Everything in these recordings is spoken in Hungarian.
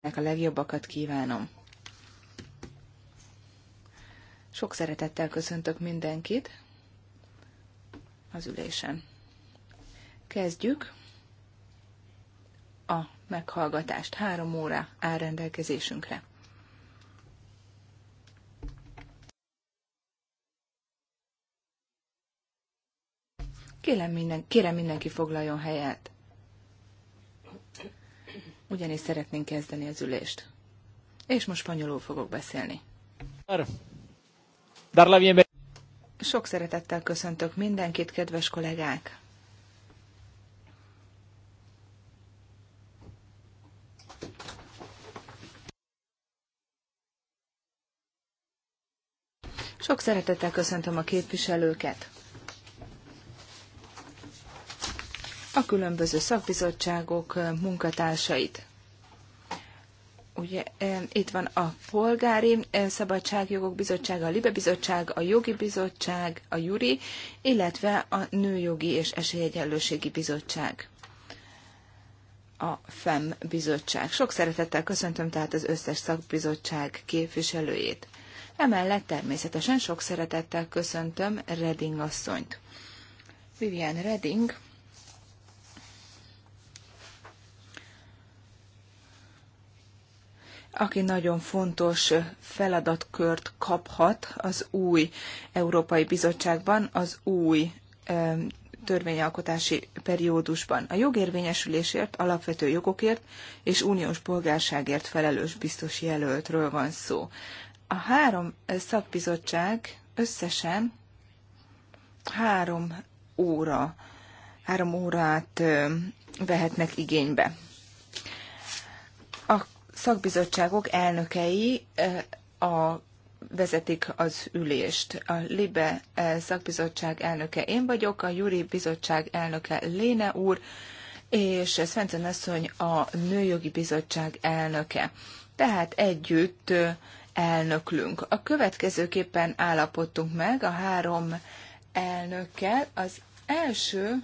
Nek a legjobbakat kívánom. Sok szeretettel köszöntök mindenkit az ülésen. Kezdjük a meghallgatást. Három óra áll rendelkezésünkre. Kérem, minden, kérem mindenki foglaljon helyet ugyanis szeretnénk kezdeni az ülést. És most spanyolul fogok beszélni. Sok szeretettel köszöntök mindenkit, kedves kollégák! Sok szeretettel köszöntöm a képviselőket. a különböző szakbizottságok munkatársait. Ugye itt van a Polgári Szabadságjogok Bizottsága, a Libe Bizottság, a Jogi Bizottság, a Juri, illetve a Nőjogi és Esélyegyenlőségi Bizottság a FEM bizottság. Sok szeretettel köszöntöm tehát az összes szakbizottság képviselőjét. Emellett természetesen sok szeretettel köszöntöm Reding asszonyt. Vivian Reding aki nagyon fontos feladatkört kaphat az új Európai Bizottságban, az új törvényalkotási periódusban. A jogérvényesülésért, alapvető jogokért és uniós polgárságért felelős biztos jelöltről van szó. A három szakbizottság összesen három óra, három órát vehetnek igénybe. A szakbizottságok elnökei a vezetik az ülést. A LIBE szakbizottság elnöke én vagyok, a Juri bizottság elnöke Léne úr, és Svencen asszony a Nőjogi Bizottság elnöke. Tehát együtt elnöklünk. A következőképpen állapodtunk meg a három elnökkel. Az első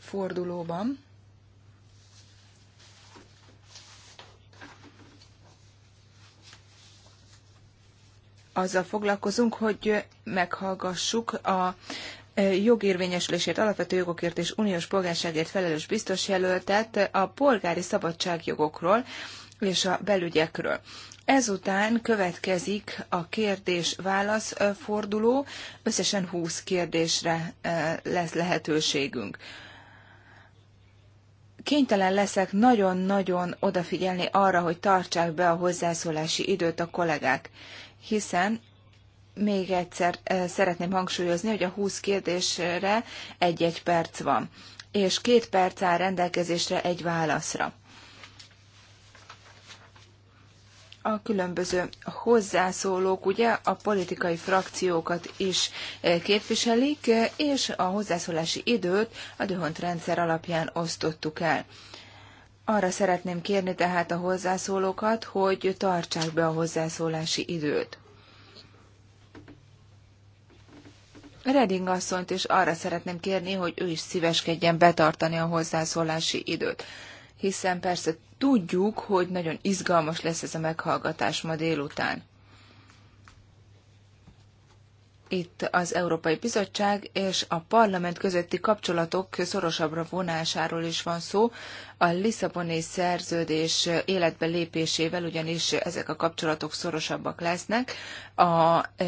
fordulóban azzal foglalkozunk, hogy meghallgassuk a e, jogérvényesülését alapvető jogokért és uniós polgárságért felelős biztos jelöltet a polgári szabadságjogokról és a belügyekről. Ezután következik a kérdés-válasz e, forduló, összesen 20 kérdésre e, lesz lehetőségünk kénytelen leszek nagyon-nagyon odafigyelni arra, hogy tartsák be a hozzászólási időt a kollégák hiszen még egyszer szeretném hangsúlyozni, hogy a 20 kérdésre egy-egy perc van, és két perc áll rendelkezésre egy válaszra. a különböző hozzászólók ugye a politikai frakciókat is képviselik, és a hozzászólási időt a dühont rendszer alapján osztottuk el. Arra szeretném kérni tehát a hozzászólókat, hogy tartsák be a hozzászólási időt. Reding asszonyt is arra szeretném kérni, hogy ő is szíveskedjen betartani a hozzászólási időt, hiszen persze tudjuk, hogy nagyon izgalmas lesz ez a meghallgatás ma délután itt az Európai Bizottság és a parlament közötti kapcsolatok szorosabbra vonásáról is van szó. A Lisszaboni szerződés életbe lépésével ugyanis ezek a kapcsolatok szorosabbak lesznek a e,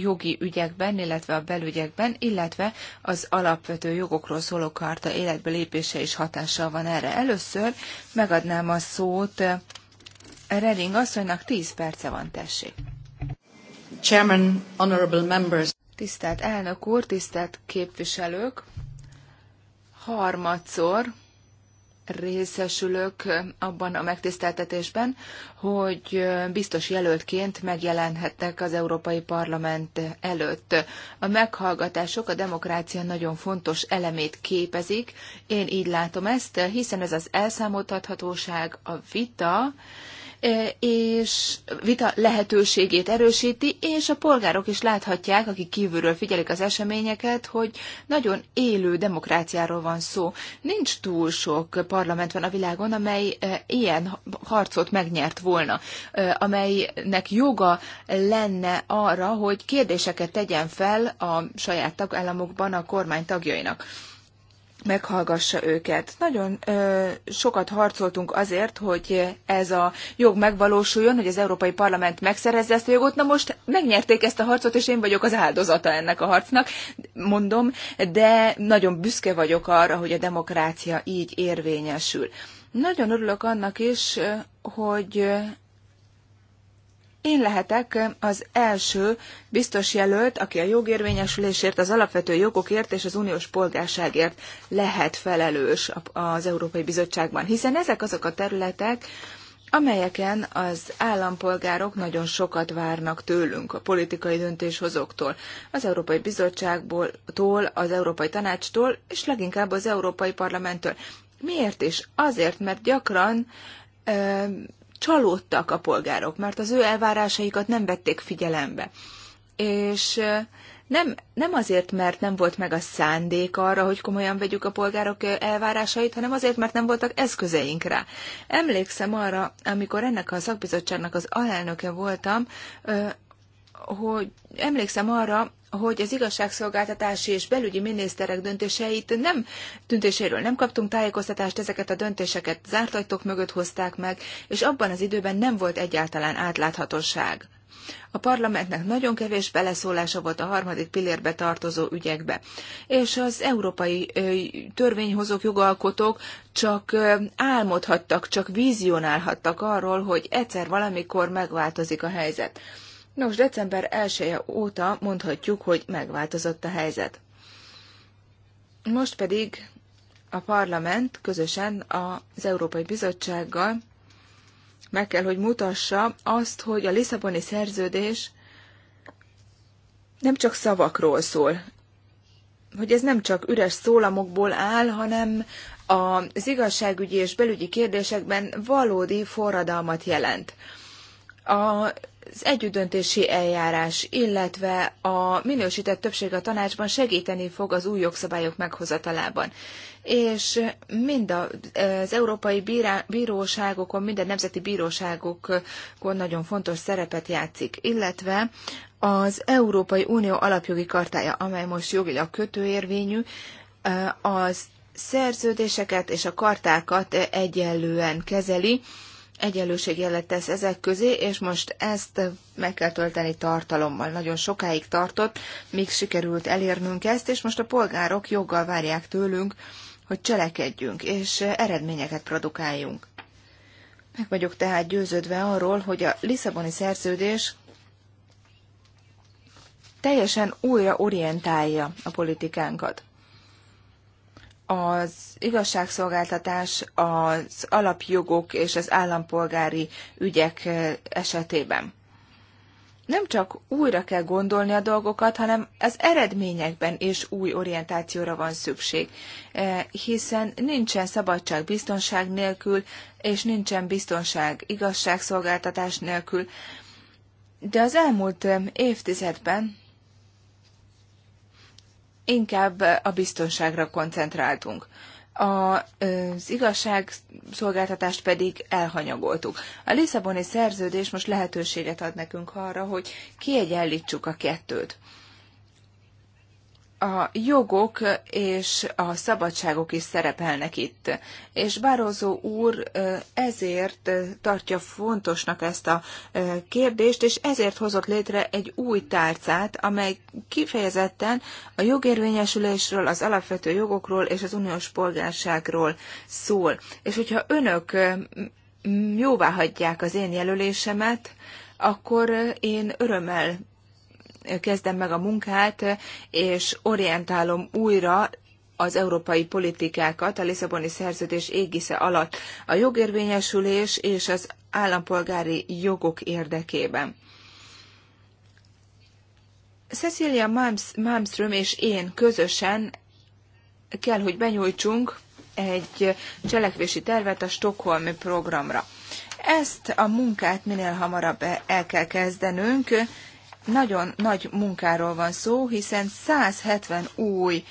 jogi ügyekben, illetve a belügyekben, illetve az alapvető jogokról szóló karta életbe lépése is hatással van erre. Először megadnám a szót Reding asszonynak 10 perce van, tessék. Chairman, honorable members. Tisztelt elnök úr, tisztelt képviselők! Harmadszor részesülök abban a megtiszteltetésben, hogy biztos jelöltként megjelenhettek az Európai Parlament előtt. A meghallgatások a demokrácia nagyon fontos elemét képezik. Én így látom ezt, hiszen ez az elszámoltathatóság, a vita, és vita lehetőségét erősíti, és a polgárok is láthatják, akik kívülről figyelik az eseményeket, hogy nagyon élő demokráciáról van szó. Nincs túl sok parlament van a világon, amely ilyen harcot megnyert volna, amelynek joga lenne arra, hogy kérdéseket tegyen fel a saját tagállamokban a kormány tagjainak meghallgassa őket. Nagyon ö, sokat harcoltunk azért, hogy ez a jog megvalósuljon, hogy az Európai Parlament megszerezze ezt a jogot. Na most megnyerték ezt a harcot, és én vagyok az áldozata ennek a harcnak, mondom, de nagyon büszke vagyok arra, hogy a demokrácia így érvényesül. Nagyon örülök annak is, hogy én lehetek az első biztos jelölt, aki a jogérvényesülésért, az alapvető jogokért és az uniós polgárságért lehet felelős az Európai Bizottságban, hiszen ezek azok a területek, amelyeken az állampolgárok nagyon sokat várnak tőlünk, a politikai döntéshozóktól, az Európai Bizottságból, az Európai Tanácstól, és leginkább az Európai Parlamenttől. Miért is? Azért, mert gyakran csalódtak a polgárok, mert az ő elvárásaikat nem vették figyelembe. És nem, nem azért, mert nem volt meg a szándék arra, hogy komolyan vegyük a polgárok elvárásait, hanem azért, mert nem voltak eszközeink rá. Emlékszem arra, amikor ennek a szakbizottságnak az alelnöke voltam, hogy emlékszem arra, hogy az igazságszolgáltatási és belügyi miniszterek döntéseit nem, döntéséről nem kaptunk tájékoztatást, ezeket a döntéseket zárt ajtók mögött hozták meg, és abban az időben nem volt egyáltalán átláthatóság. A parlamentnek nagyon kevés beleszólása volt a harmadik pillérbe tartozó ügyekbe, és az európai törvényhozók, jogalkotók csak álmodhattak, csak vizionálhattak arról, hogy egyszer valamikor megváltozik a helyzet. Nos, december 1 -e óta mondhatjuk, hogy megváltozott a helyzet. Most pedig a parlament közösen az Európai Bizottsággal meg kell, hogy mutassa azt, hogy a Lisszaboni szerződés nem csak szavakról szól, hogy ez nem csak üres szólamokból áll, hanem az igazságügyi és belügyi kérdésekben valódi forradalmat jelent. A az együttdöntési eljárás, illetve a minősített többség a tanácsban segíteni fog az új jogszabályok meghozatalában. És mind az európai bírá, bíróságokon, minden nemzeti bíróságokon nagyon fontos szerepet játszik, illetve az Európai Unió alapjogi kartája, amely most jogilag kötőérvényű, az szerződéseket és a kartákat egyenlően kezeli, egyenlőség jelet tesz ezek közé, és most ezt meg kell tölteni tartalommal. Nagyon sokáig tartott, míg sikerült elérnünk ezt, és most a polgárok joggal várják tőlünk, hogy cselekedjünk, és eredményeket produkáljunk. Meg vagyok tehát győződve arról, hogy a Lisszaboni szerződés teljesen újra orientálja a politikánkat az igazságszolgáltatás az alapjogok és az állampolgári ügyek esetében. Nem csak újra kell gondolni a dolgokat, hanem az eredményekben is új orientációra van szükség, hiszen nincsen szabadság biztonság nélkül, és nincsen biztonság igazságszolgáltatás nélkül. De az elmúlt évtizedben inkább a biztonságra koncentráltunk. A, az igazságszolgáltatást pedig elhanyagoltuk. A Lisszaboni szerződés most lehetőséget ad nekünk arra, hogy kiegyenlítsük a kettőt a jogok és a szabadságok is szerepelnek itt. És Bározó úr ezért tartja fontosnak ezt a kérdést, és ezért hozott létre egy új tárcát, amely kifejezetten a jogérvényesülésről, az alapvető jogokról és az uniós polgárságról szól. És hogyha önök jóvá hagyják az én jelölésemet, akkor én örömmel kezdem meg a munkát, és orientálom újra az európai politikákat a Lisszaboni szerződés égisze alatt a jogérvényesülés és az állampolgári jogok érdekében. Cecilia Malmström és én közösen kell, hogy benyújtsunk egy cselekvési tervet a Stockholm programra. Ezt a munkát minél hamarabb el kell kezdenünk, nagyon nagy munkáról van szó, hiszen 170 új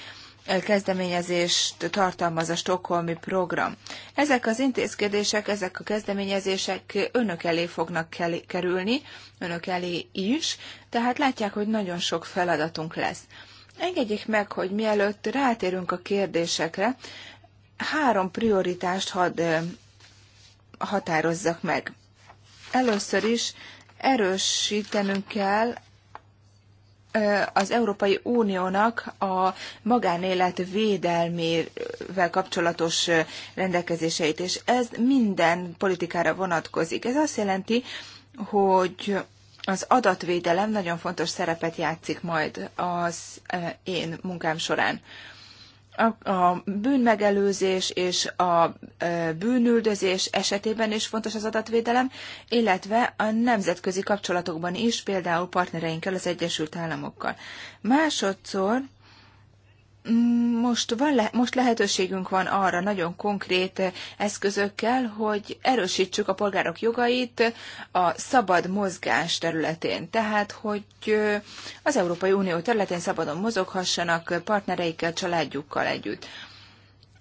kezdeményezést tartalmaz a stokholmi program. Ezek az intézkedések, ezek a kezdeményezések önök elé fognak kerülni, önök elé is, tehát látják, hogy nagyon sok feladatunk lesz. Engedjék meg, hogy mielőtt rátérünk a kérdésekre, három prioritást had, határozzak meg. Először is erősítenünk kell az Európai Uniónak a magánélet védelmével kapcsolatos rendelkezéseit, és ez minden politikára vonatkozik. Ez azt jelenti, hogy az adatvédelem nagyon fontos szerepet játszik majd az én munkám során a, bűnmegelőzés és a e, bűnüldözés esetében is fontos az adatvédelem, illetve a nemzetközi kapcsolatokban is, például partnereinkkel, az Egyesült Államokkal. Másodszor most, van le, most lehetőségünk van arra nagyon konkrét eszközökkel, hogy erősítsük a polgárok jogait a szabad mozgás területén. Tehát, hogy az Európai Unió területén szabadon mozoghassanak partnereikkel, családjukkal együtt.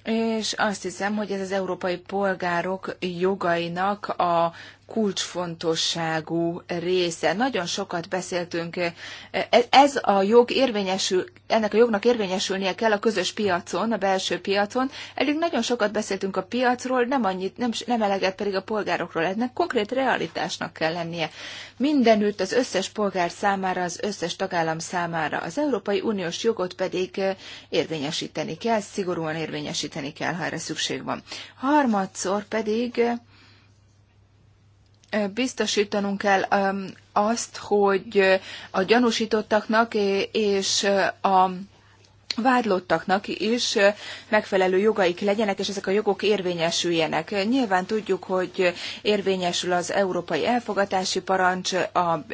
És azt hiszem, hogy ez az európai polgárok jogainak a kulcsfontosságú része. Nagyon sokat beszéltünk, eh, eh, ez a jog érvényesül, ennek a jognak érvényesülnie kell a közös piacon, a belső piacon. Eddig nagyon sokat beszéltünk a piacról, nem, annyit, nem, nem eleget pedig a polgárokról. Ennek konkrét realitásnak kell lennie. Mindenütt az összes polgár számára, az összes tagállam számára. Az Európai Uniós jogot pedig eh, érvényesíteni kell, szigorúan érvényesíteni kell, ha erre szükség van. Harmadszor pedig biztosítanunk kell azt, hogy a gyanúsítottaknak és a vádlottaknak is megfelelő jogaik legyenek, és ezek a jogok érvényesüljenek. Nyilván tudjuk, hogy érvényesül az európai elfogatási parancs, a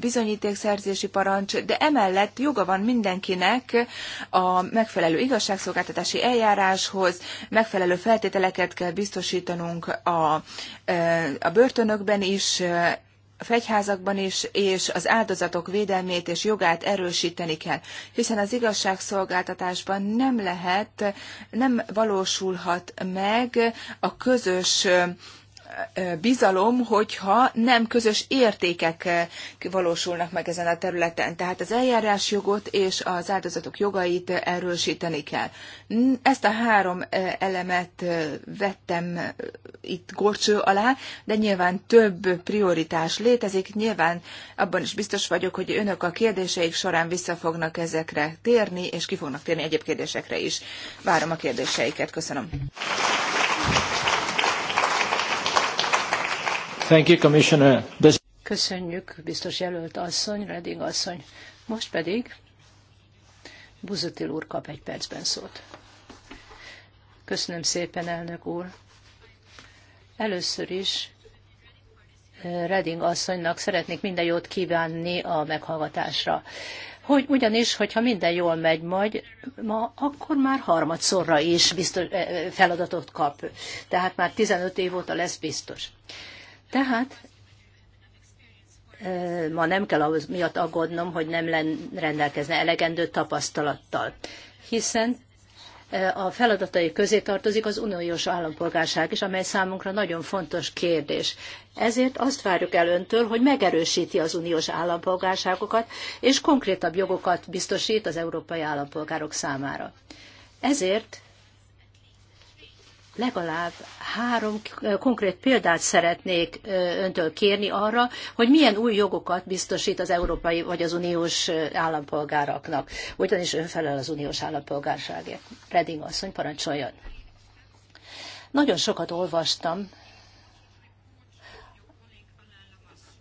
bizonyítékszerzési parancs, de emellett joga van mindenkinek a megfelelő igazságszolgáltatási eljáráshoz, megfelelő feltételeket kell biztosítanunk a, a börtönökben is, fegyházakban is, és az áldozatok védelmét és jogát erősíteni kell, hiszen az igazságszolgáltatásban nem lehet, nem valósulhat meg a közös bizalom, hogyha nem közös értékek eh, valósulnak meg ezen a területen. Tehát az eljárásjogot és az áldozatok jogait erősíteni kell. Ezt a három eh, elemet eh, vettem itt gorcső alá, de nyilván több prioritás létezik. Nyilván abban is biztos vagyok, hogy önök a kérdéseik során vissza fognak ezekre térni, és ki fognak térni egyéb kérdésekre is. Várom a kérdéseiket. Köszönöm. Thank you, Commissioner. Köszönjük, biztos jelölt asszony, Reding asszony. Most pedig Buzutil úr kap egy percben szót. Köszönöm szépen, elnök úr. Először is eh, Reding asszonynak szeretnék minden jót kívánni a meghallgatásra. Hogy ugyanis, hogyha minden jól megy majd, ma, akkor már harmadszorra is biztos, eh, eh, feladatot kap. Tehát már 15 év óta lesz biztos. Tehát ma nem kell ahhoz miatt aggódnom, hogy nem rendelkezne elegendő tapasztalattal, hiszen a feladatai közé tartozik az uniós állampolgárság is, amely számunkra nagyon fontos kérdés. Ezért azt várjuk el öntől, hogy megerősíti az uniós állampolgárságokat, és konkrétabb jogokat biztosít az európai állampolgárok számára. Ezért legalább három konkrét példát szeretnék öntől kérni arra, hogy milyen új jogokat biztosít az európai vagy az uniós állampolgáraknak. Ugyanis ön felel az uniós állampolgárságért. Reding asszony, parancsoljon. Nagyon sokat olvastam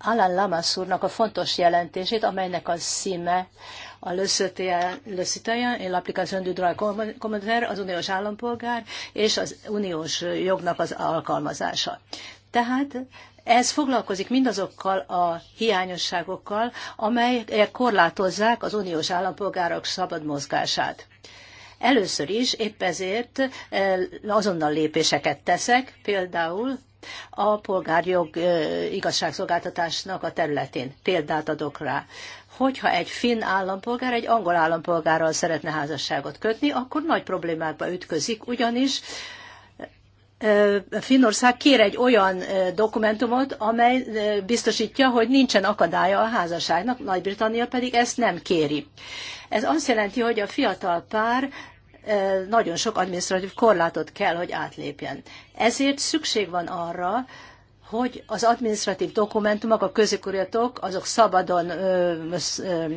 Alan Lamassurnak a fontos jelentését, amelynek a szíme a Le Citoyen et l'Application du droit communautaire, az uniós állampolgár és az uniós jognak az alkalmazása. Tehát ez foglalkozik mindazokkal a hiányosságokkal, amelyek korlátozzák az uniós állampolgárok szabad mozgását. Először is épp ezért eh, azonnal lépéseket teszek, például a polgárjog eh, igazságszolgáltatásnak a területén. Példát adok rá hogyha egy finn állampolgár egy angol állampolgárral szeretne házasságot kötni, akkor nagy problémákba ütközik, ugyanis Finnország kér egy olyan dokumentumot, amely biztosítja, hogy nincsen akadálya a házasságnak, Nagy-Britannia pedig ezt nem kéri. Ez azt jelenti, hogy a fiatal pár nagyon sok adminisztratív korlátot kell, hogy átlépjen. Ezért szükség van arra, hogy az administratív dokumentumok, a közökuratok, azok szabadon ö, ö,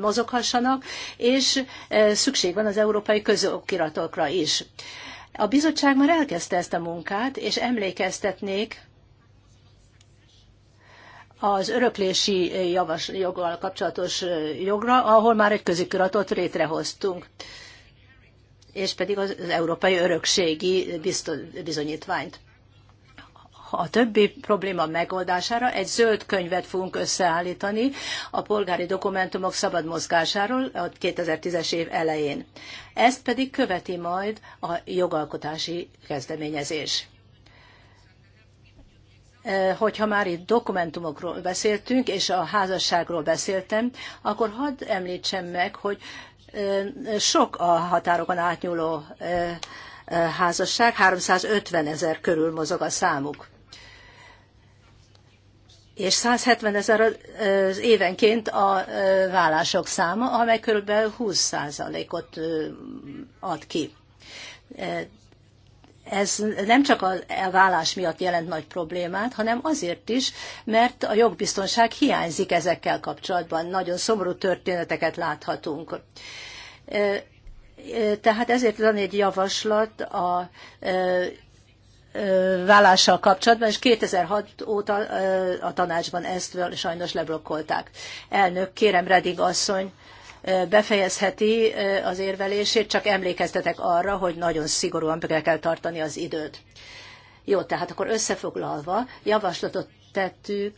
mozoghassanak, és ö, szükség van az európai közokiratokra is. A bizottság már elkezdte ezt a munkát, és emlékeztetnék az öröklési javas, joggal kapcsolatos jogra, ahol már egy közikiratot létrehoztunk és pedig az, az Európai Örökségi Bizonyítványt a többi probléma megoldására egy zöld könyvet fogunk összeállítani a polgári dokumentumok szabad mozgásáról a 2010-es év elején. Ezt pedig követi majd a jogalkotási kezdeményezés e, hogyha már itt dokumentumokról beszéltünk, és a házasságról beszéltem, akkor hadd említsem meg, hogy e, sok a határokon átnyúló e, házasság, 350 ezer körül mozog a számuk és 170 ezer az évenként a vállások száma, amely kb. 20%-ot ad ki. Ez nem csak a vállás miatt jelent nagy problémát, hanem azért is, mert a jogbiztonság hiányzik ezekkel kapcsolatban. Nagyon szomorú történeteket láthatunk. Tehát ezért van egy javaslat a vállással kapcsolatban, és 2006 óta a tanácsban ezt sajnos leblokkolták. Elnök, kérem Redig asszony, befejezheti az érvelését, csak emlékeztetek arra, hogy nagyon szigorúan be kell tartani az időt. Jó, tehát akkor összefoglalva javaslatot tettük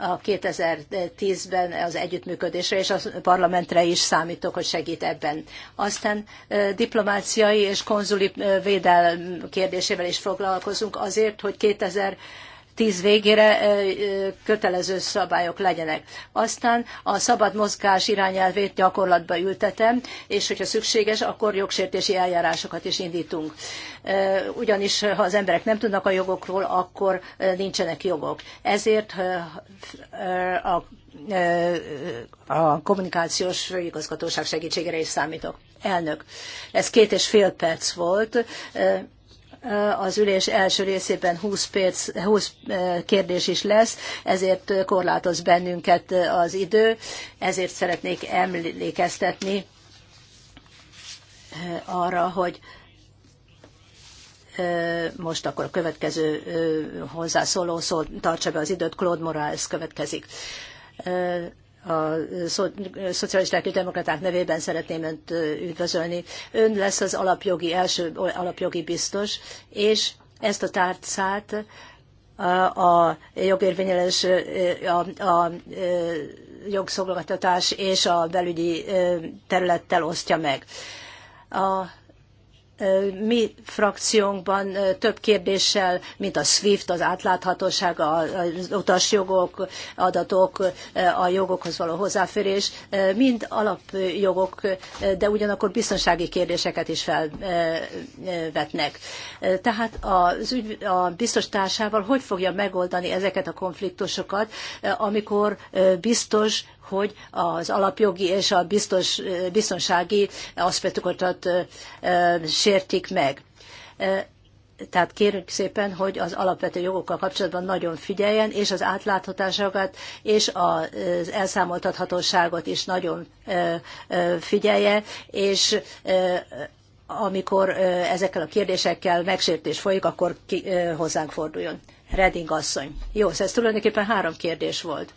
a 2010-ben az együttműködésre és a parlamentre is számítok, hogy segít ebben. Aztán diplomáciai és konzuli védelm kérdésével is foglalkozunk azért, hogy 2000 2010 végére kötelező szabályok legyenek. Aztán a szabad mozgás irányelvét gyakorlatba ültetem, és hogyha szükséges, akkor jogsértési eljárásokat is indítunk. Ugyanis ha az emberek nem tudnak a jogokról, akkor nincsenek jogok. Ezért a a kommunikációs főigazgatóság segítségére is számítok. Elnök, ez két és fél perc volt az ülés első részében 20, perc, 20 kérdés is lesz, ezért korlátoz bennünket az idő, ezért szeretnék emlékeztetni arra, hogy most akkor a következő hozzászóló szól, tartsa be az időt, Claude Morales következik a szocialisták és demokraták nevében szeretném önt üdvözölni. Ön lesz az alapjogi, első alapjogi biztos, és ezt a tárcát a a, a, a jogszolgáltatás és a belügyi területtel osztja meg. A mi frakciónkban több kérdéssel, mint a SWIFT, az átláthatóság, az utasjogok, adatok, a jogokhoz való hozzáférés, mind alapjogok, de ugyanakkor biztonsági kérdéseket is felvetnek. Tehát az ügy, a biztos társával hogy fogja megoldani ezeket a konfliktusokat, amikor biztos hogy az alapjogi és a biztos, biztonsági aspektusokat e, sértik meg. Tehát kérünk szépen, hogy az alapvető jogokkal kapcsolatban nagyon figyeljen, és az átláthatásokat és az elszámoltathatóságot is nagyon figyelje, és amikor ezekkel a kérdésekkel megsértés folyik, akkor ki, hozzánk forduljon. Reding asszony. Jó, szóval ez tulajdonképpen három kérdés volt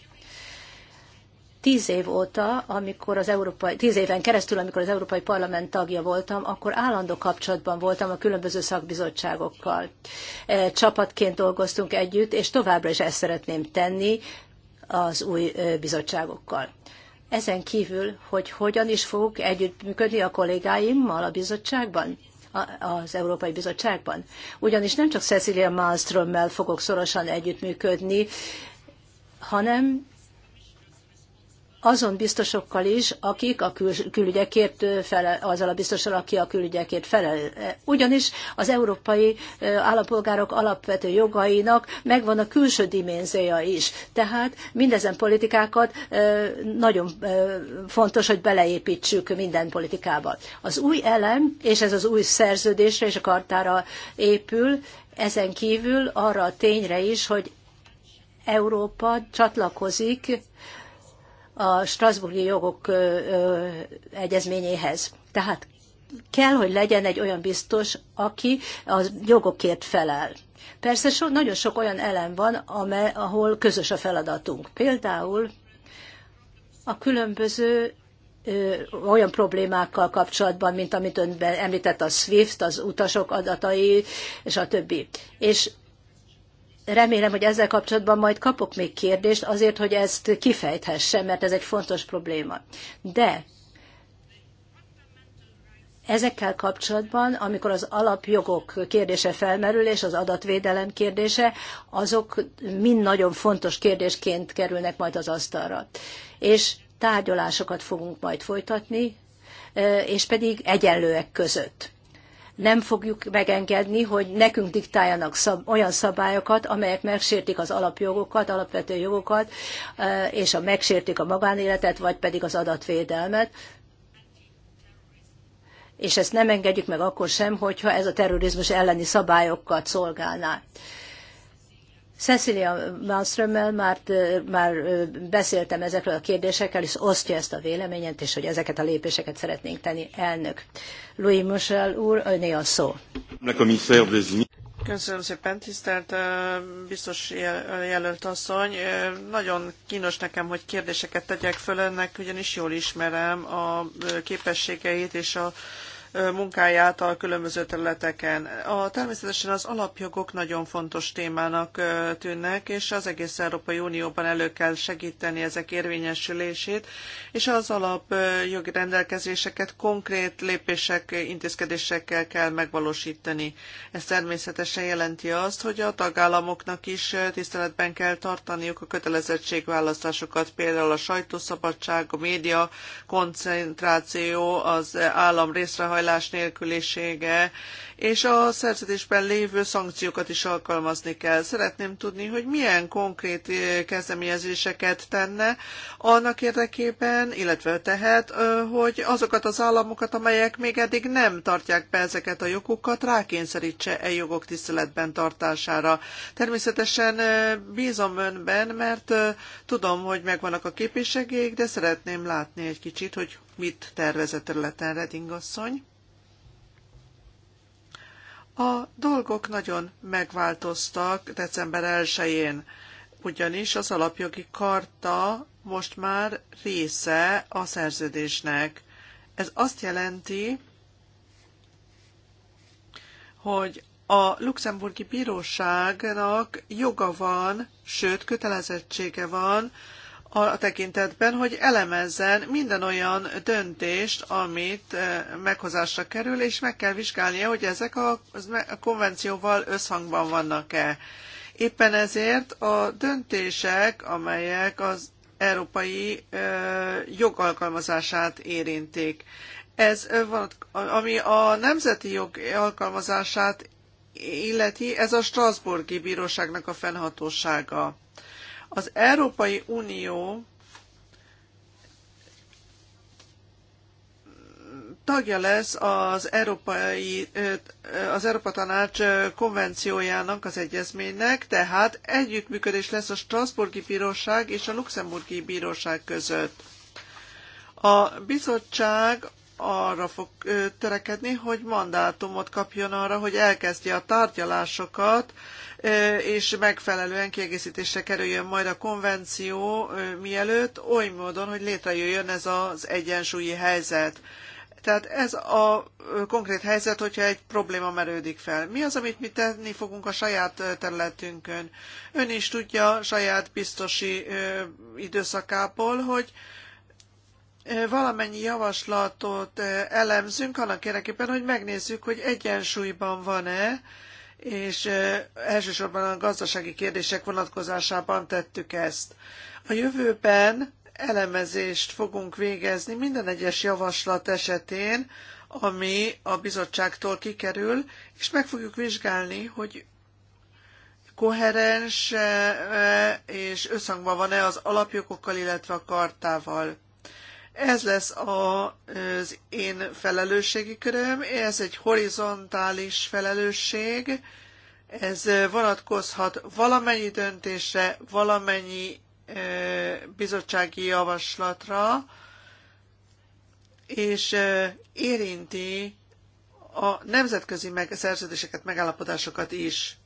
tíz év óta, amikor az Európai, tíz éven keresztül, amikor az Európai Parlament tagja voltam, akkor állandó kapcsolatban voltam a különböző szakbizottságokkal. E, csapatként dolgoztunk együtt, és továbbra is ezt szeretném tenni az új e, bizottságokkal. Ezen kívül, hogy hogyan is fogok együttműködni a kollégáimmal a bizottságban? az Európai Bizottságban. Ugyanis nem csak Cecilia Malmströmmel fogok szorosan együttműködni, hanem azon biztosokkal is, akik a kül- külügyekért felel, azzal a biztossal, aki a külügyekért felel. E, ugyanis az európai állampolgárok alapvető jogainak megvan a külső dimenziója is. Tehát mindezen politikákat nagyon fontos, hogy beleépítsük minden politikába. Az új elem, és ez az új szerződésre és a kartára épül, ezen kívül arra a tényre is, hogy Európa csatlakozik a Strasburgi jogok egyezményéhez. Tehát kell, hogy legyen egy olyan biztos, aki a jogokért felel. Persze so, nagyon sok olyan elem van, amely, ahol közös a feladatunk. Például a különböző ö, olyan problémákkal kapcsolatban, mint amit ön említett, a SWIFT, az utasok adatai, és a többi. És remélem, hogy ezzel kapcsolatban majd kapok még kérdést azért, hogy ezt kifejthessem, mert ez egy fontos probléma. De ezekkel kapcsolatban, amikor az alapjogok kérdése felmerül, és az adatvédelem kérdése, azok mind nagyon fontos kérdésként kerülnek majd az asztalra. És tárgyalásokat fogunk majd folytatni, eh, és pedig egyenlőek között nem fogjuk megengedni, hogy nekünk diktáljanak szab- olyan szabályokat, amelyek megsértik az alapjogokat, alapvető jogokat, és a megsértik a magánéletet, vagy pedig az adatvédelmet. És ezt nem engedjük meg akkor sem, hogyha ez a terrorizmus elleni szabályokat szolgálná. Cecilia Malmströmmel már, már beszéltem ezekről a kérdésekkel, és osztja ezt a véleményet, és hogy ezeket a lépéseket szeretnénk tenni. Elnök Louis Michel úr, öné a szó. Köszönöm szépen, tisztelt biztos jelölt asszony. Nagyon kínos nekem, hogy kérdéseket tegyek föl önnek, ugyanis jól ismerem a képességeit és a munkáját a különböző területeken. A, természetesen az alapjogok nagyon fontos témának tűnnek, és az egész Európai Unióban elő kell segíteni ezek érvényesülését, és az alapjogi rendelkezéseket konkrét lépések, intézkedésekkel kell megvalósítani. Ez természetesen jelenti azt, hogy a tagállamoknak is tiszteletben kell tartaniuk a kötelezettségválasztásokat, például a sajtószabadság, a média koncentráció, az állam részrehajlása, hajlás nélkülisége, és a szerződésben lévő szankciókat is alkalmazni kell. Szeretném tudni, hogy milyen konkrét eh, kezdeményezéseket tenne annak érdekében, illetve tehet, eh, hogy azokat az államokat, amelyek még eddig nem tartják be ezeket a jogokat, rákényszerítse e jogok tiszteletben tartására. Természetesen eh, bízom önben, mert tudom, hogy megvannak a képviségék, de szeretném látni egy kicsit, hogy mit tervez a területen Redingasszony. asszony. A dolgok nagyon megváltoztak december 1-én, ugyanis az alapjogi karta most már része a szerződésnek. Ez azt jelenti, hogy a luxemburgi bíróságnak joga van, sőt kötelezettsége van a tekintetben, hogy elemezzen minden olyan döntést, amit eh, meghozásra kerül, és meg kell vizsgálnia, hogy ezek a, konvencióval összhangban vannak-e. Éppen ezért a döntések, amelyek az európai eh, jogalkalmazását érintik. Ez eh, ami a nemzeti jog alkalmazását illeti, ez a Strasburgi Bíróságnak a fennhatósága. Az Európai Unió tagja lesz az Európai, az Európa Tanács konvenciójának, az egyezménynek, tehát együttműködés lesz a Strasburgi Bíróság és a Luxemburgi Bíróság között. A bizottság arra fog törekedni, hogy mandátumot kapjon arra, hogy elkezdje a tárgyalásokat, és megfelelően kiegészítésre kerüljön majd a konvenció mielőtt, oly módon, hogy létrejöjjön ez az egyensúlyi helyzet. Tehát ez a konkrét helyzet, hogyha egy probléma merődik fel. Mi az, amit mi tenni fogunk a saját területünkön? Ön is tudja saját biztosi időszakából, hogy valamennyi javaslatot elemzünk annak érdekében, hogy megnézzük, hogy egyensúlyban van-e, és elsősorban a gazdasági kérdések vonatkozásában tettük ezt. A jövőben elemezést fogunk végezni minden egyes javaslat esetén, ami a bizottságtól kikerül, és meg fogjuk vizsgálni, hogy koherens és összhangban van-e az alapjogokkal, illetve a kartával. Ez lesz az én felelősségi köröm, ez egy horizontális felelősség, ez vonatkozhat valamennyi döntésre, valamennyi bizottsági javaslatra, és érinti a nemzetközi szerződéseket, megállapodásokat is.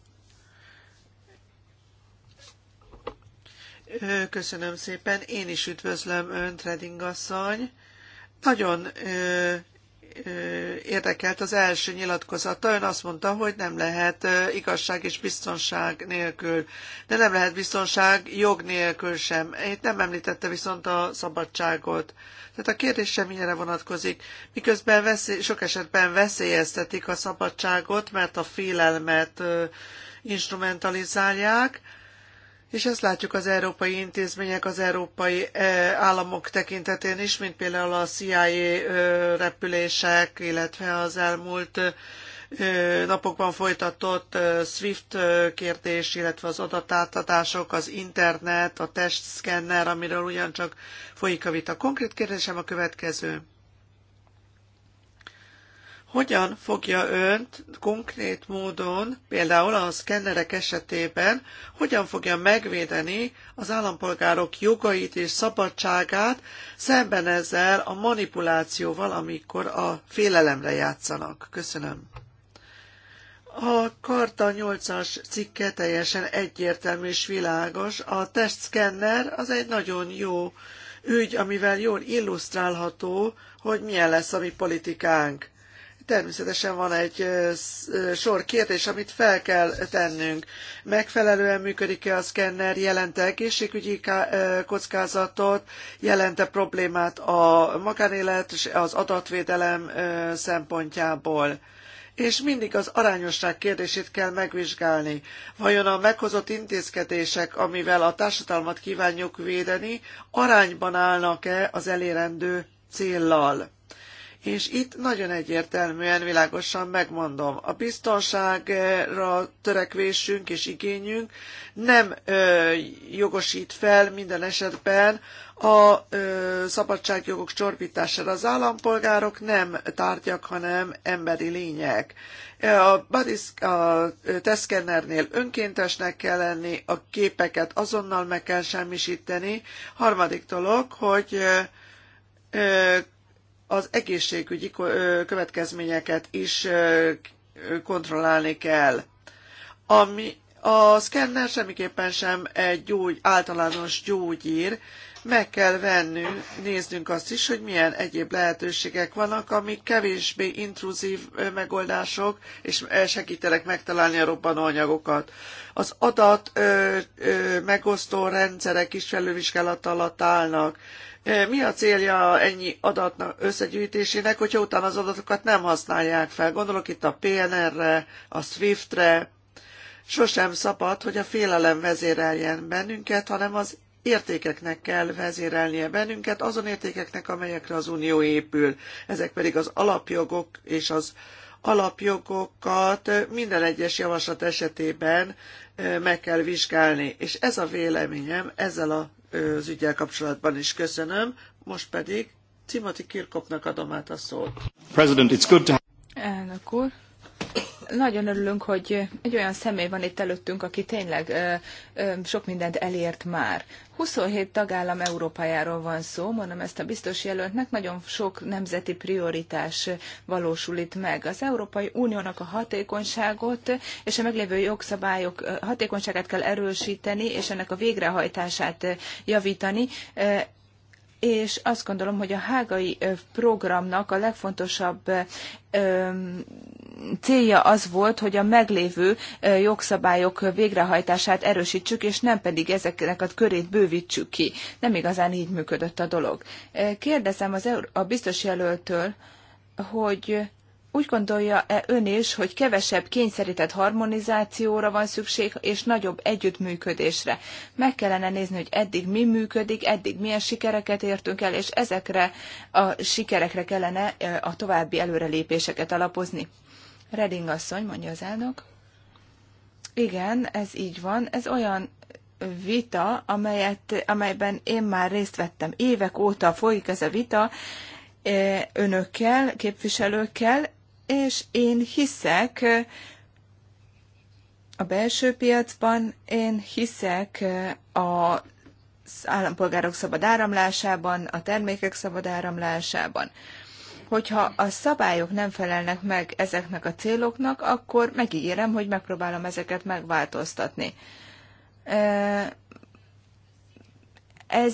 Köszönöm szépen, én is üdvözlöm Önt, Reding asszony. Nagyon érdekelt az első nyilatkozata. Ön azt mondta, hogy nem lehet igazság és biztonság nélkül, de nem lehet biztonság jog nélkül sem. Itt nem említette viszont a szabadságot. Tehát a kérdés sem mindenre vonatkozik. Miközben veszély, sok esetben veszélyeztetik a szabadságot, mert a félelmet instrumentalizálják, és ezt látjuk az európai intézmények, az európai eh, államok tekintetén is, mint például a CIA eh, repülések, illetve az elmúlt eh, napokban folytatott SWIFT kérdés, illetve az adatátadások, az internet, a testszkenner, amiről ugyancsak folyik a vita. Konkrét kérdésem a következő. Hogyan fogja önt konkrét módon, például a szkennerek esetében, hogyan fogja megvédeni az állampolgárok jogait és szabadságát szemben ezzel a manipulációval, amikor a félelemre játszanak? Köszönöm. A Karta 8-as cikke teljesen egyértelmű és világos. A testszkenner az egy nagyon jó ügy, amivel jól illusztrálható, hogy milyen lesz a mi politikánk természetesen van egy sor kérdés, amit fel kell tennünk. Megfelelően működik-e a szkenner, jelente egészségügyi kockázatot, jelente problémát a magánélet és az adatvédelem szempontjából és mindig az arányosság kérdését kell megvizsgálni. Vajon a meghozott intézkedések, amivel a társadalmat kívánjuk védeni, arányban állnak-e az elérendő céllal? És itt nagyon egyértelműen, világosan megmondom, a biztonságra törekvésünk és igényünk nem ö, jogosít fel minden esetben a ö, szabadságjogok csorbítására. Az állampolgárok nem tárgyak, hanem emberi lények. A, a teszkennernél önkéntesnek kell lenni, a képeket azonnal meg kell semmisíteni. Harmadik dolog, hogy ö, ö, az egészségügyi következményeket is kontrollálni kell. Ami a szkenner semmiképpen sem egy gyógy, általános gyógyír, meg kell vennünk, néznünk azt is, hogy milyen egyéb lehetőségek vannak, amik kevésbé intruzív megoldások, és segítenek megtalálni a robbanóanyagokat. Az adat ö, ö, megosztó rendszerek is felülvizsgálat alatt állnak E, mi a célja ennyi adatnak összegyűjtésének, hogyha utána az adatokat nem használják fel? Gondolok itt a PNR-re, a SWIFT-re. Sosem szabad, hogy a félelem vezéreljen bennünket, hanem az értékeknek kell vezérelnie bennünket, azon értékeknek, amelyekre az Unió épül. Ezek pedig az alapjogok és az alapjogokat minden egyes javaslat esetében e, meg kell vizsgálni. És ez a véleményem ezzel a az ügyel kapcsolatban is köszönöm. Most pedig Timothy Kirkopnak adom át a szót. President, it's good to... Elnök úr, nagyon örülünk, hogy egy olyan személy van itt előttünk, aki tényleg sok mindent elért már. 27 tagállam Európájáról van szó, mondom ezt a biztos jelöltnek, nagyon sok nemzeti prioritás valósul itt meg. Az Európai Uniónak a hatékonyságot és a meglévő jogszabályok hatékonyságát kell erősíteni, és ennek a végrehajtását javítani és azt gondolom, hogy a hágai programnak a legfontosabb célja az volt, hogy a meglévő jogszabályok végrehajtását erősítsük, és nem pedig ezeknek a körét bővítsük ki. Nem igazán így működött a dolog. Kérdezem az, a biztos jelöltől, hogy úgy gondolja-e ön is, hogy kevesebb kényszerített harmonizációra van szükség, és nagyobb együttműködésre? Meg kellene nézni, hogy eddig mi működik, eddig milyen sikereket értünk el, és ezekre a sikerekre kellene a további előrelépéseket alapozni. Reding asszony, mondja az elnök. Igen, ez így van. Ez olyan vita, amelyet, amelyben én már részt vettem. Évek óta folyik ez a vita e, önökkel, képviselőkkel, és én hiszek e, a belső piacban, én hiszek a e, az állampolgárok szabad áramlásában, a termékek szabad áramlásában. Hogyha a szabályok nem felelnek meg ezeknek a céloknak, akkor megígérem, hogy megpróbálom ezeket megváltoztatni. Ez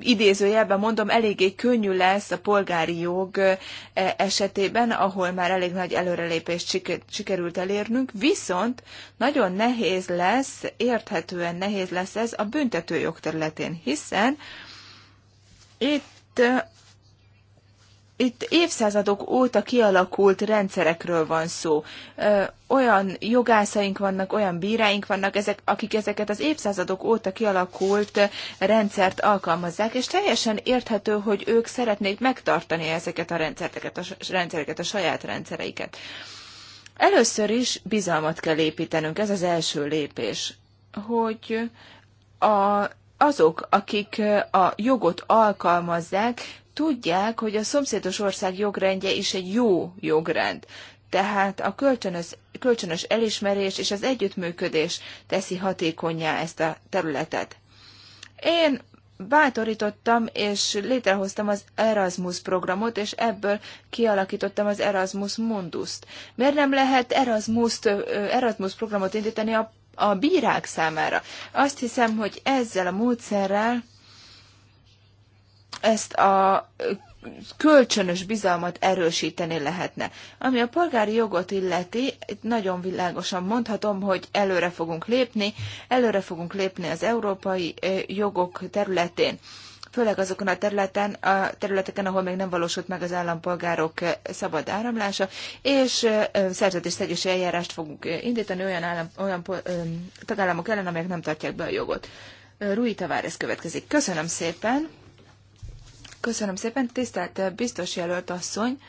idézőjelben mondom, eléggé könnyű lesz a polgári jog e, esetében, ahol már elég nagy előrelépést sikerült elérnünk, viszont nagyon nehéz lesz, érthetően nehéz lesz ez a büntetőjog területén, hiszen itt itt évszázadok óta kialakult rendszerekről van szó. Olyan jogászaink vannak, olyan bíráink vannak, ezek, akik ezeket az évszázadok óta kialakult rendszert alkalmazzák, és teljesen érthető, hogy ők szeretnék megtartani ezeket a rendszereket, a rendszereket, a saját rendszereiket. Először is bizalmat kell építenünk, ez az első lépés, hogy a azok, akik a jogot alkalmazzák, tudják, hogy a szomszédos ország jogrendje is egy jó jogrend. Tehát a kölcsönös, kölcsönös elismerés és az együttműködés teszi hatékonyá ezt a területet. Én bátorítottam és létrehoztam az Erasmus programot, és ebből kialakítottam az Erasmus Mundust. Miért nem lehet Erasmus, Erasmus programot indítani a a bírák számára. Azt hiszem, hogy ezzel a módszerrel ezt a kölcsönös bizalmat erősíteni lehetne. Ami a polgári jogot illeti, itt nagyon világosan mondhatom, hogy előre fogunk lépni, előre fogunk lépni az európai eh, jogok területén főleg azokon a, területen, a területeken, ahol még nem valósult meg az állampolgárok eh, szabad áramlása, és szerződés eh, szerződés-szegési eljárást fogunk eh, indítani olyan, állam, olyan tagállamok ellen, amelyek nem tartják be a jogot. Rui Tavárez következik. Köszönöm szépen! Köszönöm szépen, tisztelt biztos jelölt asszony!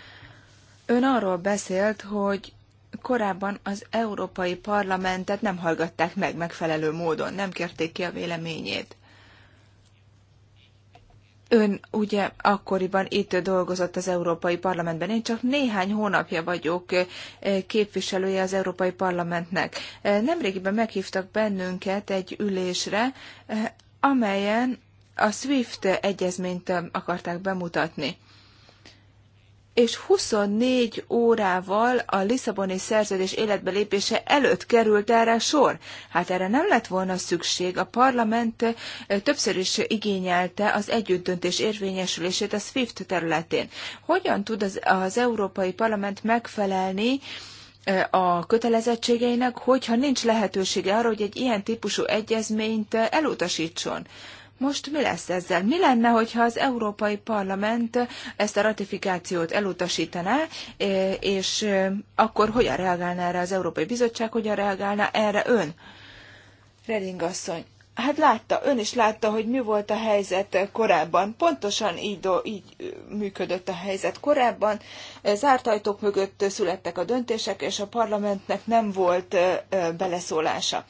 Ön arról beszélt, hogy korábban az Európai Parlamentet nem hallgatták meg megfelelő módon, nem kérték ki a véleményét. Ön ugye akkoriban itt dolgozott az Európai Parlamentben. Én csak néhány hónapja vagyok eh, képviselője az Európai Parlamentnek. Eh, nemrégiben meghívtak bennünket egy ülésre, eh, amelyen a SWIFT egyezményt akarták bemutatni és 24 órával a Lisszaboni szerződés életbe lépése előtt került erre sor. Hát erre nem lett volna szükség. A parlament többször is igényelte az együttdöntés érvényesülését a SWIFT területén. Hogyan tud az, az Európai Parlament megfelelni a kötelezettségeinek, hogyha nincs lehetősége arra, hogy egy ilyen típusú egyezményt elutasítson? Most mi lesz ezzel? Mi lenne, hogyha az Európai Parlament ezt a ratifikációt elutasítaná, és akkor hogyan reagálna erre az Európai Bizottság, hogyan reagálna erre ön? Reding asszony, hát látta, ön is látta, hogy mi volt a helyzet korábban. Pontosan így, do, így működött a helyzet korábban. Zárt ajtók mögött születtek a döntések, és a parlamentnek nem volt beleszólása.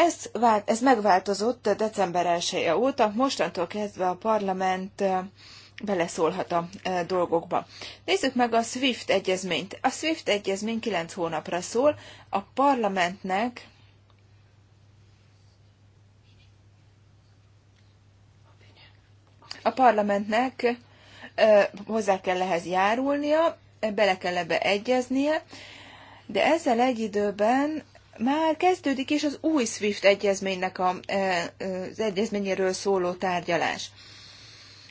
Ez, vált, ez megváltozott december 1 -e óta, mostantól kezdve a parlament beleszólhat a dolgokba. Nézzük meg a SWIFT egyezményt. A SWIFT egyezmény 9 hónapra szól, a parlamentnek a parlamentnek hozzá kell ehhez járulnia, bele kell ebbe egyeznie, de ezzel egy időben már kezdődik is az új SWIFT egyezménynek a, e, e, az egyezményéről szóló tárgyalás.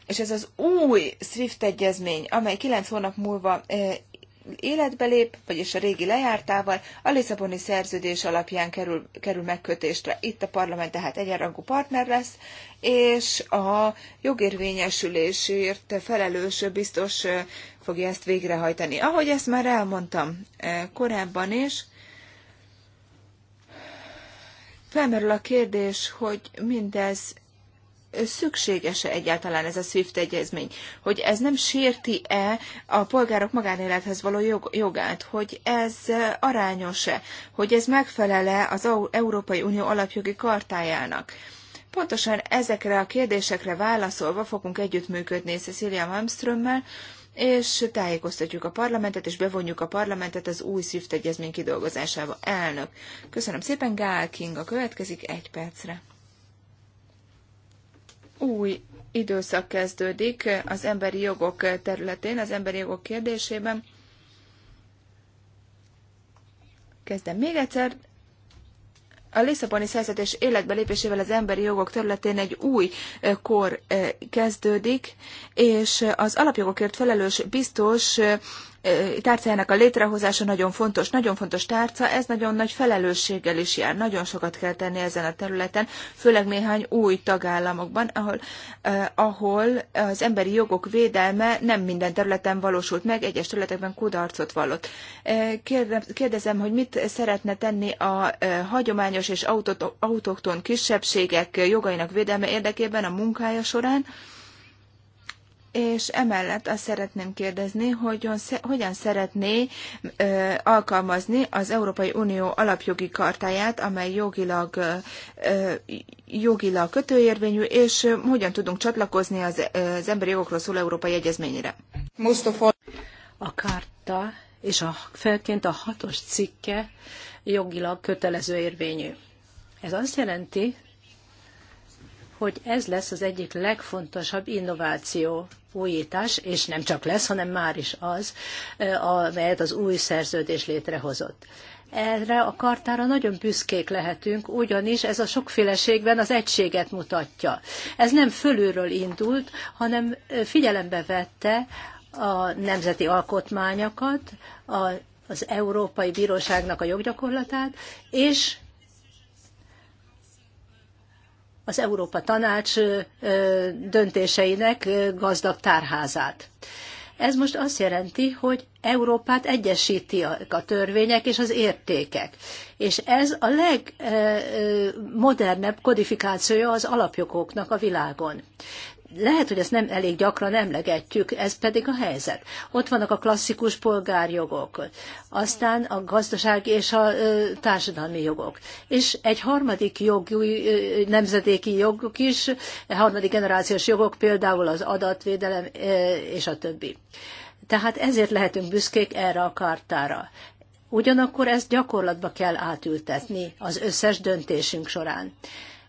És ez az új SWIFT egyezmény, amely kilenc hónap múlva e, életbe lép, vagyis a régi lejártával, a Lisszaboni szerződés alapján kerül, kerül megkötésre. Itt a parlament tehát egyenrangú partner lesz, és a jogérvényesülésért felelős biztos fogja ezt végrehajtani. Ahogy ezt már elmondtam korábban is, Felmerül a kérdés, hogy mindez szükséges-e egyáltalán ez a SWIFT egyezmény, hogy ez nem sérti-e a polgárok magánélethez való jog, jogát, hogy ez arányos-e, hogy ez megfelele az Európai Unió alapjogi kartájának. Pontosan ezekre a kérdésekre válaszolva fogunk együttműködni Cecilia Malmströmmel, és tájékoztatjuk a parlamentet, és bevonjuk a parlamentet az új SWIFT egyezmény kidolgozásába. Elnök. Köszönöm szépen, Gál Kinga következik egy percre. Új időszak kezdődik az emberi jogok területén, az emberi jogok kérdésében. Kezdem még egyszer, a Lisszaboni szerződés életbe lépésével az emberi jogok területén egy új eh, kor eh, kezdődik, és eh, az alapjogokért felelős biztos tárcájának a létrehozása nagyon fontos, nagyon fontos tárca, ez nagyon nagy felelősséggel is jár. Nagyon sokat kell tenni ezen a területen, főleg néhány új tagállamokban, ahol, ahol az emberi jogok védelme nem minden területen valósult meg, egyes területekben kudarcot vallott. Kérdezem, hogy mit szeretne tenni a hagyományos és autokton kisebbségek jogainak védelme érdekében a munkája során, és emellett azt szeretném kérdezni, hogy hogyan szeretné alkalmazni az Európai Unió alapjogi kartáját, amely jogilag, jogilag kötőérvényű, és hogyan tudunk csatlakozni az, az emberi jogokról szóló Európai Egyezményére. A karta és a felként a hatos cikke jogilag kötelező érvényű. Ez azt jelenti, hogy ez lesz az egyik legfontosabb innováció, újítás, és nem csak lesz, hanem már is az, eh, amelyet az új szerződés létrehozott. Erre a kartára nagyon büszkék lehetünk, ugyanis ez a sokféleségben az egységet mutatja. Ez nem fölülről indult, hanem eh, figyelembe vette a nemzeti alkotmányokat, a, az Európai Bíróságnak a joggyakorlatát, és az Európa Tanács döntéseinek gazdag tárházát. Ez most azt jelenti, hogy Európát egyesíti a törvények és az értékek. És ez a legmodernebb kodifikációja az alapjogoknak a világon lehet, hogy ezt nem elég gyakran emlegetjük, ez pedig a helyzet. Ott vannak a klasszikus polgárjogok, aztán a gazdaság és a társadalmi jogok. És egy harmadik jog, nemzedéki jogok is, harmadik generációs jogok, például az adatvédelem és a többi. Tehát ezért lehetünk büszkék erre a kartára. Ugyanakkor ezt gyakorlatba kell átültetni az összes döntésünk során.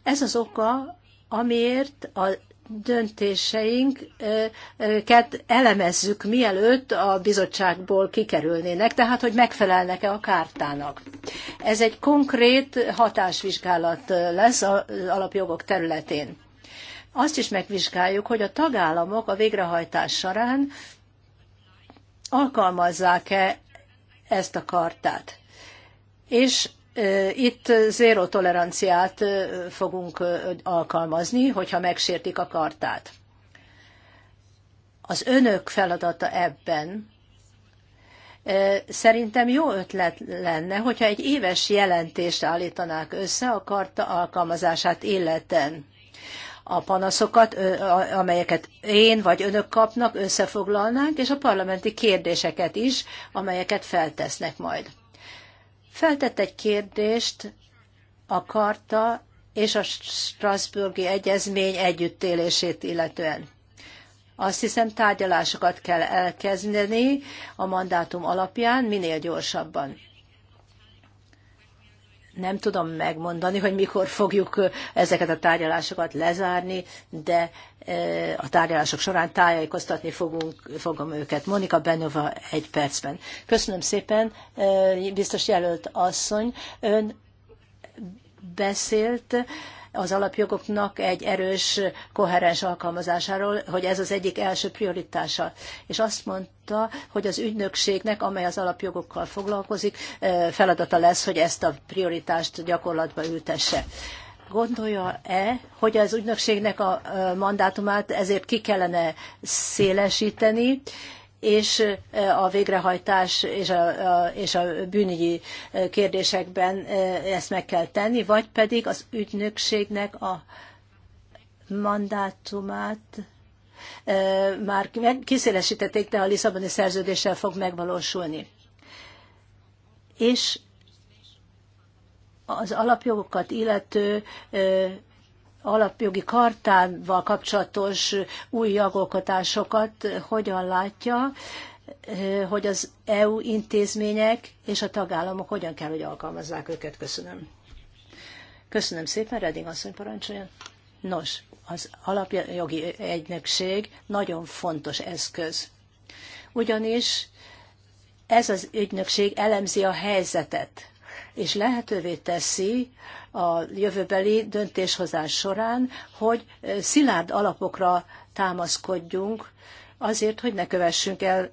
Ez az oka, amiért a döntéseinket elemezzük, mielőtt a bizottságból kikerülnének, tehát hogy megfelelnek-e a kártának. Ez egy konkrét hatásvizsgálat lesz az alapjogok területén. Azt is megvizsgáljuk, hogy a tagállamok a végrehajtás során alkalmazzák-e ezt a kartát. És itt zéró toleranciát fogunk alkalmazni, hogyha megsértik a kartát. Az önök feladata ebben, Szerintem jó ötlet lenne, hogyha egy éves jelentést állítanák össze a karta alkalmazását illeten. A panaszokat, amelyeket én vagy önök kapnak, összefoglalnánk, és a parlamenti kérdéseket is, amelyeket feltesznek majd. Feltett egy kérdést a karta és a Strasburgi Egyezmény együttélését illetően. Azt hiszem tárgyalásokat kell elkezdeni a mandátum alapján minél gyorsabban nem tudom megmondani, hogy mikor fogjuk ezeket a tárgyalásokat lezárni, de a tárgyalások során tájékoztatni fogunk, fogom őket. Monika Benova egy percben. Köszönöm szépen, biztos jelölt asszony. Ön beszélt az alapjogoknak egy erős, koherens alkalmazásáról, hogy ez az egyik első prioritása. És azt mondta, hogy az ügynökségnek, amely az alapjogokkal foglalkozik, feladata lesz, hogy ezt a prioritást gyakorlatba ültesse gondolja-e, hogy az ügynökségnek a mandátumát ezért ki kellene szélesíteni, és a végrehajtás és a, a, és a bűnügyi kérdésekben ezt meg kell tenni, vagy pedig az ügynökségnek a mandátumát már kiszélesítették, de a Lisszaboni szerződéssel fog megvalósulni. És az alapjogokat illető alapjogi kartával kapcsolatos új jogalkotásokat eh, hogyan látja, eh, hogy az EU intézmények és a tagállamok hogyan kell, hogy alkalmazzák őket. Köszönöm. Köszönöm szépen, Redding asszony parancsoljon. Nos, az alapjogi egynökség nagyon fontos eszköz. Ugyanis ez az ügynökség elemzi a helyzetet és lehetővé teszi a jövőbeli döntéshozás során, hogy szilárd alapokra támaszkodjunk, azért, hogy ne kövessünk el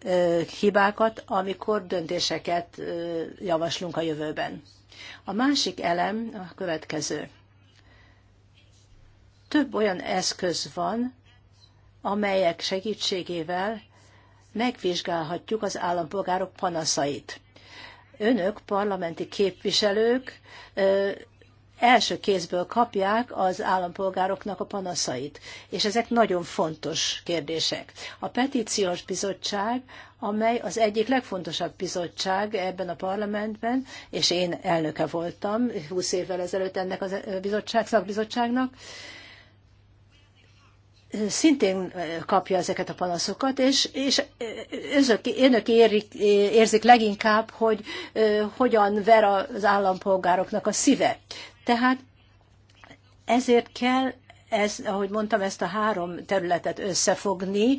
hibákat, amikor döntéseket javaslunk a jövőben. A másik elem a következő. Több olyan eszköz van, amelyek segítségével megvizsgálhatjuk az állampolgárok panaszait önök, parlamenti képviselők első kézből kapják az állampolgároknak a panaszait. És ezek nagyon fontos kérdések. A petíciós bizottság, amely az egyik legfontosabb bizottság ebben a parlamentben, és én elnöke voltam 20 évvel ezelőtt ennek a bizottság, szakbizottságnak, szintén kapja ezeket a panaszokat, és, és önök, önök érik, érzik leginkább, hogy hogyan ver az állampolgároknak a szíve. Tehát ezért kell, ez, ahogy mondtam, ezt a három területet összefogni,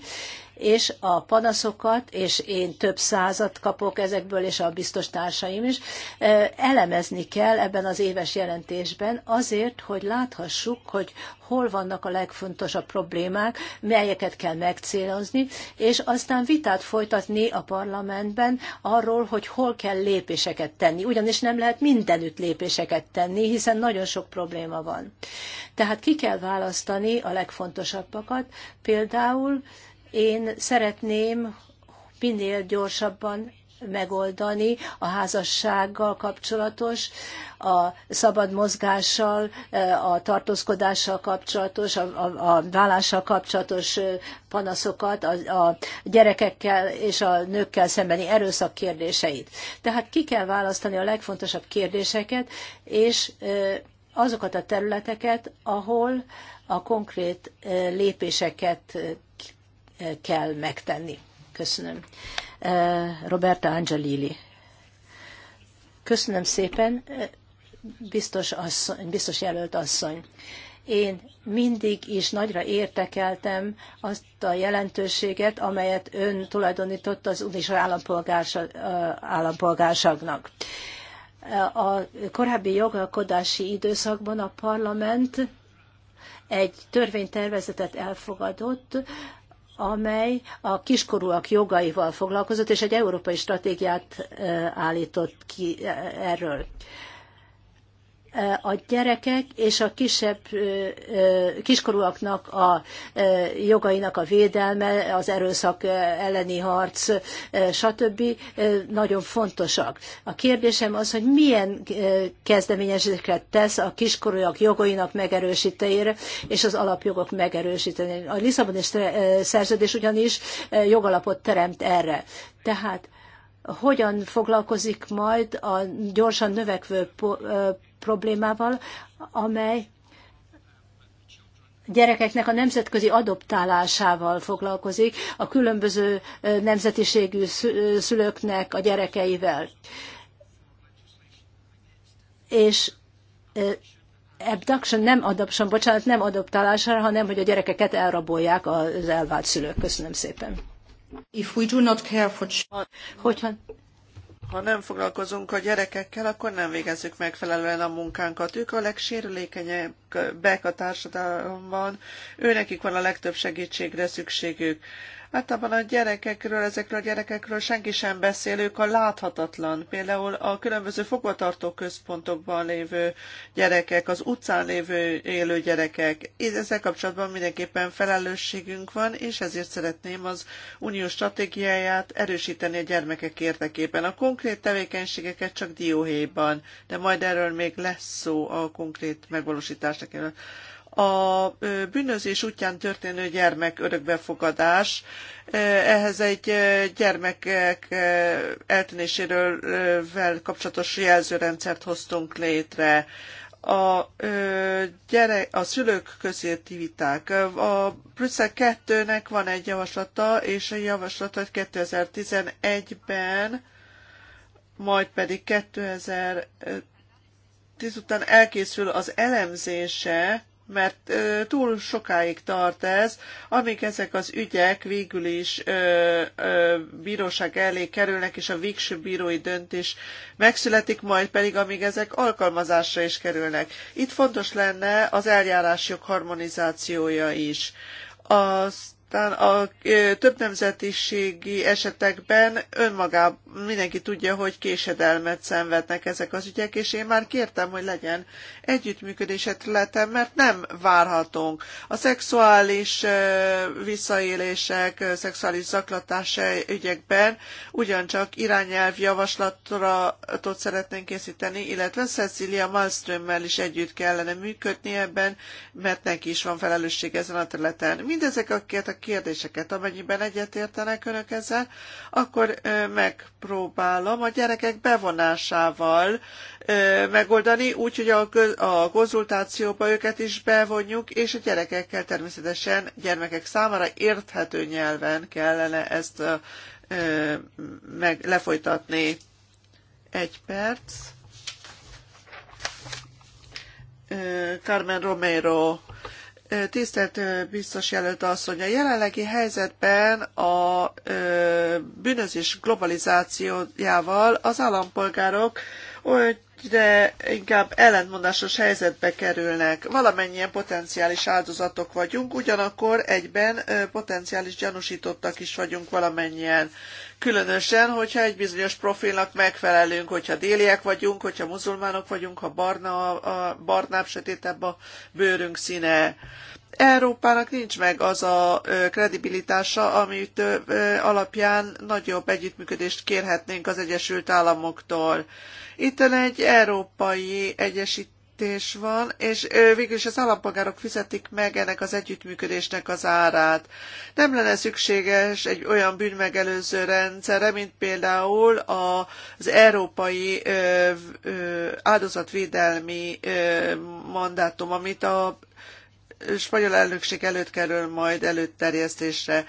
és a panaszokat, és én több százat kapok ezekből, és a biztos társaim is, elemezni kell ebben az éves jelentésben azért, hogy láthassuk, hogy hol vannak a legfontosabb problémák, melyeket kell megcélozni, és aztán vitát folytatni a parlamentben arról, hogy hol kell lépéseket tenni. Ugyanis nem lehet mindenütt lépéseket tenni, hiszen nagyon sok probléma van. Tehát ki kell választani a legfontosabbakat, például én szeretném minél gyorsabban megoldani a házassággal kapcsolatos, a szabad mozgással, a tartózkodással kapcsolatos, a, a, a vállással kapcsolatos panaszokat, a, a gyerekekkel és a nőkkel szembeni erőszak kérdéseit. Tehát ki kell választani a legfontosabb kérdéseket, és azokat a területeket, ahol a konkrét lépéseket kell megtenni. Köszönöm. Eh, Roberta Angelili. Köszönöm szépen, eh, biztos, asszony, biztos jelölt asszony. Én mindig is nagyra értekeltem azt a jelentőséget, amelyet ön tulajdonított az uniós eh, állampolgárságnak. A korábbi jogalkodási időszakban a parlament egy törvénytervezetet elfogadott, amely a kiskorúak jogaival foglalkozott, és egy európai stratégiát állított ki erről a gyerekek és a kisebb, kiskorúaknak a jogainak a védelme, az erőszak elleni harc, stb. nagyon fontosak. A kérdésem az, hogy milyen kezdeményezéseket tesz a kiskorúak jogainak megerősítésére és az alapjogok megerősítésére. A Lisszaboni szerződés ugyanis jogalapot teremt erre. Tehát hogyan foglalkozik majd a gyorsan növekvő problémával, amely gyerekeknek a nemzetközi adoptálásával foglalkozik, a különböző nemzetiségű szülőknek a gyerekeivel. És abduction, nem adoption, bocsánat, nem adoptálásra, hanem hogy a gyerekeket elrabolják az elvált szülők. Köszönöm szépen. If we do not care for hogyha ha nem foglalkozunk a gyerekekkel, akkor nem végezzük megfelelően a munkánkat. Ők a legsérülékenyebbek a társadalomban, őnekik van a legtöbb segítségre szükségük. Általában a gyerekekről, ezekről a gyerekekről senki sem beszél, ők a láthatatlan. Például a különböző fogvatartó központokban lévő gyerekek, az utcán lévő élő gyerekek. Ezzel kapcsolatban mindenképpen felelősségünk van, és ezért szeretném az uniós stratégiáját erősíteni a gyermekek érdekében. A konkrét tevékenységeket csak dióhéjban, de majd erről még lesz szó a konkrét megvalósításnak a bűnözés útján történő gyermek örökbefogadás. Ehhez egy gyermekek eltűnéséről kapcsolatos jelzőrendszert hoztunk létre. A, gyere, a szülők közötti viták. A Brüsszel 2-nek van egy javaslata, és a javaslata 2011-ben, majd pedig 2010 után elkészül az elemzése mert túl sokáig tart ez, amíg ezek az ügyek végül is ö, ö, bíróság elé kerülnek, és a végső bírói döntés megszületik, majd pedig amíg ezek alkalmazásra is kerülnek. Itt fontos lenne az eljárásjog harmonizációja is. Az aztán a több nemzetiségi esetekben önmagában mindenki tudja, hogy késedelmet szenvednek ezek az ügyek, és én már kértem, hogy legyen együttműködés területen, mert nem várhatunk. A szexuális visszaélések, szexuális zaklatás ügyekben ugyancsak irányelv javaslatot szeretnénk készíteni, illetve Cecilia Malmströmmel is együtt kellene működni ebben, mert neki is van felelősség ezen a területen. Mindezek a a kérdéseket. Amennyiben egyetértenek önök ezzel, akkor megpróbálom a gyerekek bevonásával megoldani, úgy, hogy a, a konzultációba őket is bevonjuk, és a gyerekekkel természetesen gyermekek számára érthető nyelven kellene ezt meg lefolytatni. Egy perc. Carmen Romero Tisztelt biztos jelölt asszony, a jelenlegi helyzetben a bűnözés globalizációjával az állampolgárok egyre inkább ellentmondásos helyzetbe kerülnek. Valamennyien potenciális áldozatok vagyunk, ugyanakkor egyben potenciális gyanúsítottak is vagyunk valamennyien. Különösen, hogyha egy bizonyos profilnak megfelelünk, hogyha déliek vagyunk, hogyha muzulmánok vagyunk, ha barna, a barnább, sötétebb a bőrünk színe. Európának nincs meg az a kredibilitása, amit alapján nagyobb együttműködést kérhetnénk az Egyesült Államoktól. Itt egy európai egyesít fizetés van, és végül is az állampolgárok fizetik meg ennek az együttműködésnek az árát. Nem lenne szükséges egy olyan bűnmegelőző rendszerre, mint például az európai áldozatvédelmi mandátum, amit a spanyol elnökség előtt kerül majd előterjesztésre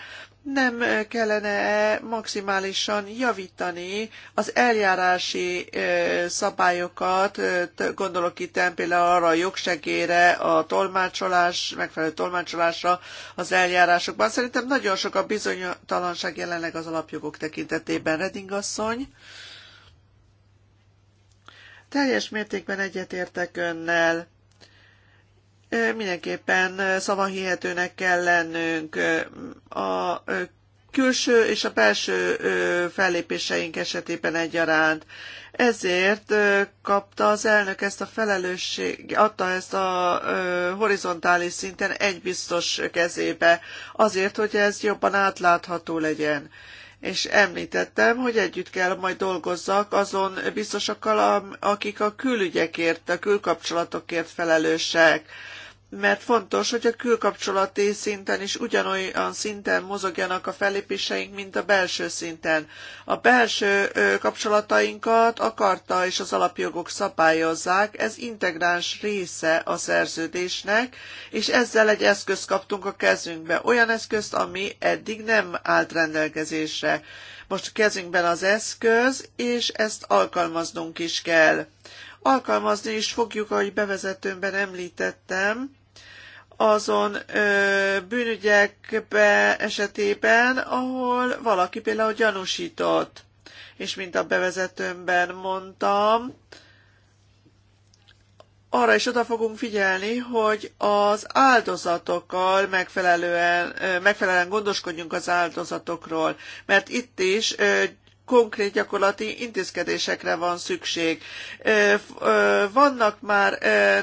nem kellene maximálisan javítani az eljárási szabályokat, gondolok itt például arra a jogsegére, a tolmácsolás, megfelelő tolmácsolásra az eljárásokban. Szerintem nagyon sok a bizonytalanság jelenleg az alapjogok tekintetében, Reding asszony. Teljes mértékben egyetértek önnel mindenképpen szavahihetőnek kell lennünk. A külső és a belső fellépéseink esetében egyaránt. Ezért kapta az elnök ezt a felelősség, adta ezt a horizontális szinten egy biztos kezébe, azért, hogy ez jobban átlátható legyen és említettem, hogy együtt kell majd dolgozzak azon biztosakkal, akik a külügyekért, a külkapcsolatokért felelősek mert fontos, hogy a külkapcsolati szinten is ugyanolyan szinten mozogjanak a fellépéseink, mint a belső szinten. A belső kapcsolatainkat a karta és az alapjogok szabályozzák, ez integráns része a szerződésnek, és ezzel egy eszközt kaptunk a kezünkbe, olyan eszközt, ami eddig nem állt rendelkezésre. Most a kezünkben az eszköz, és ezt alkalmaznunk is kell alkalmazni is fogjuk, ahogy bevezetőmben említettem, azon ö, bűnügyekbe esetében, ahol valaki például gyanúsított. És mint a bevezetőmben mondtam, arra is oda fogunk figyelni, hogy az áldozatokkal megfelelően, megfelelően gondoskodjunk az áldozatokról, mert itt is konkrét gyakorlati intézkedésekre van szükség. Vannak már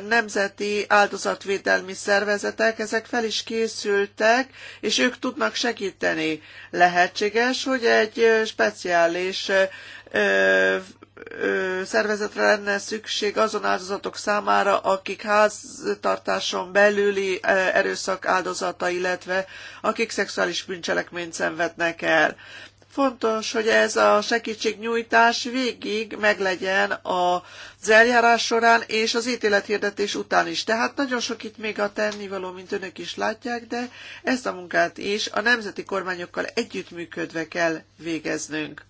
nemzeti áldozatvédelmi szervezetek, ezek fel is készültek, és ők tudnak segíteni. Lehetséges, hogy egy speciális szervezetre lenne szükség azon áldozatok számára, akik háztartáson belüli erőszak áldozata, illetve akik szexuális bűncselekményt szenvednek el. Fontos, hogy ez a segítségnyújtás végig meglegyen az eljárás során és az ítélethirdetés után is. Tehát nagyon sok itt még a tennivaló, mint önök is látják, de ezt a munkát is a nemzeti kormányokkal együttműködve kell végeznünk.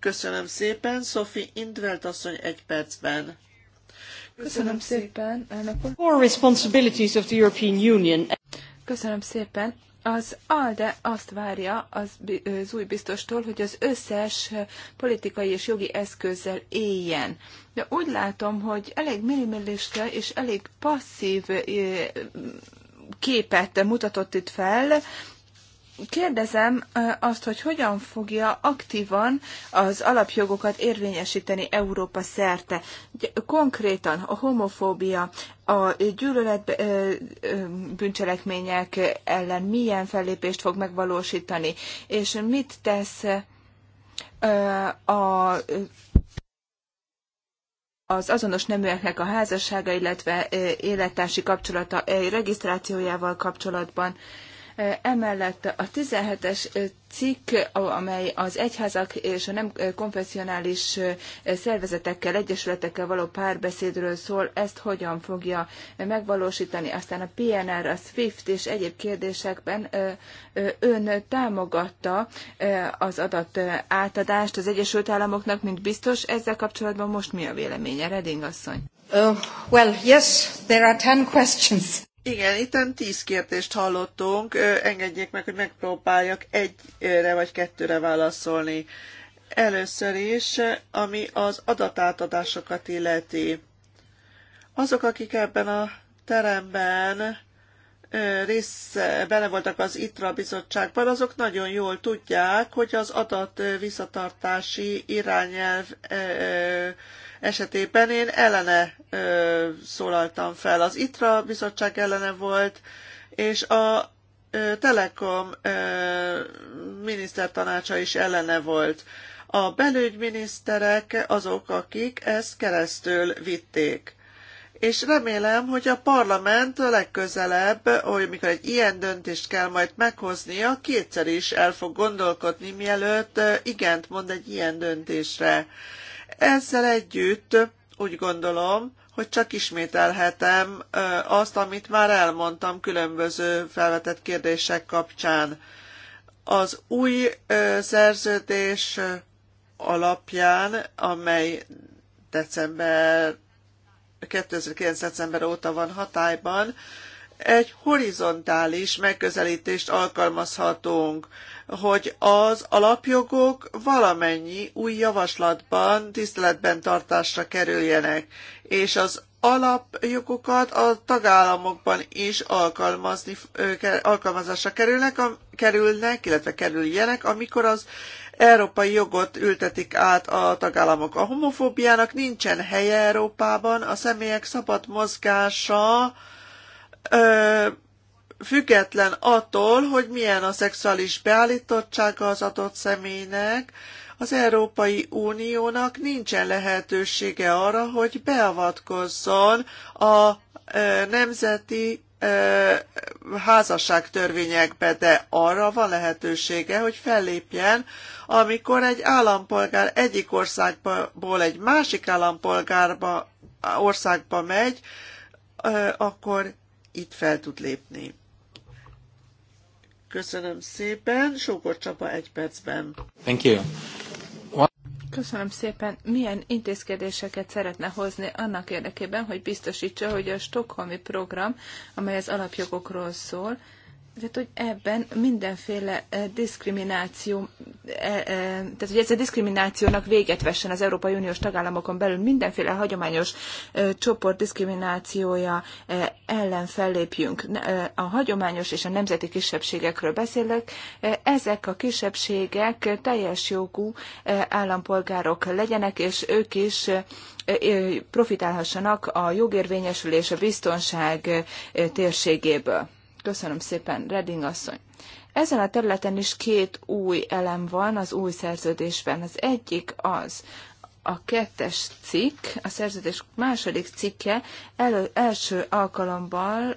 Köszönöm szépen, Sophie Indvelt asszony egy percben. Köszönöm szépen, elnök úr. Core responsibilities of the European Union. Köszönöm szépen. Az ALDE azt várja az, az új biztostól, hogy az összes politikai és jogi eszközzel éljen. De úgy látom, hogy elég minimalista és elég passzív képet mutatott itt fel, kérdezem azt, hogy hogyan fogja aktívan az alapjogokat érvényesíteni Európa szerte. Konkrétan a homofóbia, a gyűlöletbűncselekmények bűncselekmények ellen milyen fellépést fog megvalósítani, és mit tesz a az azonos neműeknek a házassága, illetve élettársi kapcsolata regisztrációjával kapcsolatban Emellett a 17-es cikk, amely az egyházak és a nem konfessionális szervezetekkel, egyesületekkel való párbeszédről szól, ezt hogyan fogja megvalósítani. Aztán a PNR, a SWIFT és egyéb kérdésekben ön támogatta az adat átadást az Egyesült Államoknak, mint biztos. Ezzel kapcsolatban most mi a véleménye, Reding asszony? Uh, well, yes, there are ten questions. Igen, itt tíz kérdést hallottunk, engedjék meg, hogy megpróbáljak egyre vagy kettőre válaszolni. Először is, ami az adatátadásokat illeti. Azok, akik ebben a teremben rész, bele voltak az ITRA bizottságban, azok nagyon jól tudják, hogy az adat visszatartási irányelv esetében én ellene ö, szólaltam fel. Az ITRA bizottság ellene volt, és a ö, Telekom ö, minisztertanácsa is ellene volt. A belügyminiszterek azok, akik ezt keresztül vitték és remélem, hogy a parlament legközelebb, hogy mikor egy ilyen döntést kell majd meghoznia, kétszer is el fog gondolkodni, mielőtt igent mond egy ilyen döntésre. Ezzel együtt úgy gondolom, hogy csak ismételhetem azt, amit már elmondtam különböző felvetett kérdések kapcsán. Az új szerződés alapján, amely december 2009. december óta van hatályban, egy horizontális megközelítést alkalmazhatunk hogy az alapjogok valamennyi új javaslatban tiszteletben tartásra kerüljenek, és az alapjogokat a tagállamokban is alkalmazni, alkalmazásra kerülnek, kerülnek, illetve kerüljenek, amikor az európai jogot ültetik át a tagállamok. A homofóbiának nincsen helye Európában, a személyek szabad mozgása ö, független attól, hogy milyen a szexuális beállítottsága az adott személynek, az Európai Uniónak nincsen lehetősége arra, hogy beavatkozzon a nemzeti házasságtörvényekbe, de arra van lehetősége, hogy fellépjen, amikor egy állampolgár egyik országból egy másik állampolgárba országba megy, akkor itt fel tud lépni. Köszönöm szépen. Sógor Csapa egy percben. Thank you. Köszönöm szépen. Milyen intézkedéseket szeretne hozni annak érdekében, hogy biztosítsa, hogy a stokholmi program, amely az alapjogokról szól, tehát, hogy ebben mindenféle eh, diszkrimináció, eh, eh, tehát hogy ez a diszkriminációnak véget vessen az Európai Uniós tagállamokon belül mindenféle hagyományos csoport diszkriminációja ellen fellépjünk. A hagyományos és a nemzeti kisebbségekről beszélek. Ezek a kisebbségek teljes jogú állampolgárok legyenek, és ők is profitálhassanak a jogérvényesülés, a biztonság térségéből Köszönöm szépen, Redding asszony. Ezen a területen is két új elem van az új szerződésben. Az egyik az, a kettes cikk, a szerződés második cikke elő, első alkalommal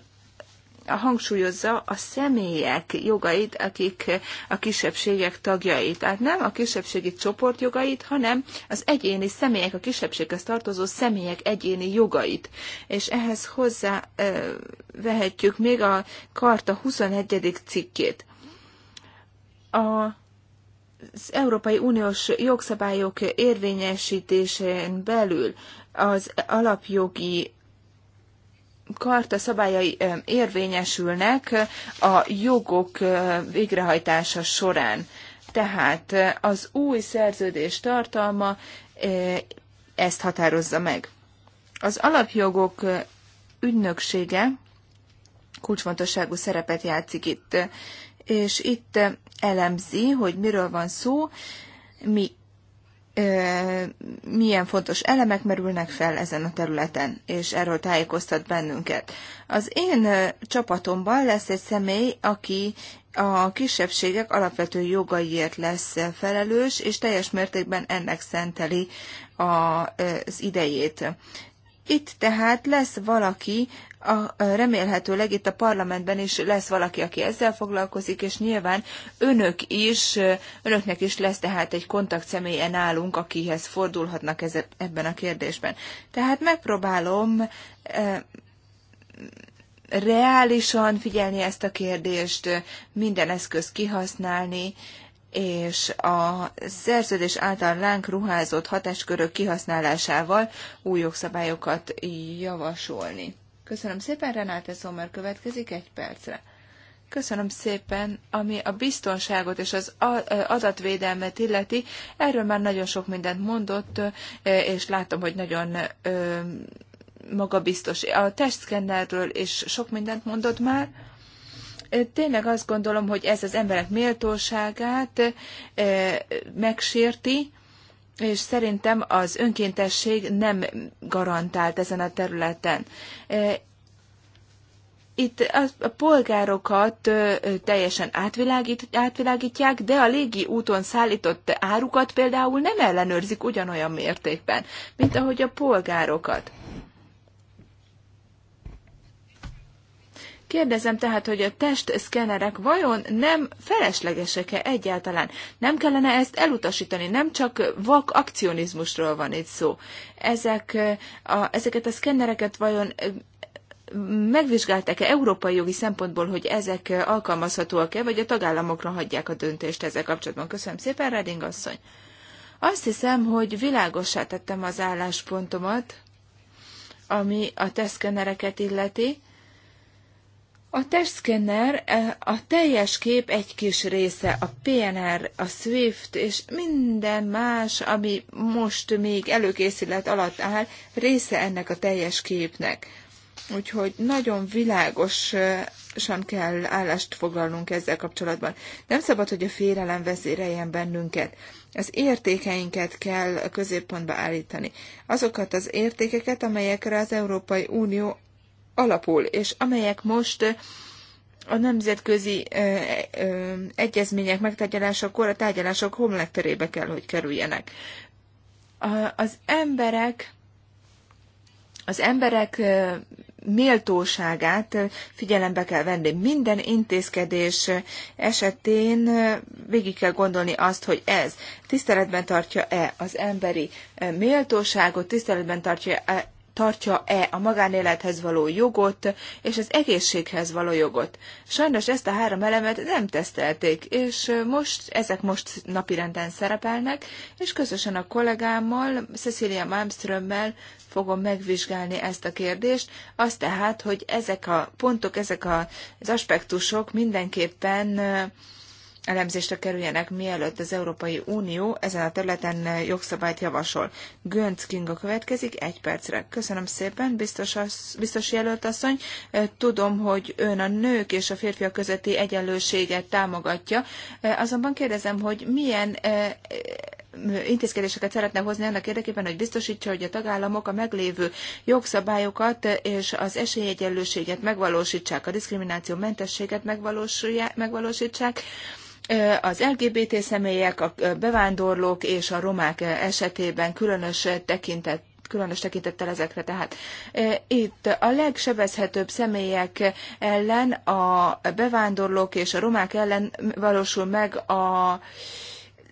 hangsúlyozza a személyek jogait, akik a kisebbségek tagjai. Tehát nem a kisebbségi csoport jogait, hanem az egyéni személyek, a kisebbséghez tartozó személyek egyéni jogait. És ehhez hozzá vehetjük még a Karta 21. cikkét. A az Európai Uniós jogszabályok érvényesítésén belül az alapjogi karta szabályai érvényesülnek a jogok végrehajtása során. Tehát az új szerződés tartalma ezt határozza meg. Az alapjogok ügynöksége kulcsfontosságú szerepet játszik itt, és itt elemzi, hogy miről van szó, mi milyen fontos elemek merülnek fel ezen a területen, és erről tájékoztat bennünket. Az én csapatomban lesz egy személy, aki a kisebbségek alapvető jogaiért lesz felelős, és teljes mértékben ennek szenteli az idejét. Itt tehát lesz valaki, a, remélhetőleg itt a parlamentben is lesz valaki, aki ezzel foglalkozik, és nyilván önök is, önöknek is lesz tehát egy kontaktszemély nálunk, akihez fordulhatnak ez, ebben a kérdésben. Tehát megpróbálom e, reálisan figyelni ezt a kérdést, minden eszközt kihasználni, és a szerződés által ránk ruházott hatáskörök kihasználásával új jogszabályokat javasolni. Köszönöm szépen, Renáte Szomer következik egy percre. Köszönöm szépen, ami a biztonságot és az adatvédelmet illeti, erről már nagyon sok mindent mondott, és látom, hogy nagyon magabiztos. A testszkennerről is sok mindent mondott már, tényleg azt gondolom, hogy ez az emberek méltóságát megsérti, és szerintem az önkéntesség nem garantált ezen a területen. Itt a polgárokat teljesen átvilágít, átvilágítják, de a légi úton szállított árukat például nem ellenőrzik ugyanolyan mértékben, mint ahogy a polgárokat. Kérdezem tehát, hogy a testszkenerek vajon nem feleslegesek-e egyáltalán? Nem kellene ezt elutasítani, nem csak vak akcionizmusról van itt szó. Ezek eh, a, ezeket a szkennereket vajon eh, megvizsgálták-e európai jogi szempontból, hogy ezek eh, alkalmazhatóak-e, vagy a tagállamokra hagyják a döntést ezzel kapcsolatban? Köszönöm szépen, Reding asszony. Azt hiszem, hogy világossá tettem az álláspontomat, ami a teszkenereket illeti a testszkenner eh, a teljes kép egy kis része, a PNR, a SWIFT és minden más, ami most még előkészület alatt áll, része ennek a teljes képnek. Úgyhogy nagyon világosan kell állást foglalnunk ezzel kapcsolatban. Nem szabad, hogy a félelem vezéreljen bennünket. Az értékeinket kell a középpontba állítani. Azokat az értékeket, amelyekre az Európai Unió alapul, és amelyek most eh, a nemzetközi eh, eh, egyezmények megtárgyalásakor a tárgyalások homlekterébe kell, hogy kerüljenek. az emberek az emberek méltóságát figyelembe kell venni. Minden intézkedés esetén végig kell gondolni azt, hogy ez tiszteletben tartja-e az emberi méltóságot, tiszteletben tartja-e tartja-e a magánélethez való jogot és az egészséghez való jogot. Sajnos ezt a három elemet nem tesztelték, és most ezek most napirenden szerepelnek, és közösen a kollégámmal, Cecilia Malmströmmel fogom megvizsgálni ezt a kérdést. Az tehát, hogy ezek a pontok, ezek az aspektusok mindenképpen elemzésre kerüljenek, mielőtt az Európai Unió ezen a területen jogszabályt javasol. Gönc Kinga következik egy percre. Köszönöm szépen, biztos, az, biztos jelölt asszony. Tudom, hogy ön a nők és a férfiak közötti egyenlőséget támogatja. Azonban kérdezem, hogy milyen intézkedéseket szeretne hozni annak érdekében, hogy biztosítsa, hogy a tagállamok a meglévő jogszabályokat és az esélyegyenlőséget megvalósítsák, a diszkrimináció mentességet megvalósítsák, az LGBT személyek, a bevándorlók és a romák esetében különös tekintet különös tekintettel ezekre tehát. E, itt a legsebezhetőbb személyek ellen, a bevándorlók és a romák ellen valósul meg a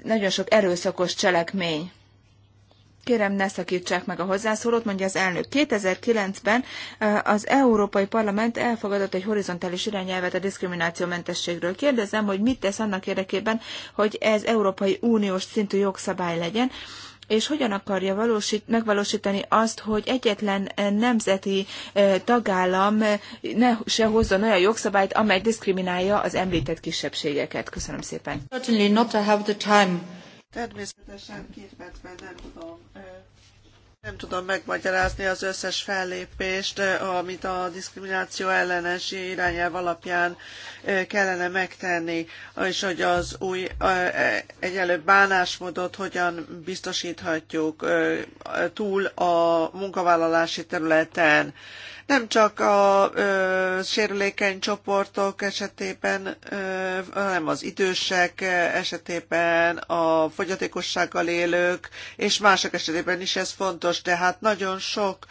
nagyon sok erőszakos cselekmény. Kérem, ne szakítsák meg a hozzászólót, mondja az elnök. 2009-ben az Európai Parlament elfogadott egy horizontális irányelvet a diszkriminációmentességről. Kérdezem, hogy mit tesz annak érdekében, hogy ez Európai Uniós szintű jogszabály legyen, és hogyan akarja valósít, megvalósítani azt, hogy egyetlen nemzeti tagállam ne se hozzon olyan jogszabályt, amely diszkriminálja az említett kisebbségeket. Köszönöm szépen. Certainly not have the time Természetesen két percben nem tudom nem tudom megmagyarázni az összes fellépést, amit a diszkrimináció ellenes irányelv alapján kellene megtenni, és hogy az új e, egyelőbb bánásmódot hogyan biztosíthatjuk túl a munkavállalási területen nem csak a ö, sérülékeny csoportok esetében, ö, hanem az idősek esetében, a fogyatékossággal élők és mások esetében is ez fontos, de hát nagyon sok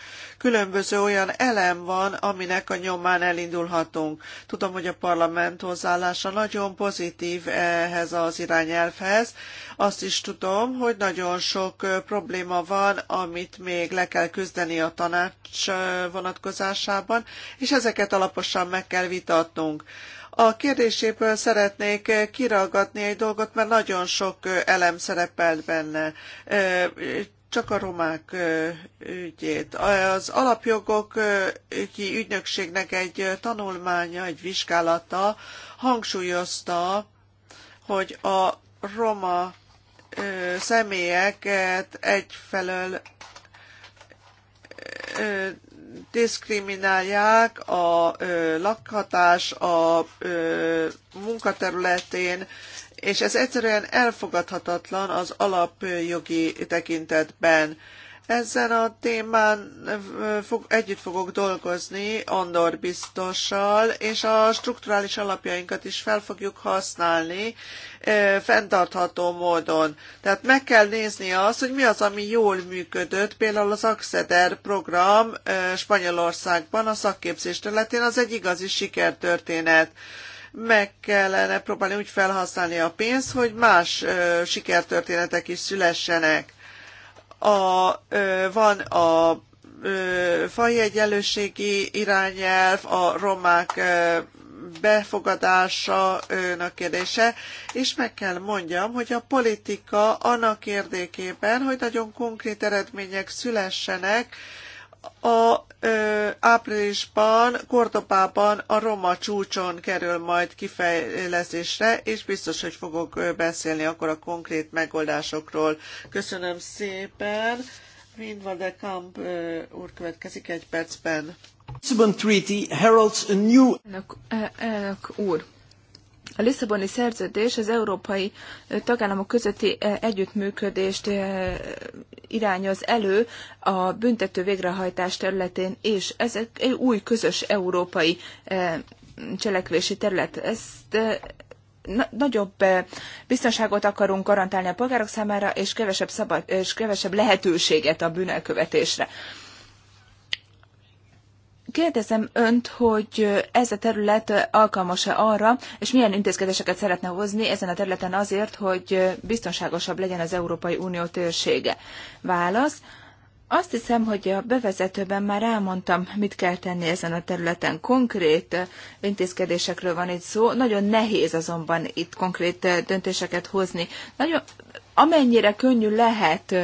különböző olyan elem van, aminek a nyomán elindulhatunk. Tudom, hogy a parlament hozzáállása nagyon pozitív ehhez az irányelvhez. Azt is tudom, hogy nagyon sok probléma van, amit még le kell küzdeni a tanács vonatkozásában, és ezeket alaposan meg kell vitatnunk. A kérdéséből szeretnék kiragadni egy dolgot, mert nagyon sok elem szerepelt benne csak a romák ügyét. Az alapjogok ügyi ügynökségnek egy tanulmánya, egy vizsgálata hangsúlyozta, hogy a roma személyeket egyfelől diszkriminálják a lakhatás a munkaterületén, és ez egyszerűen elfogadhatatlan az alapjogi tekintetben. Ezen a témán fog, együtt fogok dolgozni Andor biztossal, és a strukturális alapjainkat is fel fogjuk használni e, fenntartható módon. Tehát meg kell nézni azt, hogy mi az, ami jól működött, például az Axeder program e, Spanyolországban a szakképzés területén, az egy igazi sikertörténet meg kellene próbálni úgy felhasználni a pénzt, hogy más ö, sikertörténetek is szülessenek. A, ö, van a ö, faji egyenlőségi irányelv, a romák ö, befogadásának kérdése, és meg kell mondjam, hogy a politika annak érdekében, hogy nagyon konkrét eredmények szülessenek, a ö, áprilisban, Kordopában a Roma csúcson kerül majd kifejlesztésre, és biztos, hogy fogok beszélni akkor a konkrét megoldásokról. Köszönöm szépen. Mind de Kamp úr következik egy percben. Lisbon Treaty heralds a new... Elnök, elnök úr, a Lisszaboni szerződés az európai tagállamok közötti együttműködést irányoz elő a büntető végrehajtás területén, és ez egy új közös európai cselekvési terület. Ezt nagyobb biztonságot akarunk garantálni a polgárok számára, és kevesebb, szabad, és kevesebb lehetőséget a bűnelkövetésre. Kérdezem önt, hogy ez a terület alkalmas-e arra, és milyen intézkedéseket szeretne hozni ezen a területen azért, hogy biztonságosabb legyen az Európai Unió térsége? Válasz. Azt hiszem, hogy a bevezetőben már elmondtam, mit kell tenni ezen a területen. Konkrét intézkedésekről van itt szó, nagyon nehéz azonban itt konkrét döntéseket hozni. Nagyon, amennyire könnyű lehet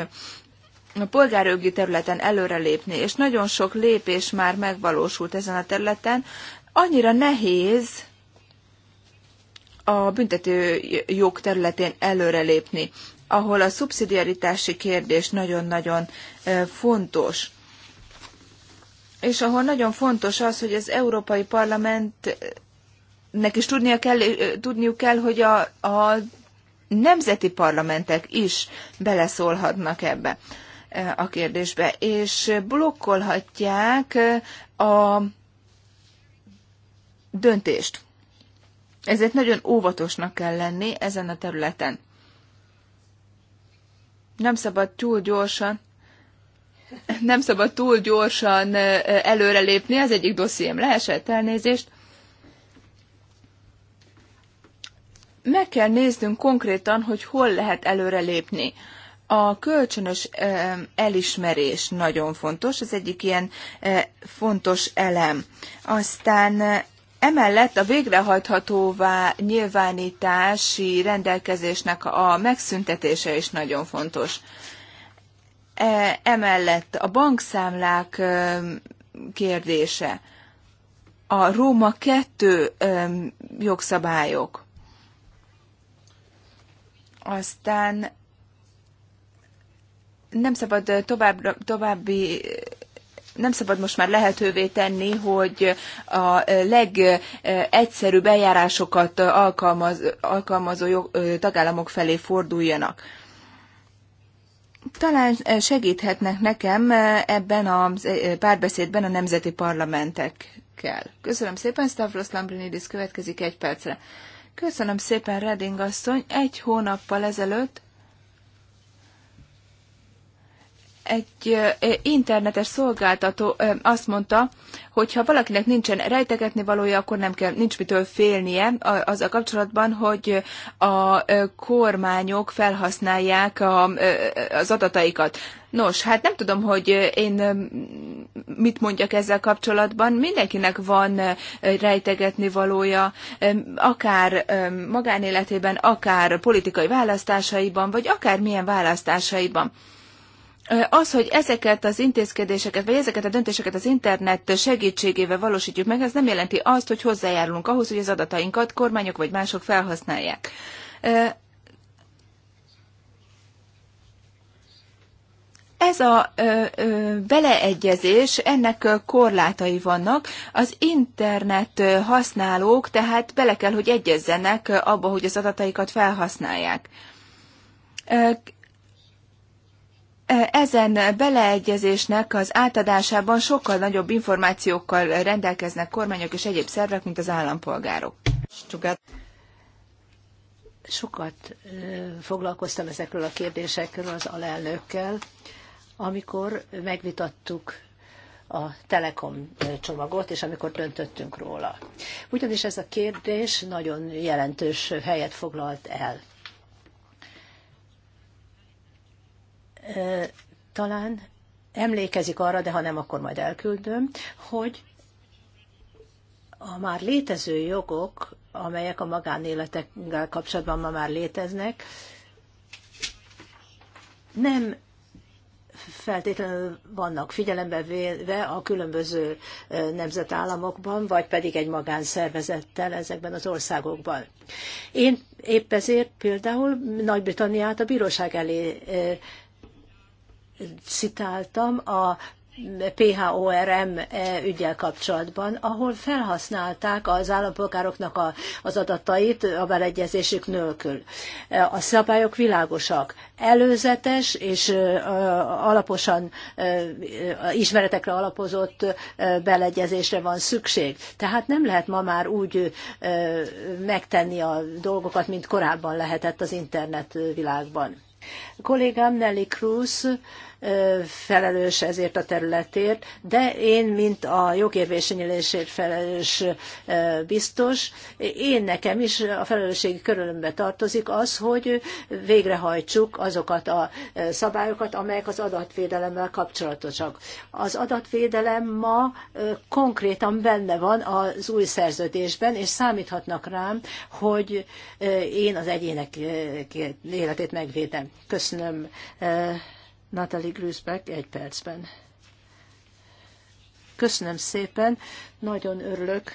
a polgárjogi területen előrelépni, és nagyon sok lépés már megvalósult ezen a területen, annyira nehéz a büntető jog területén előrelépni, ahol a szubszidiaritási kérdés nagyon-nagyon fontos. És ahol nagyon fontos az, hogy az Európai Parlamentnek is tudnia kell, tudniuk kell, hogy a, a nemzeti parlamentek is beleszólhatnak ebbe a kérdésbe, és blokkolhatják a döntést. Ezért nagyon óvatosnak kell lenni ezen a területen. Nem szabad túl gyorsan nem szabad túl gyorsan előrelépni, az egyik dossziém leesett, elnézést. Meg kell néznünk konkrétan, hogy hol lehet előrelépni. lépni a kölcsönös elismerés nagyon fontos, ez egyik ilyen fontos elem. Aztán Emellett a végrehajthatóvá nyilvánítási rendelkezésnek a megszüntetése is nagyon fontos. E, emellett a bankszámlák kérdése, a Róma 2 jogszabályok, aztán nem szabad tovább, további nem szabad most már lehetővé tenni, hogy a legegyszerűbb eljárásokat alkalmaz, alkalmazó jog, tagállamok felé forduljanak. Talán segíthetnek nekem ebben a párbeszédben a nemzeti parlamentekkel. Köszönöm szépen, Stavros Lambrinidis következik egy percre. Köszönöm szépen, Reding asszony. Egy hónappal ezelőtt egy internetes szolgáltató azt mondta, hogy ha valakinek nincsen rejtegetni valója, akkor nem kell, nincs mitől félnie az a kapcsolatban, hogy a kormányok felhasználják a, az adataikat. Nos, hát nem tudom, hogy én mit mondjak ezzel kapcsolatban. Mindenkinek van rejtegetni valója, akár magánéletében, akár politikai választásaiban, vagy akár milyen választásaiban. Az, hogy ezeket az intézkedéseket, vagy ezeket a döntéseket az internet segítségével valósítjuk meg, ez nem jelenti azt, hogy hozzájárulunk ahhoz, hogy az adatainkat kormányok vagy mások felhasználják. Ez a ö, ö, beleegyezés, ennek korlátai vannak. Az internet használók tehát bele kell, hogy egyezzenek abba, hogy az adataikat felhasználják ezen beleegyezésnek az átadásában sokkal nagyobb információkkal rendelkeznek kormányok és egyéb szervek, mint az állampolgárok. Sokat foglalkoztam ezekről a kérdésekről az alelnökkel, amikor megvitattuk a Telekom csomagot, és amikor döntöttünk róla. Ugyanis ez a kérdés nagyon jelentős helyet foglalt el. talán emlékezik arra, de ha nem, akkor majd elküldöm, hogy a már létező jogok, amelyek a magánéletekkel kapcsolatban ma már léteznek, nem feltétlenül vannak figyelembe véve a különböző nemzetállamokban, vagy pedig egy magánszervezettel ezekben az országokban. Én épp ezért például Nagy-Britanniát a bíróság elé citáltam a PHORM ügyel kapcsolatban, ahol felhasználták az állampolgároknak a, az adatait a beleegyezésük nélkül. A szabályok világosak. Előzetes és alaposan ismeretekre alapozott beleegyezésre van szükség. Tehát nem lehet ma már úgy megtenni a dolgokat, mint korábban lehetett az internet világban kollégám Nelly Cruz felelős ezért a területért, de én, mint a jogérvényesülésért felelős biztos, én nekem is a felelősségi körülömbe tartozik az, hogy végrehajtsuk azokat a szabályokat, amelyek az adatvédelemmel kapcsolatosak. Az adatvédelem ma konkrétan benne van az új szerződésben, és számíthatnak rám, hogy én az egyének életét megvédem. Köszönöm. Köszönöm. Eh, Natalie Grüßbeck egy percben. Köszönöm szépen, nagyon örülök.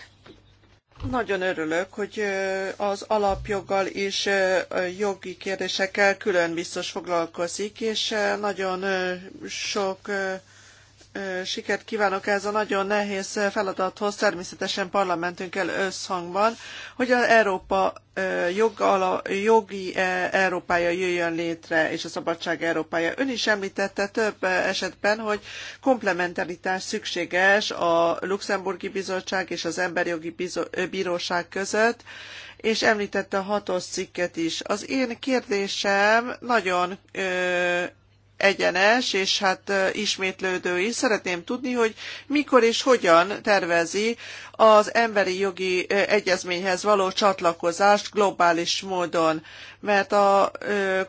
Nagyon örülök, hogy eh, az alapjoggal és eh, jogi kérdésekkel külön biztos foglalkozik, és nagyon sok sikert kívánok ez a nagyon nehéz feladathoz, természetesen parlamentünkkel összhangban, hogy az Európa jogala, jogi Európája jöjjön létre, és a szabadság Európája. Ön is említette több esetben, hogy komplementaritás szükséges a Luxemburgi Bizottság és az Emberjogi jogi Bíróság között, és említette a hatos cikket is. Az én kérdésem nagyon egyenes, és hát ismétlődő is. Szeretném tudni, hogy mikor és hogyan tervezi az emberi jogi egyezményhez való csatlakozást globális módon, mert a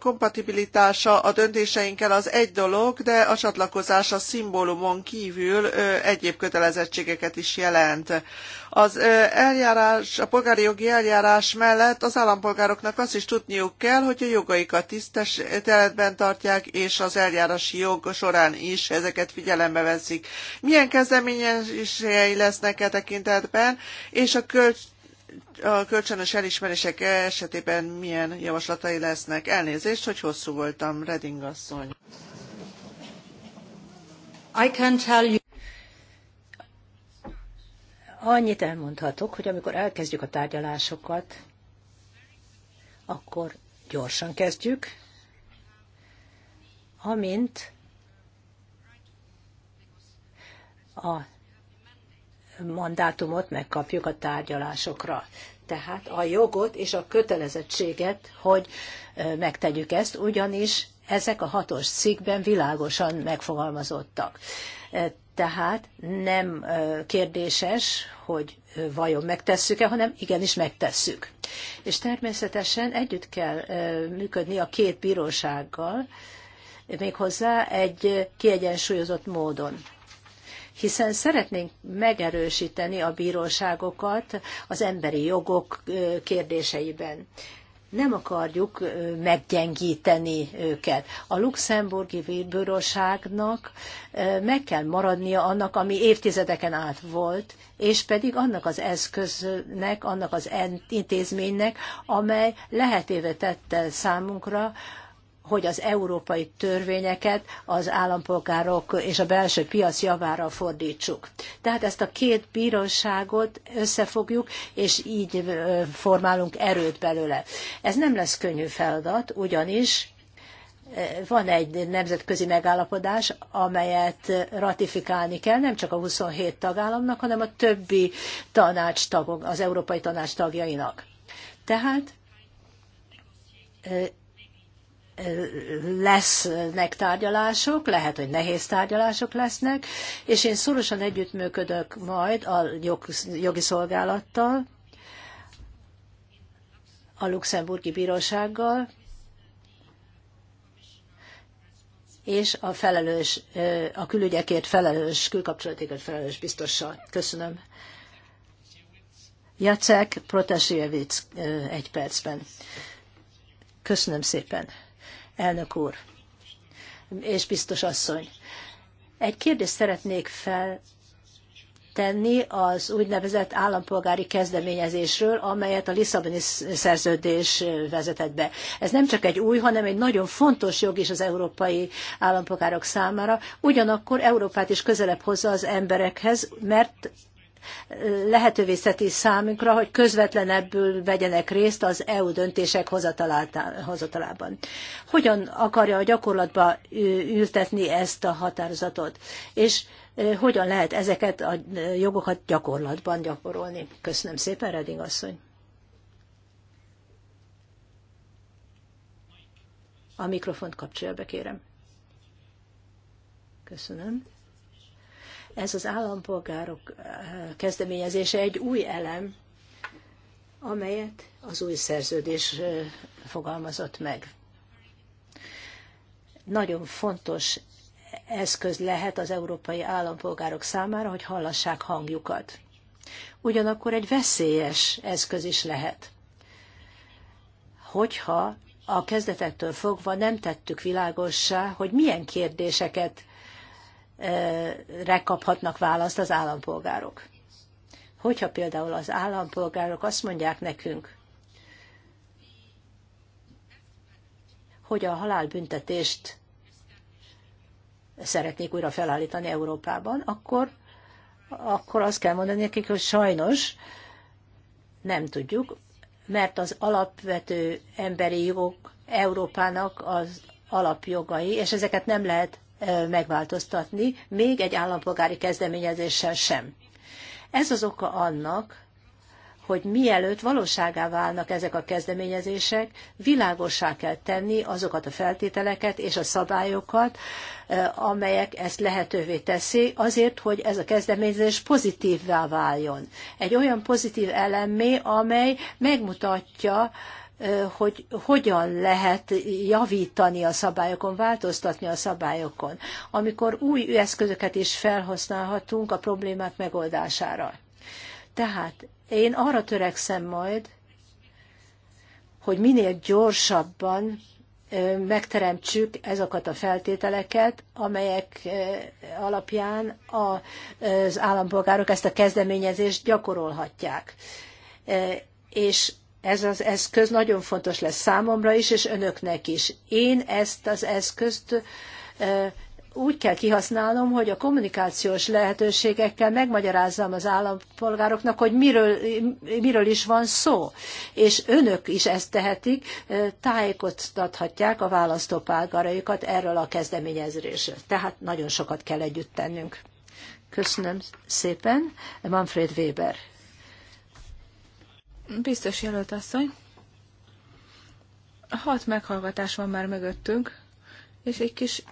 kompatibilitása a döntéseinkkel az egy dolog, de a csatlakozás a szimbólumon kívül egyéb kötelezettségeket is jelent. Az eljárás, a polgári jogi eljárás mellett az állampolgároknak azt is tudniuk kell, hogy a jogaikat tiszteletben tartják, és az eljárási jog során is ezeket figyelembe veszik. Milyen kezdeményezései lesznek e tekintetben? tekintetben, és a költ a kölcsönös elismerések esetében milyen javaslatai lesznek. Elnézést, hogy hosszú voltam, Reding asszony. I can tell you. Annyit elmondhatok, hogy amikor elkezdjük a tárgyalásokat, akkor gyorsan kezdjük, amint a mandátumot megkapjuk a tárgyalásokra. Tehát a jogot és a kötelezettséget, hogy megtegyük ezt, ugyanis ezek a hatos cikkben világosan megfogalmazottak. Tehát nem kérdéses, hogy vajon megtesszük-e, hanem igenis megtesszük. És természetesen együtt kell működni a két bírósággal, méghozzá egy kiegyensúlyozott módon hiszen szeretnénk megerősíteni a bíróságokat az emberi jogok kérdéseiben. Nem akarjuk meggyengíteni őket. A luxemburgi bíróságnak meg kell maradnia annak, ami évtizedeken át volt, és pedig annak az eszköznek, annak az intézménynek, amely lehetővé tette számunkra, hogy az európai törvényeket az állampolgárok és a belső piac javára fordítsuk. Tehát ezt a két bíróságot összefogjuk, és így formálunk erőt belőle. Ez nem lesz könnyű feladat, ugyanis van egy nemzetközi megállapodás, amelyet ratifikálni kell nem csak a 27 tagállamnak, hanem a többi tanács tagok, az Európai Tanács tagjainak. Tehát lesznek tárgyalások, lehet, hogy nehéz tárgyalások lesznek, és én szorosan együttműködök majd a jogi szolgálattal, a luxemburgi bírósággal, és a felelős, a külügyekért felelős, külkapcsolatékért felelős biztossal. Köszönöm. Jacek Protasiewicz egy percben. Köszönöm szépen elnök úr és biztos asszony. Egy kérdést szeretnék feltenni az úgynevezett állampolgári kezdeményezésről, amelyet a Lisszaboni szerződés vezetett be. Ez nem csak egy új, hanem egy nagyon fontos jog is az európai állampolgárok számára, ugyanakkor Európát is közelebb hozza az emberekhez, mert lehetővé teszi számunkra, hogy közvetlenebbül vegyenek részt az EU döntések hozatalában. Hogyan akarja a gyakorlatba ültetni ezt a határozatot? És hogyan lehet ezeket a jogokat gyakorlatban gyakorolni? Köszönöm szépen, Reding asszony. A mikrofont kapcsolja be, kérem. Köszönöm. Ez az állampolgárok eh, kezdeményezése egy új elem, amelyet az új szerződés eh, fogalmazott meg. Nagyon fontos eszköz lehet az európai állampolgárok számára, hogy hallassák hangjukat. Ugyanakkor egy veszélyes eszköz is lehet, hogyha a kezdetektől fogva nem tettük világossá, hogy milyen kérdéseket Eh, rekaphatnak választ az állampolgárok. Hogyha például az állampolgárok azt mondják nekünk, hogy a halálbüntetést szeretnék újra felállítani Európában, akkor, akkor azt kell mondani nekik, hogy sajnos nem tudjuk, mert az alapvető emberi jogok Európának az alapjogai, és ezeket nem lehet megváltoztatni, még egy állampolgári kezdeményezéssel sem. Ez az oka annak, hogy mielőtt valóságá válnak ezek a kezdeményezések, világossá kell tenni azokat a feltételeket és a szabályokat, amelyek ezt lehetővé teszi, azért, hogy ez a kezdeményezés pozitívvá váljon. Egy olyan pozitív elemé, amely megmutatja, hogy hogyan lehet javítani a szabályokon, változtatni a szabályokon, amikor új eszközöket is felhasználhatunk a problémák megoldására. Tehát én arra törekszem majd, hogy minél gyorsabban megteremtsük ezokat a feltételeket, amelyek alapján az állampolgárok ezt a kezdeményezést gyakorolhatják. És ez az eszköz nagyon fontos lesz számomra is, és önöknek is. Én ezt az eszközt úgy kell kihasználnom, hogy a kommunikációs lehetőségekkel megmagyarázzam az állampolgároknak, hogy miről, miről is van szó. És önök is ezt tehetik, tájékoztathatják a választópolgáraikat erről a kezdeményezésről. Tehát nagyon sokat kell együtt tennünk. Köszönöm szépen, Manfred Weber. Biztos jelölt asszony, hat meghallgatás van már mögöttünk, és egy kis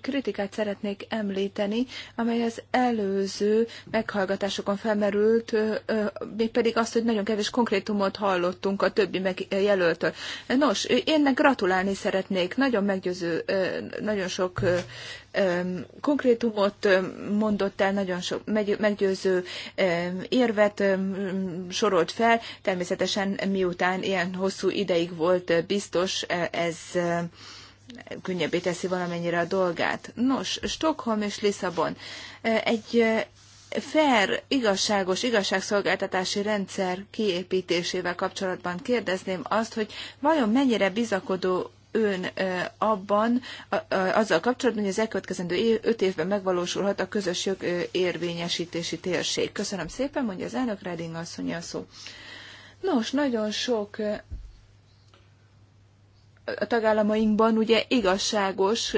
kritikát szeretnék említeni, amely az előző meghallgatásokon felmerült, mégpedig azt, hogy nagyon kevés konkrétumot hallottunk a többi megjelöltől. Nos, énnek gratulálni szeretnék, nagyon meggyőző, nagyon sok konkrétumot mondott el, nagyon sok meggyőző érvet sorolt fel. Természetesen miután ilyen hosszú ideig volt biztos, ez könnyebbé teszi valamennyire a dolgát. Nos, Stockholm és Lisszabon egy fair, igazságos igazságszolgáltatási rendszer kiépítésével kapcsolatban kérdezném azt, hogy vajon mennyire bizakodó ön abban, azzal kapcsolatban, hogy az elkövetkezendő öt évben megvalósulhat a közös jog érvényesítési térség. Köszönöm szépen, mondja az elnök Reding asszony a szó. Nos, nagyon sok a tagállamainkban ugye igazságos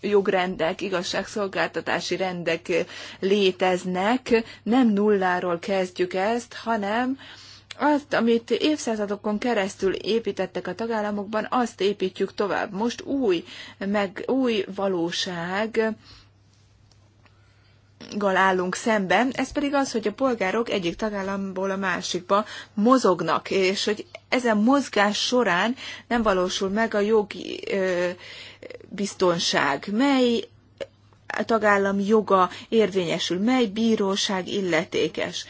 jogrendek, igazságszolgáltatási rendek léteznek. Nem nulláról kezdjük ezt, hanem azt, amit évszázadokon keresztül építettek a tagállamokban, azt építjük tovább. Most új, meg új valóság gal állunk szemben, ez pedig az, hogy a polgárok egyik tagállamból a másikba mozognak, és hogy ezen mozgás során nem valósul meg a jogi ö, biztonság, mely tagállam joga érvényesül, mely bíróság illetékes.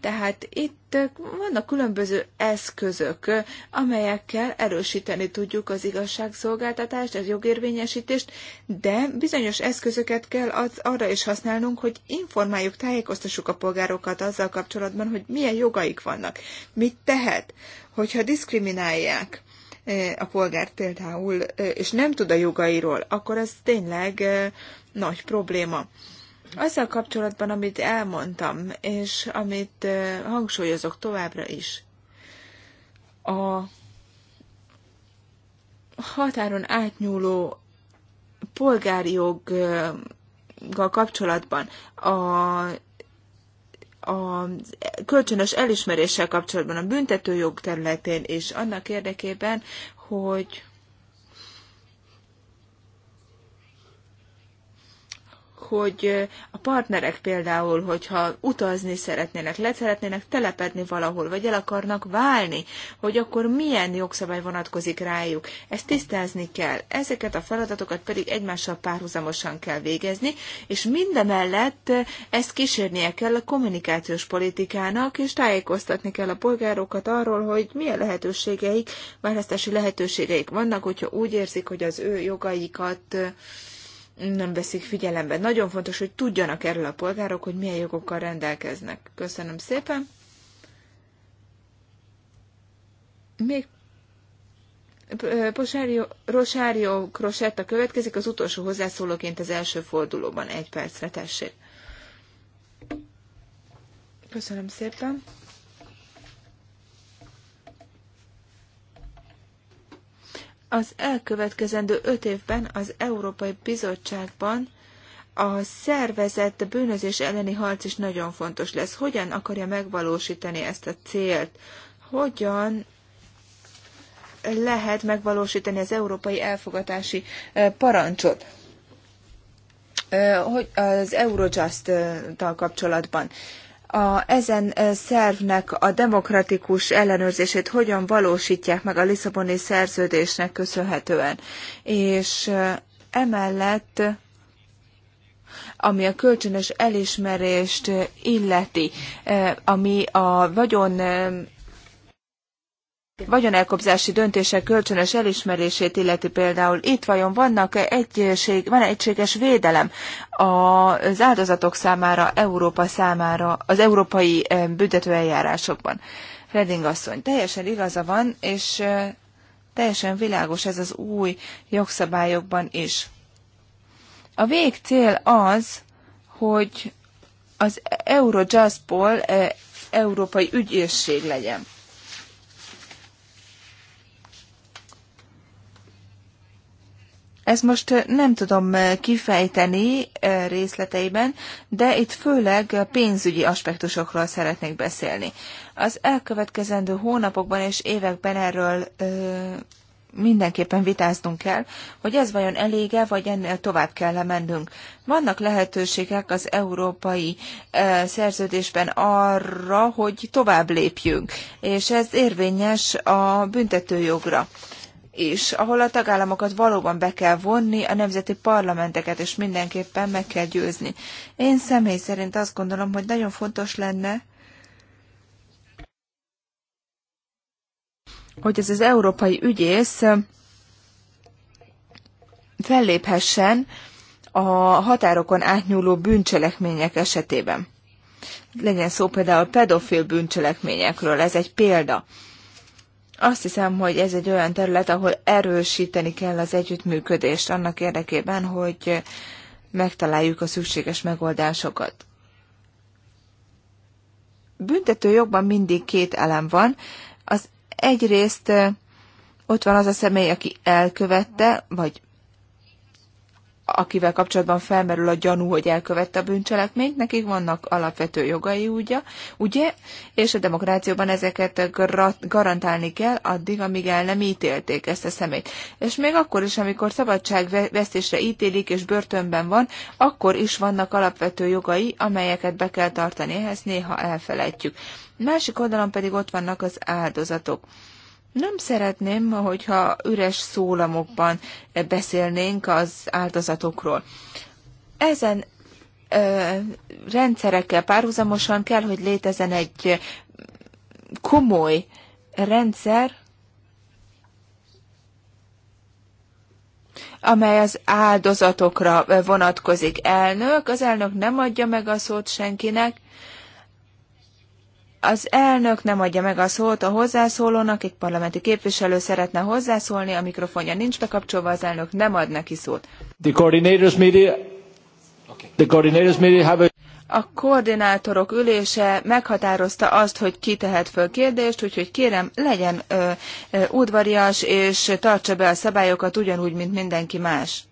Tehát itt vannak különböző eszközök, amelyekkel erősíteni tudjuk az igazságszolgáltatást, az jogérvényesítést, de bizonyos eszközöket kell az, arra is használnunk, hogy informáljuk, tájékoztassuk a polgárokat azzal kapcsolatban, hogy milyen jogaik vannak, mit tehet, hogyha diszkriminálják a polgárt például, és nem tud a jogairól, akkor ez tényleg nagy probléma. Azzal kapcsolatban, amit elmondtam, és amit hangsúlyozok továbbra is, a határon átnyúló polgári joggal kapcsolatban a a kölcsönös elismeréssel kapcsolatban a büntetőjog területén és annak érdekében, hogy hogy a partnerek például, hogyha utazni szeretnének, le szeretnének telepedni valahol, vagy el akarnak válni, hogy akkor milyen jogszabály vonatkozik rájuk. Ezt tisztázni kell. Ezeket a feladatokat pedig egymással párhuzamosan kell végezni, és mindemellett ezt kísérnie kell a kommunikációs politikának, és tájékoztatni kell a polgárokat arról, hogy milyen lehetőségeik, választási lehetőségeik vannak, hogyha úgy érzik, hogy az ő jogaikat nem veszik figyelembe. Nagyon fontos, hogy tudjanak erről a polgárok, hogy milyen jogokkal rendelkeznek. Köszönöm szépen. Még Rosario Crosetta következik, az utolsó hozzászólóként az első fordulóban. Egy percre tessék. Köszönöm szépen. Az elkövetkezendő öt évben az Európai Bizottságban a szervezett bűnözés elleni harc is nagyon fontos lesz. Hogyan akarja megvalósítani ezt a célt? Hogyan lehet megvalósítani az európai elfogatási parancsot? Hogy az Eurojust-tal kapcsolatban a, ezen szervnek a demokratikus ellenőrzését hogyan valósítják meg a Lisszaboni szerződésnek köszönhetően. És emellett ami a kölcsönös elismerést illeti, ami a vagyon vagyonelkobzási döntések kölcsönös elismerését illeti például itt vajon vannak -e egység, van -e egységes védelem az áldozatok számára, Európa számára, az európai eh, büntetőeljárásokban? Redding asszony, teljesen igaza van, és eh, teljesen világos ez az új jogszabályokban is. A végcél az, hogy az Eurojustból eh, európai ügyészség legyen. Ezt most nem tudom kifejteni részleteiben, de itt főleg pénzügyi aspektusokról szeretnék beszélni. Az elkövetkezendő hónapokban és években erről mindenképpen vitáznunk kell, hogy ez vajon elége, vagy ennél tovább kell -e mennünk. Vannak lehetőségek az európai ö, szerződésben arra, hogy tovább lépjünk, és ez érvényes a büntetőjogra is, ahol a tagállamokat valóban be kell vonni, a nemzeti parlamenteket és mindenképpen meg kell győzni. Én személy szerint azt gondolom, hogy nagyon fontos lenne, hogy ez az európai ügyész felléphessen a határokon átnyúló bűncselekmények esetében. Legyen szó például pedofil bűncselekményekről, ez egy példa. Azt hiszem, hogy ez egy olyan terület, ahol erősíteni kell az együttműködést annak érdekében, hogy megtaláljuk a szükséges megoldásokat. Büntető jogban mindig két elem van. Az egyrészt ott van az a személy, aki elkövette, vagy akivel kapcsolatban felmerül a gyanú, hogy elkövette a bűncselekményt, nekik vannak alapvető jogai, ugye, ugye? és a demokrációban ezeket garantálni kell, addig, amíg el nem ítélték ezt a szemét. És még akkor is, amikor szabadságvesztésre ítélik és börtönben van, akkor is vannak alapvető jogai, amelyeket be kell tartani, ehhez néha elfelejtjük. Másik oldalon pedig ott vannak az áldozatok nem szeretném, hogyha üres szólamokban eh, beszélnénk az áldozatokról. Ezen ö, eh, rendszerekkel párhuzamosan kell, hogy létezen egy eh, komoly rendszer, amely az áldozatokra vonatkozik. Elnök, az elnök nem adja meg a szót senkinek az elnök nem adja meg a szót a hozzászólónak, egy parlamenti képviselő szeretne hozzászólni, a mikrofonja nincs bekapcsolva, az elnök nem ad neki szót. The coordinators media, the coordinators media have a... A koordinátorok ülése meghatározta azt, hogy ki tehet föl kérdést, úgyhogy kérem, legyen ö, ö, udvarias, és tartsa be a szabályokat ugyanúgy, mint mindenki más.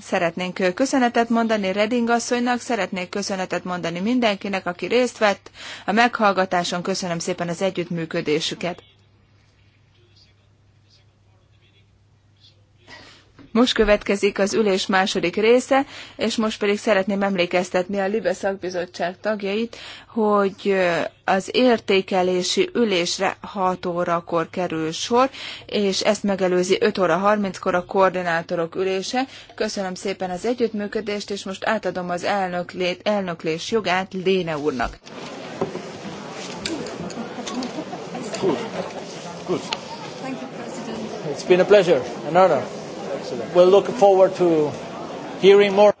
Szeretnénk köszönetet mondani Reding asszonynak, szeretnék köszönetet mondani mindenkinek, aki részt vett. A meghallgatáson köszönöm szépen az együttműködésüket. Most következik az ülés második része, és most pedig szeretném emlékeztetni a Libe szakbizottság tagjait, hogy az értékelési ülésre 6 órakor kerül sor, és ezt megelőzi 5 óra 30-kor a koordinátorok ülése. Köszönöm szépen az együttműködést, és most átadom az elnöklét, elnöklés jogát Léne úrnak. Good. Good. Thank you, President. It's been a pleasure, an honor. We'll look forward to hearing more.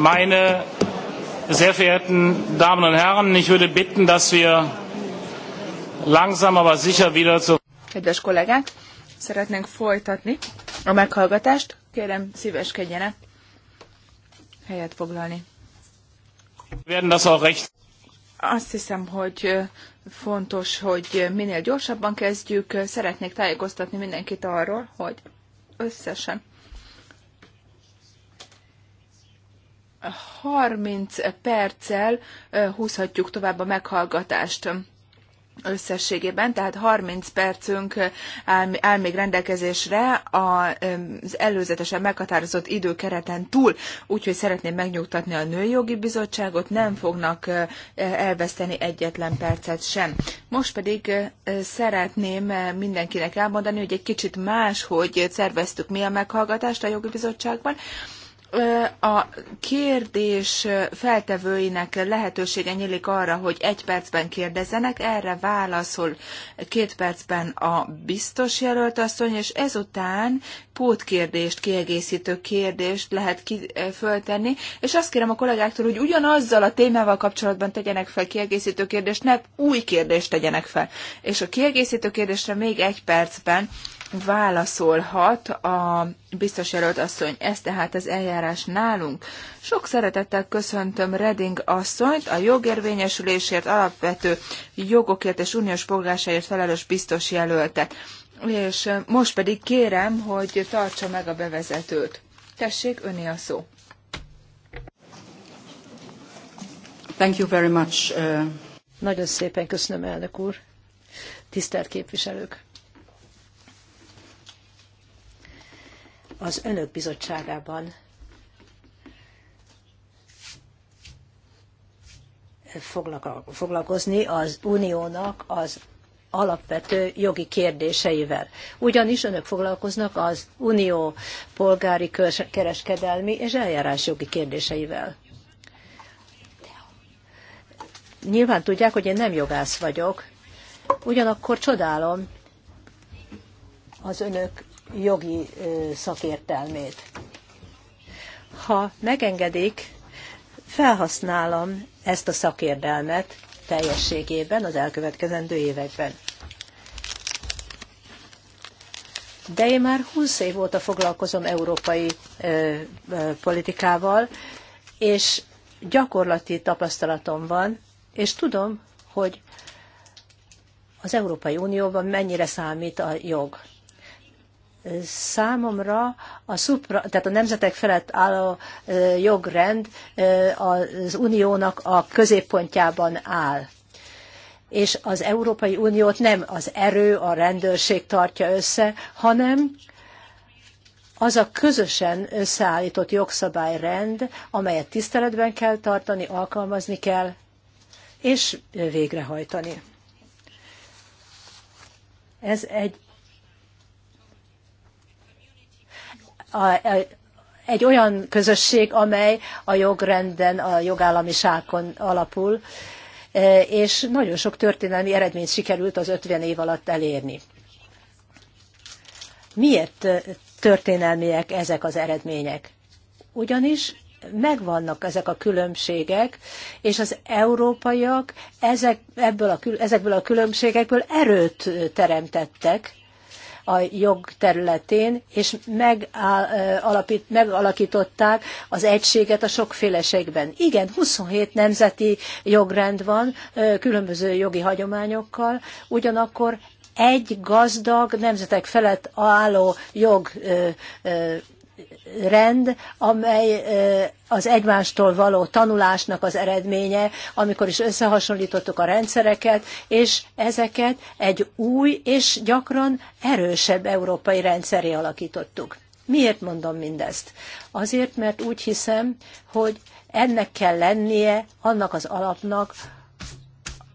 Meine sehr verehrten Damen und Herren, ich würde bitten, dass wir langsam, aber sicher wieder zu... Kedves kollégák, szeretnénk folytatni a meghallgatást. Kérem, szíveskedjenek helyet foglalni. Werden das auch recht... Azt hiszem, hogy fontos, hogy minél gyorsabban kezdjük. Szeretnék tájékoztatni mindenkit arról, hogy összesen 30 perccel húzhatjuk tovább a meghallgatást összességében, tehát 30 percünk áll, még rendelkezésre az előzetesen meghatározott időkereten túl, úgyhogy szeretném megnyugtatni a Nőjogi Bizottságot, nem fognak elveszteni egyetlen percet sem. Most pedig szeretném mindenkinek elmondani, hogy egy kicsit más, hogy szerveztük mi a meghallgatást a Jogi Bizottságban, a kérdés feltevőinek lehetősége nyílik arra, hogy egy percben kérdezzenek, erre válaszol két percben a biztos jelölt asszony, és ezután pótkérdést, kiegészítő kérdést lehet föltenni, és azt kérem a kollégáktól, hogy ugyanazzal a témával kapcsolatban tegyenek fel kiegészítő kérdést, ne új kérdést tegyenek fel. És a kiegészítő kérdésre még egy percben válaszolhat a biztos jelölt asszony. Ez tehát az eljárás nálunk. Sok szeretettel köszöntöm Reding asszonyt, a jogérvényesülésért, alapvető jogokért és uniós polgársáért felelős biztos jelöltet. És most pedig kérem, hogy tartsa meg a bevezetőt. Tessék, öné a szó. Thank you very much. Uh, Nagyon szépen köszönöm, elnök úr. Tisztelt képviselők! az önök bizottságában foglalkozni az uniónak az alapvető jogi kérdéseivel. Ugyanis önök foglalkoznak az unió polgári kereskedelmi és jogi kérdéseivel. Nyilván tudják, hogy én nem jogász vagyok, ugyanakkor csodálom az önök jogi szakértelmét. Ha megengedik, felhasználom ezt a szakérdelmet teljességében az elkövetkezendő években. De én már 20 év óta foglalkozom európai ö, ö, politikával, és gyakorlati tapasztalatom van, és tudom, hogy az Európai Unióban mennyire számít a jog számomra a, szupra, tehát a nemzetek felett álló jogrend az uniónak a középpontjában áll. És az Európai Uniót nem az erő, a rendőrség tartja össze, hanem az a közösen összeállított jogszabályrend, amelyet tiszteletben kell tartani, alkalmazni kell, és végrehajtani. Ez egy egy olyan közösség, amely a jogrenden, a jogállamiságon alapul, e, és nagyon sok történelmi eredményt sikerült az 50 év alatt elérni. Miért történelmiek ezek az eredmények? Ugyanis megvannak ezek a különbségek, és az európaiak ezek, ebből a, ezekből a különbségekből erőt teremtettek, a jog területén, és megalapít, megalakították az egységet a sokféleségben. Igen, 27 nemzeti jogrend van, különböző jogi hagyományokkal, ugyanakkor egy gazdag nemzetek felett álló jog rend, amely az egymástól való tanulásnak az eredménye, amikor is összehasonlítottuk a rendszereket, és ezeket egy új és gyakran erősebb európai rendszeré alakítottuk. Miért mondom mindezt? Azért, mert úgy hiszem, hogy ennek kell lennie annak az alapnak,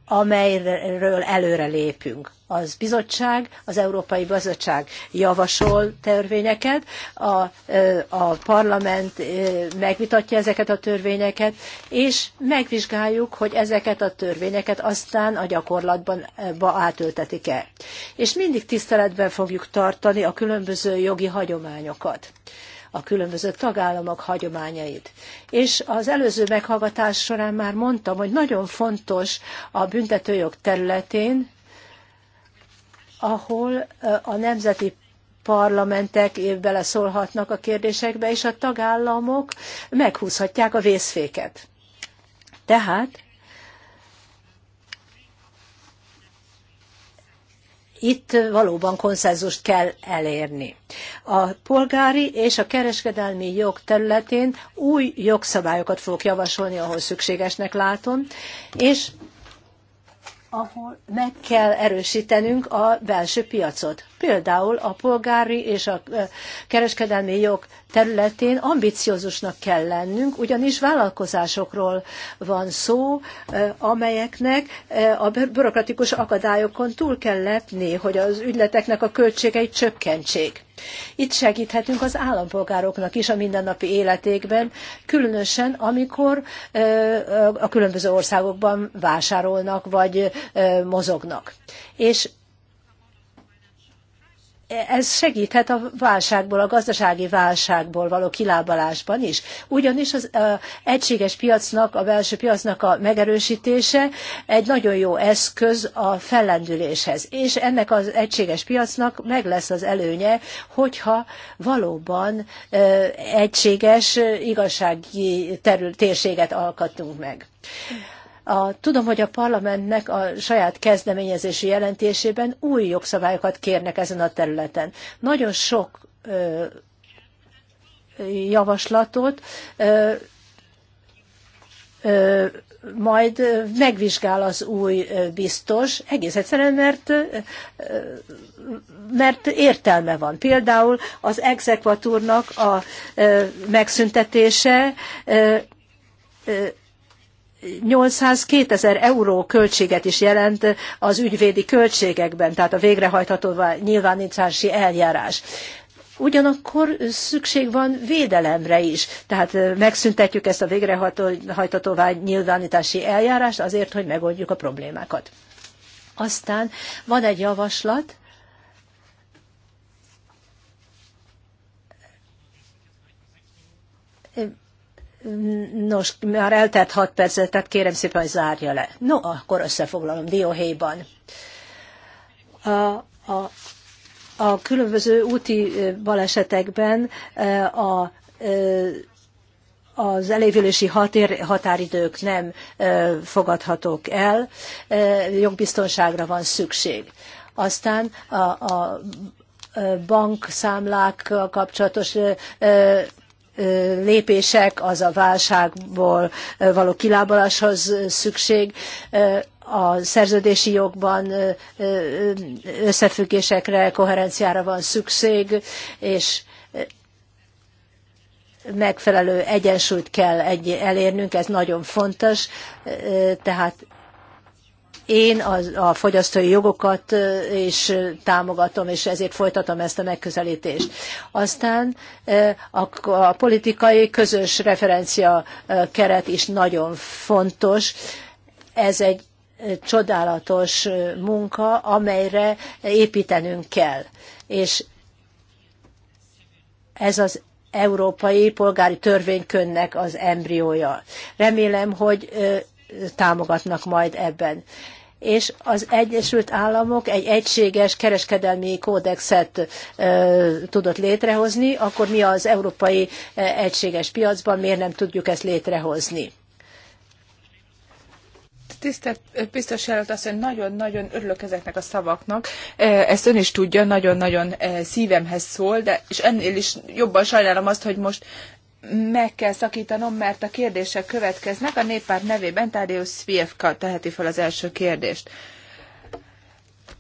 amelyről előre lépünk. Az bizottság, az Európai Bizottság javasol törvényeket, a, a parlament megvitatja ezeket a törvényeket, és megvizsgáljuk, hogy ezeket a törvényeket aztán a gyakorlatban átöltetik-e. És mindig tiszteletben fogjuk tartani a különböző jogi hagyományokat a különböző tagállamok hagyományait. És az előző meghallgatás során már mondtam, hogy nagyon fontos a büntetőjog területén, ahol a nemzeti parlamentek szólhatnak a kérdésekbe, és a tagállamok meghúzhatják a vészféket. Tehát itt valóban konszenzust kell elérni. A polgári és a kereskedelmi jog területén új jogszabályokat fogok javasolni, ahol szükségesnek látom, és ahol meg kell erősítenünk a belső piacot. Például a polgári és a kereskedelmi jog területén ambiciózusnak kell lennünk, ugyanis vállalkozásokról van szó, amelyeknek a bürokratikus akadályokon túl kell lepni, hogy az ügyleteknek a költségeit csökkentsék. Itt segíthetünk az állampolgároknak is a mindennapi életékben, különösen amikor a különböző országokban vásárolnak vagy mozognak. És ez segíthet a válságból, a gazdasági válságból való kilábalásban is. Ugyanis az egységes piacnak, a belső piacnak a megerősítése egy nagyon jó eszköz a fellendüléshez. És ennek az egységes piacnak meg lesz az előnye, hogyha valóban egységes igazsági terül, térséget alkatunk meg. A, tudom, hogy a parlamentnek a saját kezdeményezési jelentésében új jogszabályokat kérnek ezen a területen. Nagyon sok ö, javaslatot ö, ö, majd megvizsgál az új biztos, egész egyszerűen, mert, mert értelme van. Például az exekvatúrnak a megszüntetése 800-2000 euró költséget is jelent az ügyvédi költségekben, tehát a végrehajtható nyilvánítási eljárás. Ugyanakkor szükség van védelemre is. Tehát megszüntetjük ezt a végrehajtható nyilvánítási eljárást azért, hogy megoldjuk a problémákat. Aztán van egy javaslat, Nos, már eltelt hat percet, tehát kérem szépen, hogy zárja le. No, akkor összefoglalom dióhéjban. A, a, a különböző úti balesetekben a az elévülési határ határidők nem fogadhatók el, jogbiztonságra van szükség. Aztán a, a bankszámlák kapcsolatos lépések, az a válságból való kilábaláshoz szükség, a szerződési jogban összefüggésekre, koherenciára van szükség, és megfelelő egyensúlyt kell elérnünk, ez nagyon fontos, tehát én a, a fogyasztói jogokat is támogatom, és ezért folytatom ezt a megközelítést. Aztán a, a politikai közös referencia keret is nagyon fontos. Ez egy csodálatos munka, amelyre építenünk kell. És ez az európai polgári törvénykönyvnek az embriója. Remélem, hogy támogatnak majd ebben és az Egyesült Államok egy egységes kereskedelmi kódexet tudott létrehozni, akkor mi az európai egységes piacban miért nem tudjuk ezt létrehozni? Tisztelt biztos jelölt asszony, nagyon-nagyon örülök ezeknek a szavaknak. Ezt ön is tudja, nagyon-nagyon szívemhez szól, de és ennél is jobban sajnálom azt, hogy most meg kell szakítanom, mert a kérdések következnek. A néppárt nevében Tadeusz Svievka teheti fel az első kérdést.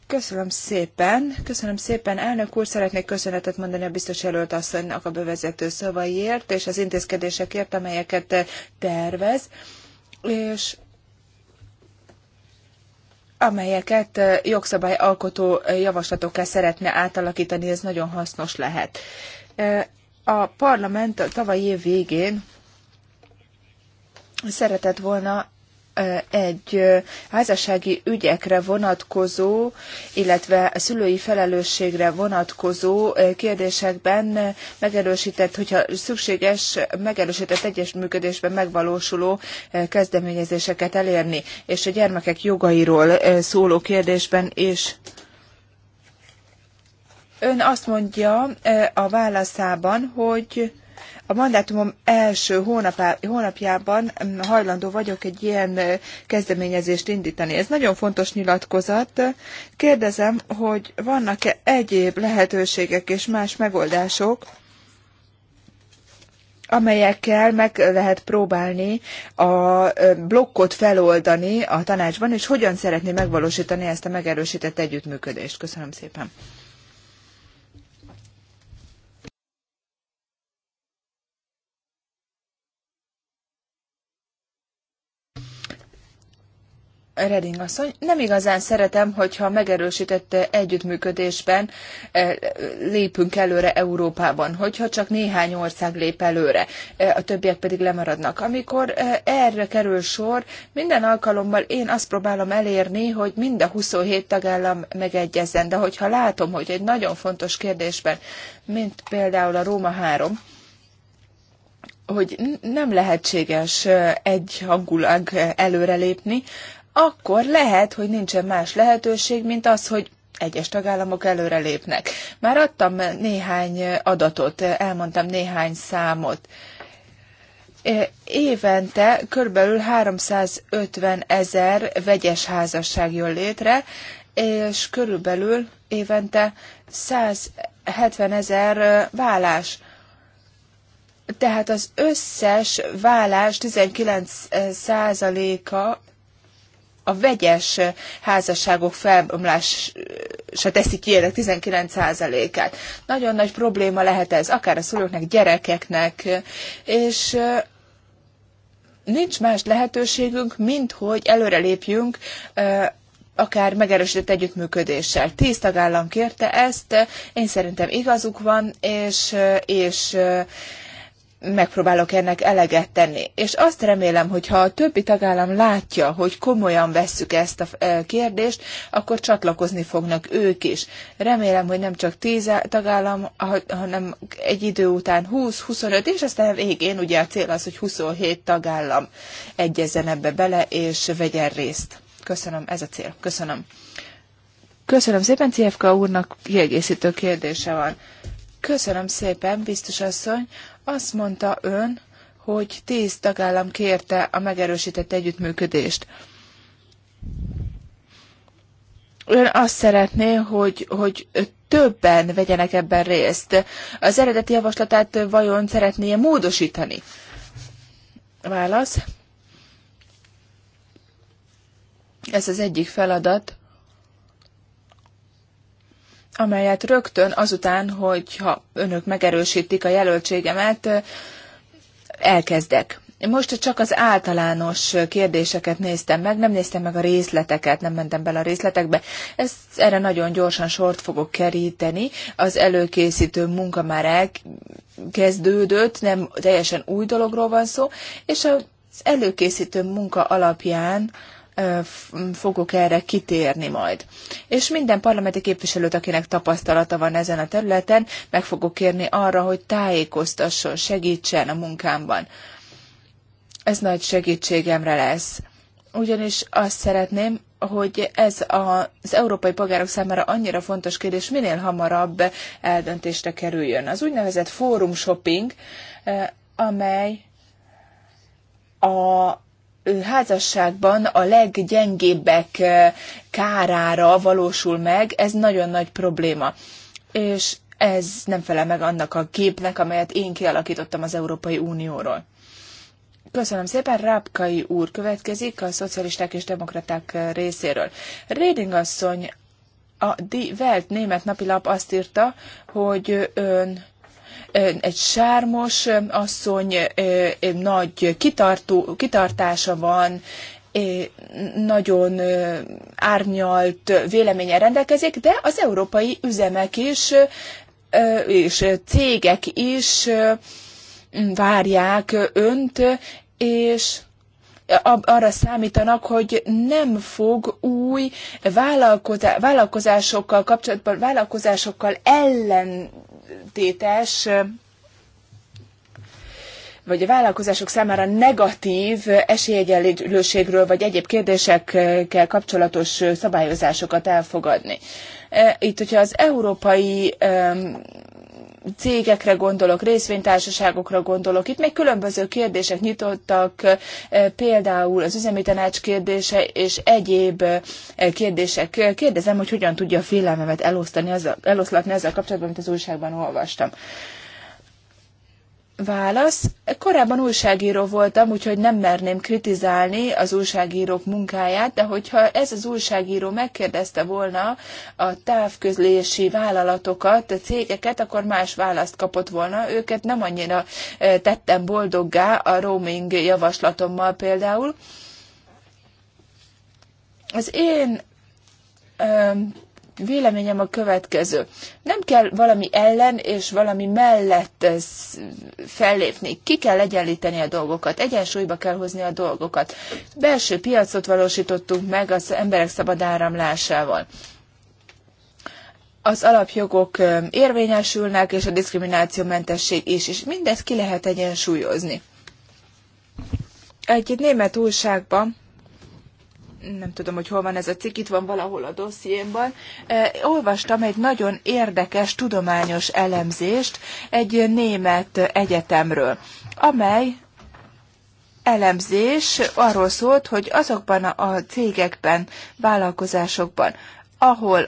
Köszönöm szépen, köszönöm szépen, elnök úr, szeretnék köszönetet mondani a biztos jelölt asszonynak a bevezető szavaiért és az intézkedésekért, amelyeket tervez, és amelyeket jogszabályalkotó javaslatokká szeretne átalakítani, ez nagyon hasznos lehet a parlament a tavalyi év végén szeretett volna egy házassági ügyekre vonatkozó, illetve a szülői felelősségre vonatkozó kérdésekben megerősített, hogyha szükséges, megerősített működésben megvalósuló kezdeményezéseket elérni, és a gyermekek jogairól szóló kérdésben is Ön azt mondja e, a válaszában, hogy a mandátumom első hónapá, hónapjában mm, hajlandó vagyok egy ilyen e, kezdeményezést indítani. Ez nagyon fontos nyilatkozat. Kérdezem, hogy vannak-e egyéb lehetőségek és más megoldások, amelyekkel meg lehet próbálni a e, blokkot feloldani a tanácsban, és hogyan szeretné megvalósítani ezt a megerősített együttműködést. Köszönöm szépen. Reding asszony, nem igazán szeretem, hogyha megerősített együttműködésben eh, lépünk előre Európában, hogyha csak néhány ország lép előre, eh, a többiek pedig lemaradnak. Amikor eh, erre kerül sor, minden alkalommal én azt próbálom elérni, hogy mind a 27 tagállam megegyezzen, de hogyha látom, hogy egy nagyon fontos kérdésben, mint például a Róma 3, hogy nem lehetséges egy hangulag előrelépni, akkor lehet, hogy nincsen más lehetőség, mint az, hogy egyes tagállamok előre lépnek. Már adtam néhány adatot, elmondtam néhány számot. E, évente körülbelül 350 ezer vegyes házasság jön létre, és körülbelül évente 170 ezer e, vállás. Tehát az összes vállás 19 e, százaléka a vegyes eh, házasságok felbomlása teszi ki ennek 19%-át. Nagyon nagy probléma lehet ez, akár a szülőknek, gyerekeknek, eh, és eh, nincs más lehetőségünk, mint hogy előrelépjünk akár megerősített együttműködéssel. Tíz tagállam kérte ezt, én szerintem igazuk van, és, és megpróbálok ennek eleget tenni. És azt remélem, hogy ha a többi tagállam látja, hogy komolyan vesszük ezt a e, kérdést, akkor csatlakozni fognak ők is. Remélem, hogy nem csak tíz tagállam, hanem egy idő után 20-25, és aztán végén ugye a cél az, hogy 27 tagállam egyezzen ebbe bele, és vegyen részt. Köszönöm, ez a cél. Köszönöm. Köszönöm szépen, CFK úrnak kiegészítő kérdése van. Köszönöm szépen, biztos asszony. Azt mondta ön, hogy tíz tagállam kérte a megerősített együttműködést. Ön azt szeretné, hogy, hogy többen vegyenek ebben részt. Az eredeti javaslatát vajon szeretné módosítani? Válasz. Ez az egyik feladat, amelyet rögtön azután, hogyha önök megerősítik a jelöltségemet, elkezdek. Most csak az általános kérdéseket néztem meg, nem néztem meg a részleteket, nem mentem bele a részletekbe. Ezt erre nagyon gyorsan sort fogok keríteni. Az előkészítő munka már elkezdődött, nem teljesen új dologról van szó, és az előkészítő munka alapján fogok erre kitérni majd. És minden parlamenti képviselőt, akinek tapasztalata van ezen a területen, meg fogok kérni arra, hogy tájékoztasson, segítsen a munkámban. Ez nagy segítségemre lesz. Ugyanis azt szeretném, hogy ez a, az európai polgárok számára annyira fontos kérdés, minél hamarabb eldöntésre kerüljön. Az úgynevezett fórum shopping, amely a házasságban a leggyengébbek kárára valósul meg, ez nagyon nagy probléma. És ez nem felel meg annak a képnek, amelyet én kialakítottam az Európai Unióról. Köszönöm szépen, Rápkai úr következik a szocialisták és demokraták részéről. Réding asszony, a Die Welt német napilap azt írta, hogy ön egy sármos asszony, nagy kitartó, kitartása van, nagyon árnyalt véleménye rendelkezik, de az európai üzemek is, és cégek is várják önt, és arra számítanak, hogy nem fog új vállalkozásokkal kapcsolatban, vállalkozásokkal ellen ellentétes vagy a vállalkozások számára negatív esélyegyenlőségről, vagy egyéb kérdésekkel kapcsolatos szabályozásokat elfogadni. E, itt, hogyha az európai cégekre gondolok, részvénytársaságokra gondolok. Itt még különböző kérdések nyitottak, például az üzemi tanács kérdése és egyéb kérdések. Kérdezem, hogy hogyan tudja a félelmemet elosztani, azzal, eloszlatni ezzel kapcsolatban, amit az újságban olvastam. Válasz. Korábban újságíró voltam, úgyhogy nem merném kritizálni az újságírók munkáját, de hogyha ez az újságíró megkérdezte volna a távközlési vállalatokat, a cégeket, akkor más választ kapott volna. Őket nem annyira e, tettem boldoggá a roaming javaslatommal például. Az én e, véleményem a következő. Nem kell valami ellen és valami mellett eh, fellépni. Ki kell egyenlíteni a dolgokat, egyensúlyba kell hozni a dolgokat. Belső piacot valósítottunk meg az emberek szabad áramlásával az alapjogok eh, érvényesülnek, és a diszkriminációmentesség is, és mindezt ki lehet egyensúlyozni. Egy német újságban nem tudom, hogy hol van ez a cikk, itt van valahol a dossziémban, olvastam egy nagyon érdekes tudományos elemzést egy német egyetemről, amely elemzés arról szólt, hogy azokban a cégekben, vállalkozásokban, ahol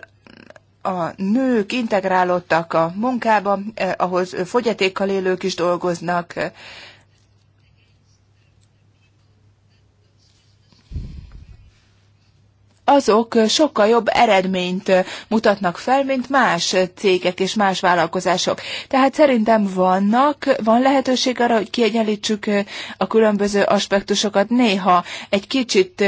a nők integrálódtak a munkába, eh, ahhoz fogyatékkal élők is dolgoznak, eh, azok sokkal jobb eredményt mutatnak fel, mint más cégek és más vállalkozások. Tehát szerintem vannak, van lehetőség arra, hogy kiegyenlítsük a különböző aspektusokat. Néha egy kicsit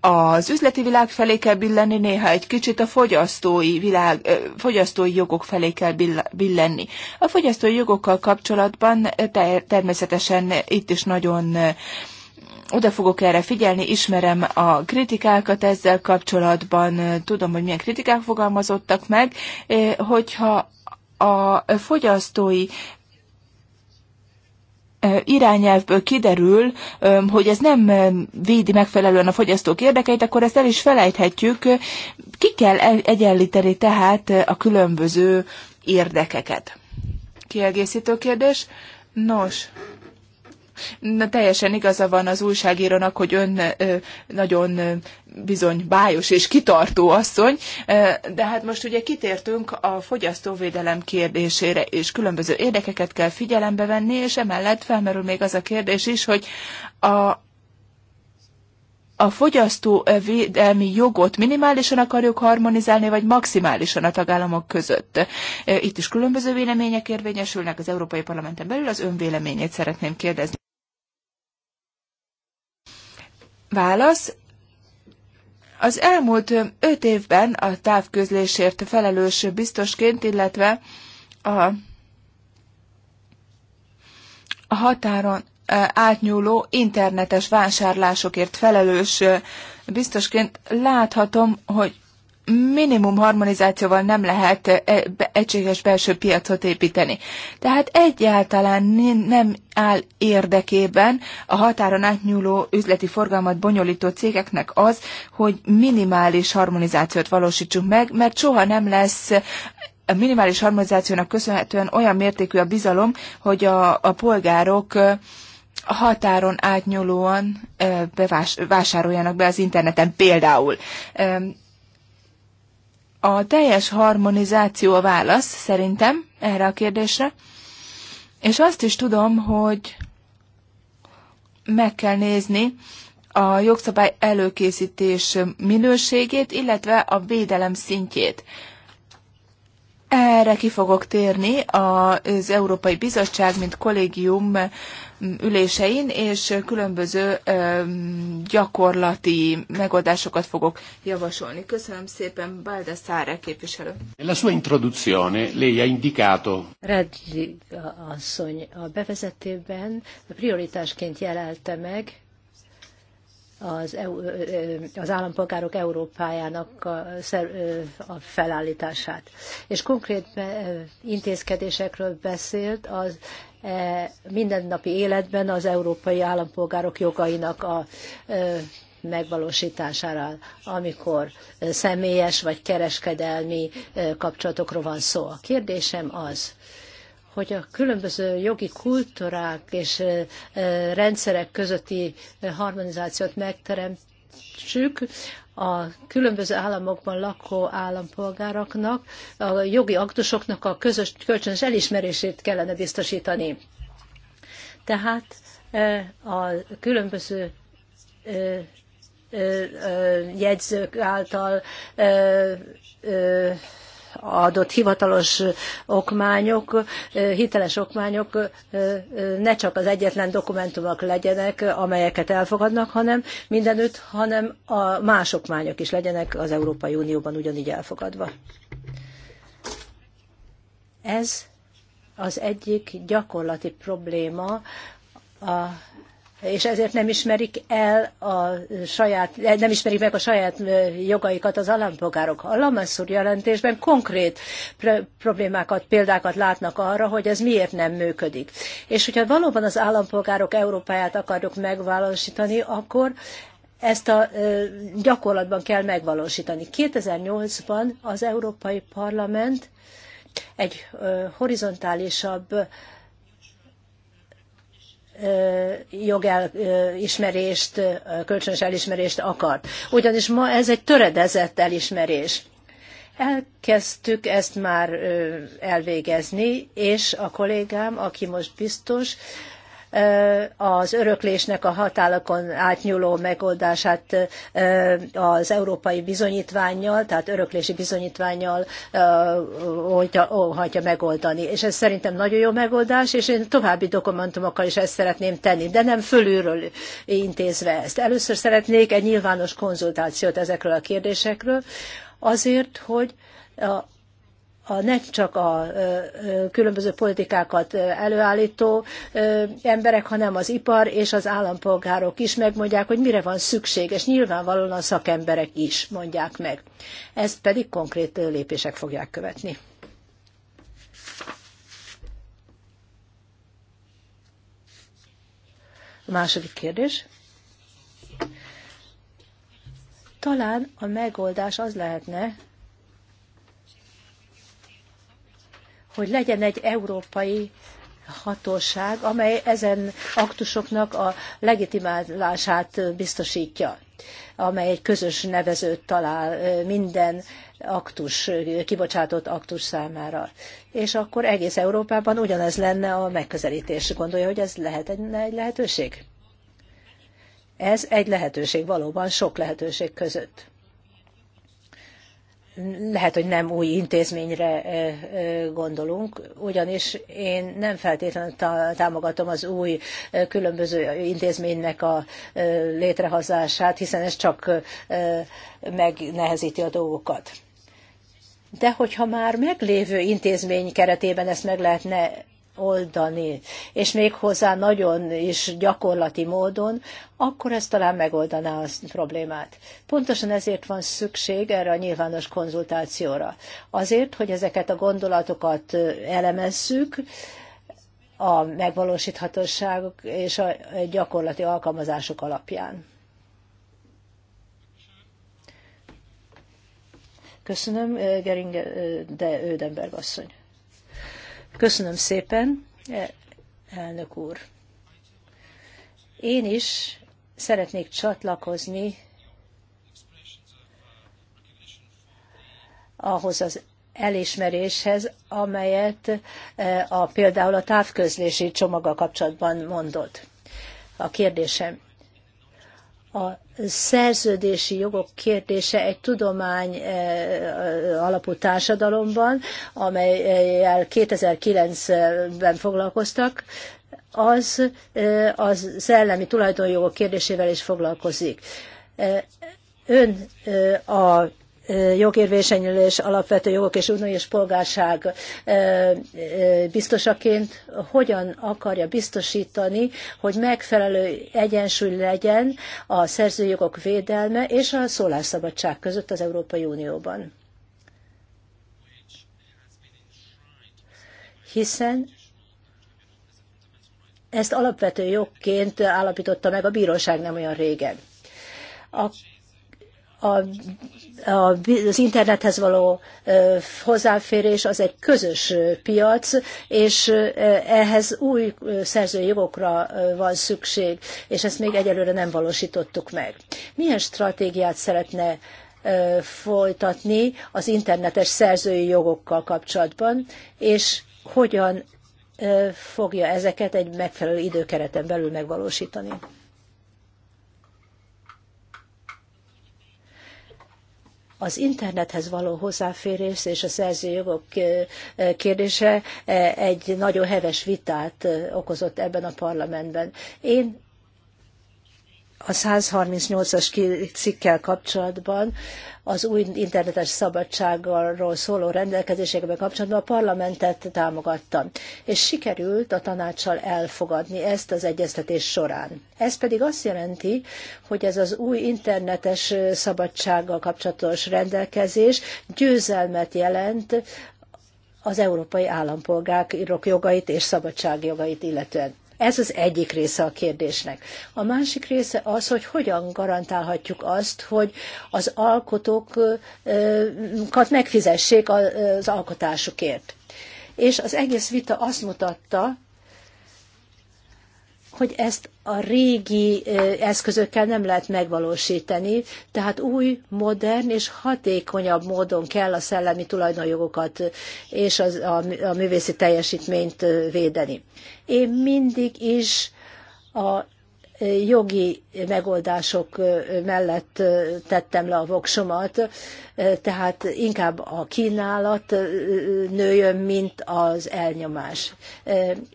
az üzleti világ felé kell billenni, néha egy kicsit a fogyasztói, világ, fogyasztói jogok felé kell billenni. A fogyasztói jogokkal kapcsolatban természetesen itt is nagyon oda fogok erre figyelni, ismerem a kritikákat ezzel kapcsolatban, tudom, hogy milyen kritikák fogalmazottak meg, eh, hogyha a fogyasztói eh, irányelvből kiderül, eh, hogy ez nem védi megfelelően a fogyasztók érdekeit, akkor ezt el is felejthetjük. Ki kell e- egyenlíteni tehát a különböző érdekeket. Kiegészítő kérdés? Nos, Na, teljesen igaza van az újságírónak, hogy ön nagyon bizony bájos és kitartó asszony, de hát most ugye kitértünk a fogyasztóvédelem kérdésére, és különböző érdekeket kell figyelembe venni, és emellett felmerül még az a kérdés is, hogy a, a fogyasztóvédelmi jogot minimálisan akarjuk harmonizálni, vagy maximálisan a tagállamok között. Itt is különböző vélemények érvényesülnek az Európai Parlamenten belül, az önvéleményét szeretném kérdezni. Válasz. Az elmúlt öt évben a távközlésért felelős biztosként, illetve a, a határon átnyúló internetes vásárlásokért felelős biztosként láthatom, hogy minimum harmonizációval nem lehet eh, egységes belső piacot építeni. Tehát egyáltalán nem áll érdekében a határon átnyúló üzleti forgalmat bonyolító cégeknek az, hogy minimális harmonizációt valósítsunk meg, mert soha nem lesz a minimális harmonizációnak köszönhetően olyan mértékű a bizalom, hogy a, a polgárok eh, határon átnyúlóan eh, bevás, vásároljanak be az interneten például. A teljes harmonizáció a válasz, szerintem, erre a kérdésre. És azt is tudom, hogy meg kell nézni a jogszabály előkészítés minőségét, illetve a védelem szintjét. Erre ki fogok térni az Európai Bizottság, mint kollégium ülésein, és különböző gyakorlati megoldásokat fogok javasolni. Köszönöm szépen, Baldassare képviselő. La sua introduzione lei ha indicato. Redzi asszony a bevezetében prioritásként jelelte meg az, EU, az állampolgárok Európájának a, a felállítását. És konkrét intézkedésekről beszélt az e, mindennapi életben az európai állampolgárok jogainak a megvalósítására, amikor személyes vagy kereskedelmi kapcsolatokról van szó. A kérdésem az, hogy a különböző jogi kultúrák és rendszerek közötti harmonizációt megteremtsük, a különböző államokban lakó állampolgároknak, a jogi aktusoknak a közös, kölcsönös elismerését kellene biztosítani. Tehát a különböző jegyzők által adott hivatalos okmányok, hiteles okmányok ne csak az egyetlen dokumentumok legyenek, amelyeket elfogadnak, hanem mindenütt, hanem a más okmányok is legyenek az Európai Unióban ugyanígy elfogadva. Ez az egyik gyakorlati probléma a és ezért nem ismerik el a saját, nem ismerik meg a saját jogaikat az állampolgárok. A Lamassur jelentésben konkrét problémákat, példákat látnak arra, hogy ez miért nem működik. És hogyha valóban az állampolgárok Európáját akarjuk megvalósítani, akkor ezt a gyakorlatban kell megvalósítani. 2008-ban az Európai Parlament egy horizontálisabb jogelismerést, kölcsönös elismerést akart. Ugyanis ma ez egy töredezett elismerés. Elkezdtük ezt már elvégezni, és a kollégám, aki most biztos, az öröklésnek a határokon átnyúló megoldását az európai bizonyítványjal, tehát öröklési bizonyítványjal óhajtja megoldani. És ez szerintem nagyon jó megoldás, és én további dokumentumokkal is ezt szeretném tenni, de nem fölülről intézve ezt. Először szeretnék egy nyilvános konzultációt ezekről a kérdésekről, azért, hogy a ne csak a különböző politikákat előállító emberek, hanem az ipar és az állampolgárok is megmondják, hogy mire van szükség, és nyilvánvalóan a szakemberek is mondják meg. Ezt pedig konkrét lépések fogják követni. A második kérdés. Talán a megoldás az lehetne, hogy legyen egy európai hatóság, amely ezen aktusoknak a legitimálását biztosítja, amely egy közös nevezőt talál minden aktus, kibocsátott aktus számára. És akkor egész Európában ugyanez lenne a megközelítés. Gondolja, hogy ez lehet egy, egy lehetőség? Ez egy lehetőség valóban sok lehetőség között lehet, hogy nem új intézményre gondolunk, ugyanis én nem feltétlenül támogatom az új különböző intézménynek a létrehozását, hiszen ez csak megnehezíti a dolgokat. De hogyha már meglévő intézmény keretében ezt meg lehetne oldani, és még hozzá nagyon is gyakorlati módon, akkor ez talán megoldaná a problémát. Pontosan ezért van szükség erre a nyilvános konzultációra. Azért, hogy ezeket a gondolatokat elemezzük, a megvalósíthatóságok és a gyakorlati alkalmazások alapján. Köszönöm, Gering de Ödenberg asszony. Köszönöm szépen, e, elnök úr. Én is szeretnék csatlakozni ahhoz az elismeréshez, amelyet e, a, például a távközlési csomaga kapcsolatban mondott. A kérdésem a szerződési jogok kérdése egy tudomány eh, alapú társadalomban, amelyel 2009-ben foglalkoztak, az eh, az szellemi tulajdonjogok kérdésével is foglalkozik. Eh, ön a jogérvényesülés, alapvető jogok és uniós polgárság biztosaként hogyan akarja biztosítani, hogy megfelelő egyensúly legyen a szerzőjogok védelme és a szólásszabadság között az Európai Unióban. Hiszen ezt alapvető jogként állapította meg a bíróság nem olyan régen. A, a az internethez való hozzáférés az egy közös piac, és ehhez új szerzői jogokra van szükség, és ezt még egyelőre nem valósítottuk meg. Milyen stratégiát szeretne folytatni az internetes szerzői jogokkal kapcsolatban, és hogyan fogja ezeket egy megfelelő időkereten belül megvalósítani? Az internethez való hozzáférés és a szerzőjogok kérdése egy nagyon heves vitát okozott ebben a parlamentben. Én a 138-as cikkel kapcsolatban, az új internetes szabadságról szóló rendelkezésekben kapcsolatban a parlamentet támogattam, és sikerült a tanácssal elfogadni ezt az egyeztetés során. Ez pedig azt jelenti, hogy ez az új internetes szabadsággal kapcsolatos rendelkezés győzelmet jelent az európai állampolgárok jogait és szabadságjogait illetően. Ez az egyik része a kérdésnek. A másik része az, hogy hogyan garantálhatjuk azt, hogy az alkotókat megfizessék az alkotásukért. És az egész vita azt mutatta, hogy ezt a régi eszközökkel nem lehet megvalósítani, tehát új, modern és hatékonyabb módon kell a szellemi tulajdonjogokat és az, a, a művészi teljesítményt védeni. Én mindig is a jogi megoldások mellett tettem le a voksomat, tehát inkább a kínálat nőjön, mint az elnyomás.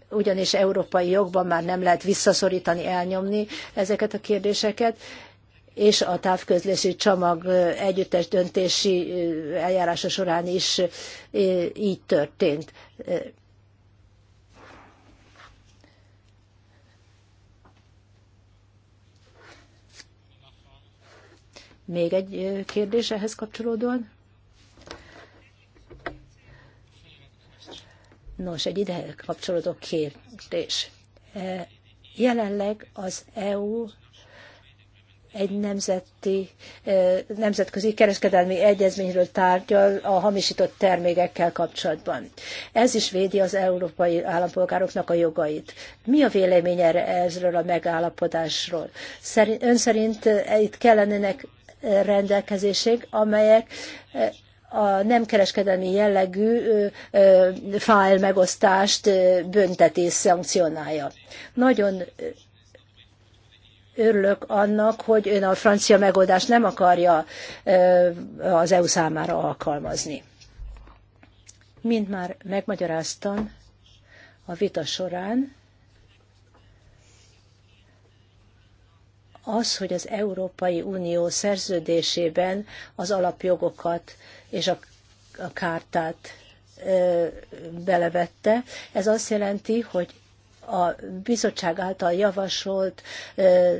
Ugyanis európai jogban már nem lehet visszaszorítani, elnyomni ezeket a kérdéseket, és a távközlési csomag együttes döntési eljárása során is így történt. Még egy kérdés ehhez kapcsolódóan? Nos, egy ide kapcsolódó kérdés. Jelenleg az EU egy nemzeti, nemzetközi kereskedelmi egyezményről tárgyal a hamisított termékekkel kapcsolatban. Ez is védi az európai állampolgároknak a jogait. Mi a vélemény erre ezről a megállapodásról? Szerint, ön szerint itt kellenének rendelkezésünk, amelyek eh, a nem kereskedelmi jellegű fájl megosztást büntetés szankcionálja. Nagyon örülök annak, hogy ön a francia megoldást nem akarja az EU számára alkalmazni. Mint már megmagyaráztam a vita során, az, hogy az Európai Unió szerződésében az alapjogokat és a, a kártát ö, belevette. Ez azt jelenti, hogy a bizottság által javasolt ö,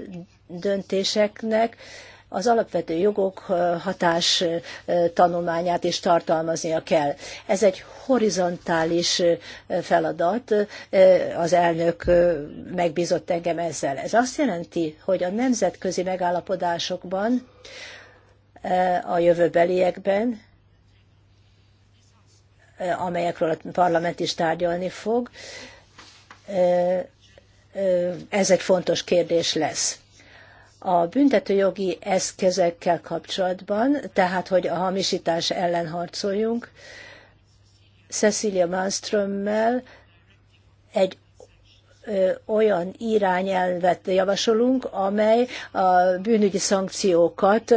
döntéseknek ö, az alapvető jogok hatás tanulmányát is tartalmaznia kell. Ez egy horizontális feladat, az elnök megbízott engem ezzel. Ez azt jelenti, hogy a nemzetközi megállapodásokban, a jövőbeliekben, amelyekről a parlament is tárgyalni fog, ez egy fontos kérdés lesz a büntetőjogi eszközökkel kapcsolatban, tehát hogy a hamisítás ellen harcoljunk, Cecilia Malmströmmel egy olyan irányelvet javasolunk, amely a bűnügyi szankciókat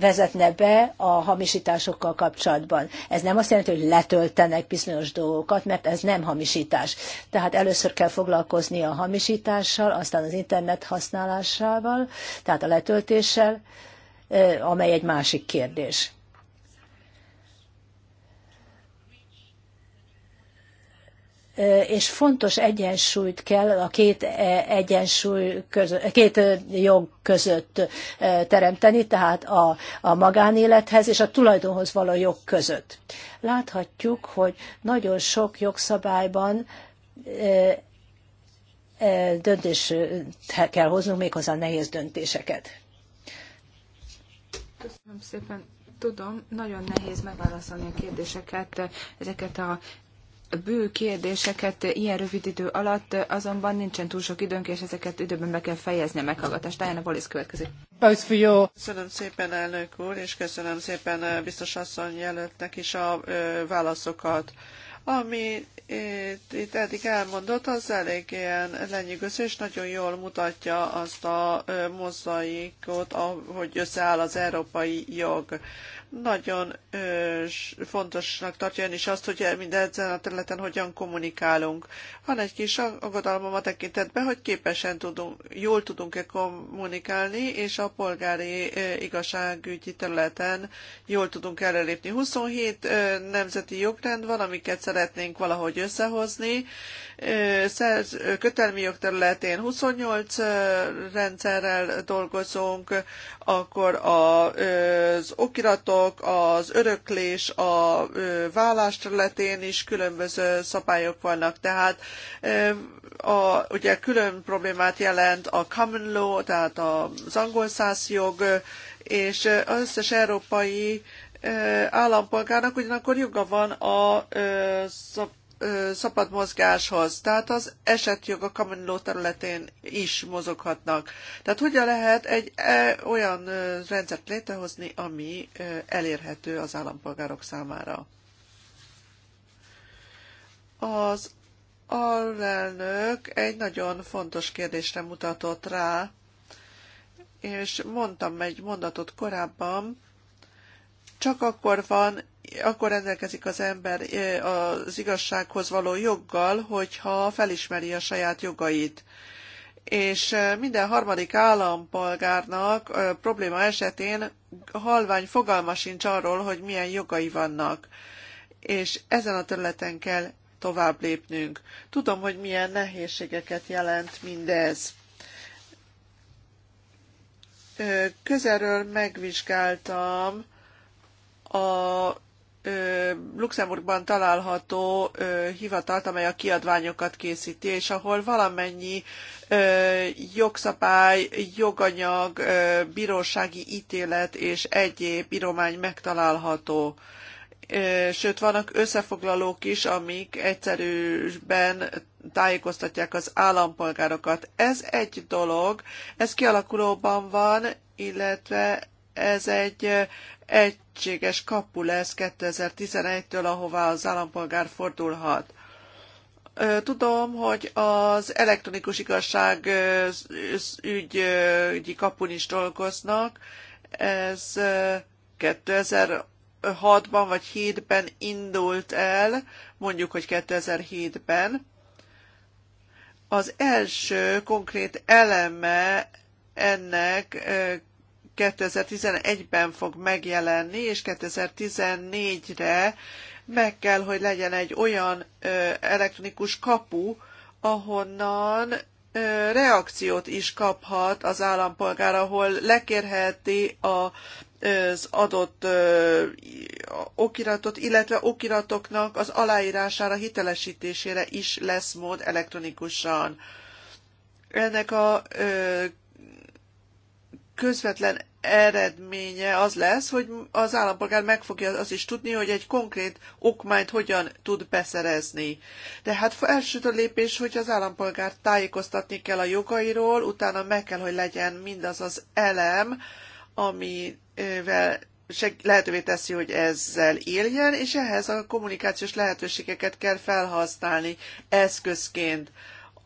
vezetne be a hamisításokkal kapcsolatban. Ez nem azt jelenti, hogy letöltenek bizonyos dolgokat, mert ez nem hamisítás. Tehát először kell foglalkozni a hamisítással, aztán az internet használásával, tehát a letöltéssel, amely egy másik kérdés. és fontos egyensúlyt kell a két egyensúly között, két jog között teremteni, tehát a, a magánélethez és a tulajdonhoz való jog között. Láthatjuk, hogy nagyon sok jogszabályban döntés kell hoznunk, méghozzá nehéz döntéseket. Köszönöm szépen tudom, nagyon nehéz megválaszolni a kérdéseket, ezeket a bő kérdéseket ilyen rövid idő alatt, azonban nincsen túl sok időnk, és ezeket időben be kell fejezni a meghallgatást. Diana Wallis következik. Köszönöm szépen, elnök úr, és köszönöm szépen eh, biztos asszony jelöltnek is a eh, válaszokat. Ami itt, itt eddig elmondott, az elég ilyen lenyűgöző, és nagyon jól mutatja azt a eh, mozaikot, ahogy összeáll az európai jog nagyon ö, fontosnak tartja ön is azt, hogy minden ezen a területen hogyan kommunikálunk. Van egy kis aggodalmam a tekintetben, hogy képesen tudunk, jól tudunk-e kommunikálni, és a polgári ö, igazságügyi területen jól tudunk előlépni. 27 ö, nemzeti jogrend van, amiket szeretnénk valahogy összehozni. Ö, szerz, ö, kötelmi jogterületén 28 ö, rendszerrel dolgozunk, akkor a, ö, az okiratok, szabályok, az öröklés, a vállás területén is különböző szabályok vannak. Tehát a, ugye külön problémát jelent a common law, tehát az angol száz jog, és az összes európai állampolgárnak ugyanakkor joga van a, a szabad mozgáshoz, tehát az esetjog a common law területén is mozoghatnak. Tehát hogyan lehet egy e, olyan rendszert létrehozni, ami elérhető az állampolgárok számára? Az alelnök egy nagyon fontos kérdésre mutatott rá, és mondtam egy mondatot korábban, csak akkor van akkor rendelkezik az ember az igazsághoz való joggal, hogyha felismeri a saját jogait és minden harmadik állampolgárnak probléma esetén halvány fogalma sincs arról, hogy milyen jogai vannak. És ezen a területen kell tovább lépnünk. Tudom, hogy milyen nehézségeket jelent mindez. Közelről megvizsgáltam a Luxemburgban található hivatalt, amely a kiadványokat készíti, és ahol valamennyi jogszabály, joganyag, bírósági ítélet és egyéb íromány megtalálható sőt vannak összefoglalók is, amik egyszerűsben tájékoztatják az állampolgárokat. Ez egy dolog, ez kialakulóban van, illetve ez egy egységes kapu lesz 2011-től, ahová az állampolgár fordulhat. Tudom, hogy az elektronikus igazság ügyi kapun is dolgoznak. Ez 2006-ban vagy 7-ben indult el, mondjuk, hogy 2007-ben. Az első konkrét eleme ennek 2011-ben fog megjelenni, és 2014-re meg kell, hogy legyen egy olyan elektronikus kapu, ahonnan reakciót is kaphat az állampolgár, ahol lekérheti a az adott okiratot, illetve okiratoknak az aláírására, hitelesítésére is lesz mód elektronikusan. Ennek a közvetlen eredménye az lesz, hogy az állampolgár meg fogja az is tudni, hogy egy konkrét okmányt hogyan tud beszerezni. De hát első lépés, hogy az állampolgár tájékoztatni kell a jogairól, utána meg kell, hogy legyen mindaz az elem, amivel lehetővé teszi, hogy ezzel éljen, és ehhez a kommunikációs lehetőségeket kell felhasználni eszközként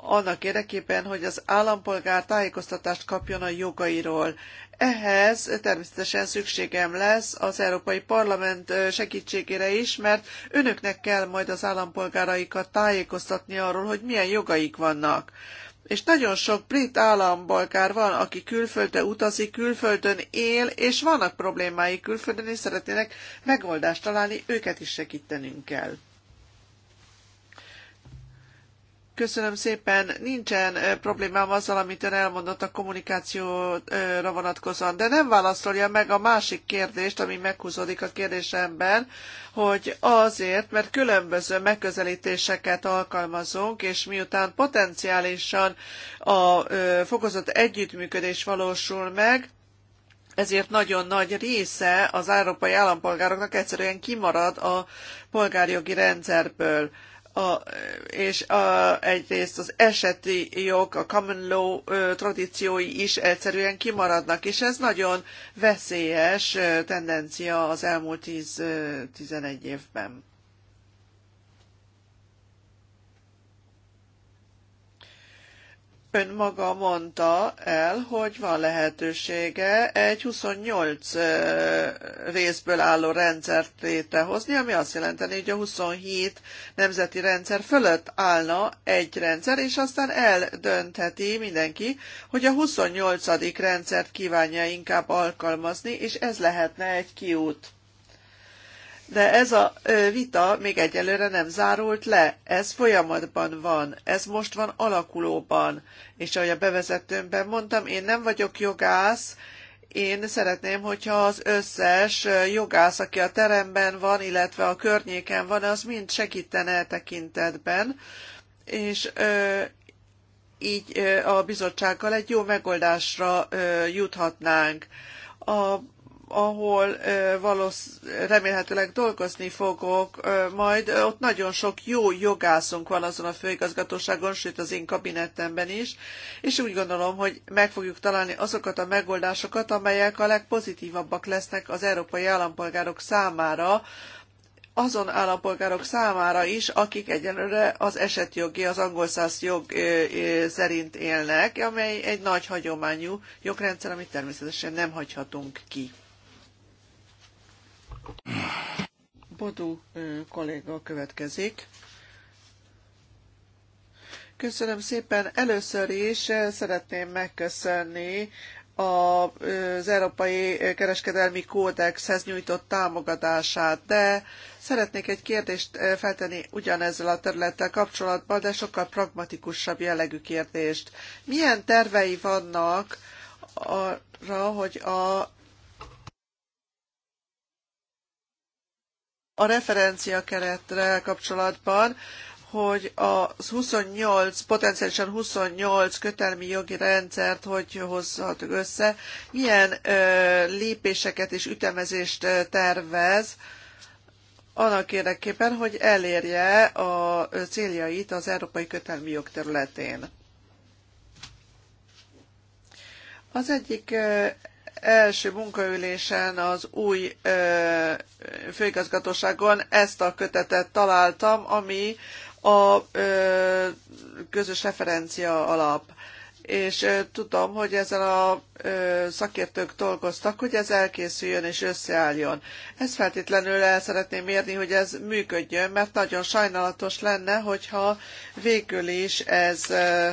annak érdekében, hogy az állampolgár tájékoztatást kapjon a jogairól. Ehhez természetesen szükségem lesz az Európai Parlament segítségére is, mert önöknek kell majd az állampolgáraikat tájékoztatni arról, hogy milyen jogaik vannak és nagyon sok brit állampolgár van, aki külföldre utazik, külföldön él, és vannak problémái külföldön, és szeretnének megoldást találni, őket is segítenünk kell. Köszönöm szépen. Nincsen problémám azzal, amit ön elmondott a kommunikációra vonatkozóan, de nem válaszolja meg a másik kérdést, ami meghúzódik a kérdésemben, hogy azért, mert különböző megközelítéseket alkalmazunk, és miután potenciálisan a fokozott együttműködés valósul meg, ezért nagyon nagy része az európai állampolgároknak egyszerűen kimarad a polgárjogi rendszerből a, és a, egyrészt az eseti jog, a common law ö, tradíciói is egyszerűen kimaradnak, és ez nagyon veszélyes ö, tendencia az elmúlt 10-11 évben. ön maga mondta el, hogy van lehetősége egy 28 részből álló rendszert létrehozni, ami azt jelenteni, hogy a 27 nemzeti rendszer fölött állna egy rendszer, és aztán eldöntheti mindenki, hogy a 28. rendszert kívánja inkább alkalmazni, és ez lehetne egy kiút. De ez a vita még egyelőre nem zárult le, ez folyamatban van, ez most van alakulóban. És ahogy a bevezetőmben mondtam, én nem vagyok jogász, én szeretném, hogyha az összes jogász, aki a teremben van, illetve a környéken van, az mind segítene e tekintetben, és ö, így ö, a bizottsággal egy jó megoldásra ö, juthatnánk. A ahol valószínűleg remélhetőleg dolgozni fogok majd. Ott nagyon sok jó jogászunk van azon a főigazgatóságon, sőt az én kabinettemben is, és úgy gondolom, hogy meg fogjuk találni azokat a megoldásokat, amelyek a legpozitívabbak lesznek az európai állampolgárok számára, azon állampolgárok számára is, akik egyenlőre az esetjogi, az angol száz jog szerint élnek, amely egy nagy hagyományú jogrendszer, amit természetesen nem hagyhatunk ki. Bodó kolléga következik. Köszönöm szépen. Először is szeretném megköszönni az Európai Kereskedelmi Kódexhez nyújtott támogatását, de szeretnék egy kérdést feltenni ugyanezzel a területtel kapcsolatban, de sokkal pragmatikusabb jellegű kérdést. Milyen tervei vannak arra, hogy a a referencia keretre kapcsolatban, hogy az 28, potenciálisan 28 kötelmi jogi rendszert hogy hozhatjuk össze, milyen ö, lépéseket és ütemezést tervez annak érdekében, hogy elérje a céljait az európai kötelmi jog területén. Az egyik első munkaülésen az új ö, főigazgatóságon ezt a kötetet találtam, ami a ö, közös referencia alap. És ö, tudom, hogy ezzel a ö, szakértők dolgoztak, hogy ez elkészüljön és összeálljon. Ezt feltétlenül el szeretném érni, hogy ez működjön, mert nagyon sajnálatos lenne, hogyha végül is ez ö,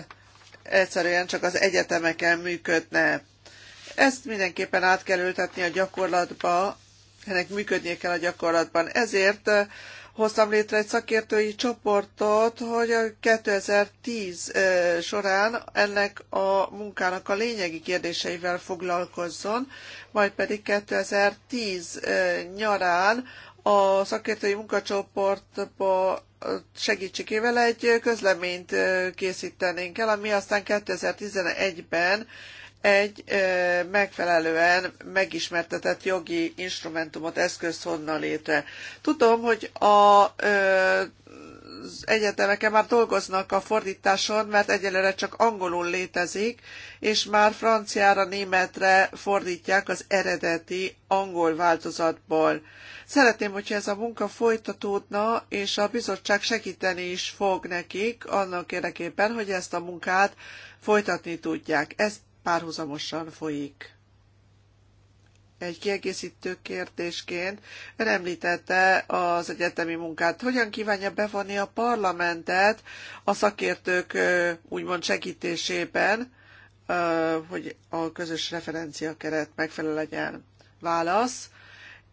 egyszerűen csak az egyetemeken működne ezt mindenképpen át kell ültetni a gyakorlatba, ennek működnie kell a gyakorlatban. Ezért eh, hoztam létre egy szakértői csoportot, hogy a 2010 eh, során ennek a munkának a lényegi kérdéseivel foglalkozzon, majd pedig 2010 eh, nyarán a szakértői munkacsoportba segítségével egy közleményt készítenénk el, ami aztán 2011-ben egy megfelelően megismertetett jogi instrumentumot, eszközt honnan létre. Tudom, hogy a az egyetemeken már dolgoznak a fordításon, mert egyelőre csak angolul létezik, és már franciára, németre fordítják az eredeti angol változatból. Szeretném, hogyha ez a munka folytatódna, és a bizottság segíteni is fog nekik annak érdekében, hogy ezt a munkát folytatni tudják. Ez párhuzamosan folyik. Egy kiegészítő kérdésként ön említette az egyetemi munkát. Hogyan kívánja bevonni a parlamentet a szakértők úgymond segítésében, hogy a közös referencia keret megfelelő legyen? Válasz.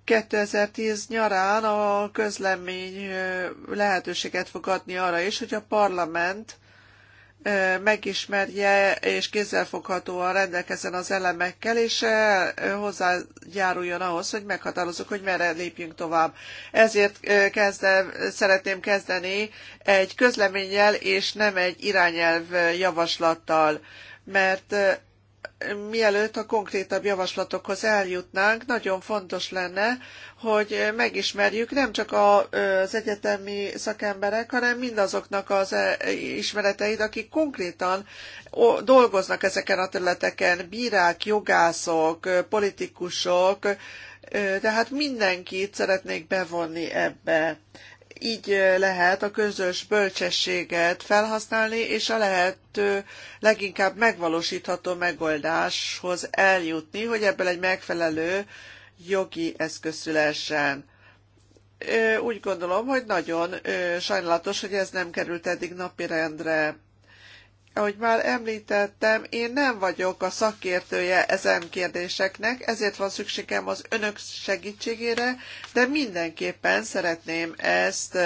2010 nyarán a közlemény lehetőséget fog adni arra is, hogy a parlament megismerje és kézzelfoghatóan rendelkezzen az elemekkel, és hozzájáruljon ahhoz, hogy meghatározzuk, hogy merre lépjünk tovább. Ezért kezdem, szeretném kezdeni egy közleménnyel és nem egy irányelv javaslattal, mert mielőtt a konkrétabb javaslatokhoz eljutnánk, nagyon fontos lenne, hogy megismerjük nem csak az egyetemi szakemberek, hanem mindazoknak az e, ismereteit, akik konkrétan dolgoznak ezeken a területeken, bírák, jogászok, politikusok, tehát mindenkit szeretnék bevonni ebbe. Így lehet a közös bölcsességet felhasználni, és a lehető leginkább megvalósítható megoldáshoz eljutni, hogy ebből egy megfelelő jogi eszköz szülessen úgy gondolom, hogy nagyon sajnálatos, hogy ez nem került eddig napirendre ahogy már említettem, én nem vagyok a szakértője ezen kérdéseknek, ezért van szükségem az önök segítségére, de mindenképpen szeretném ezt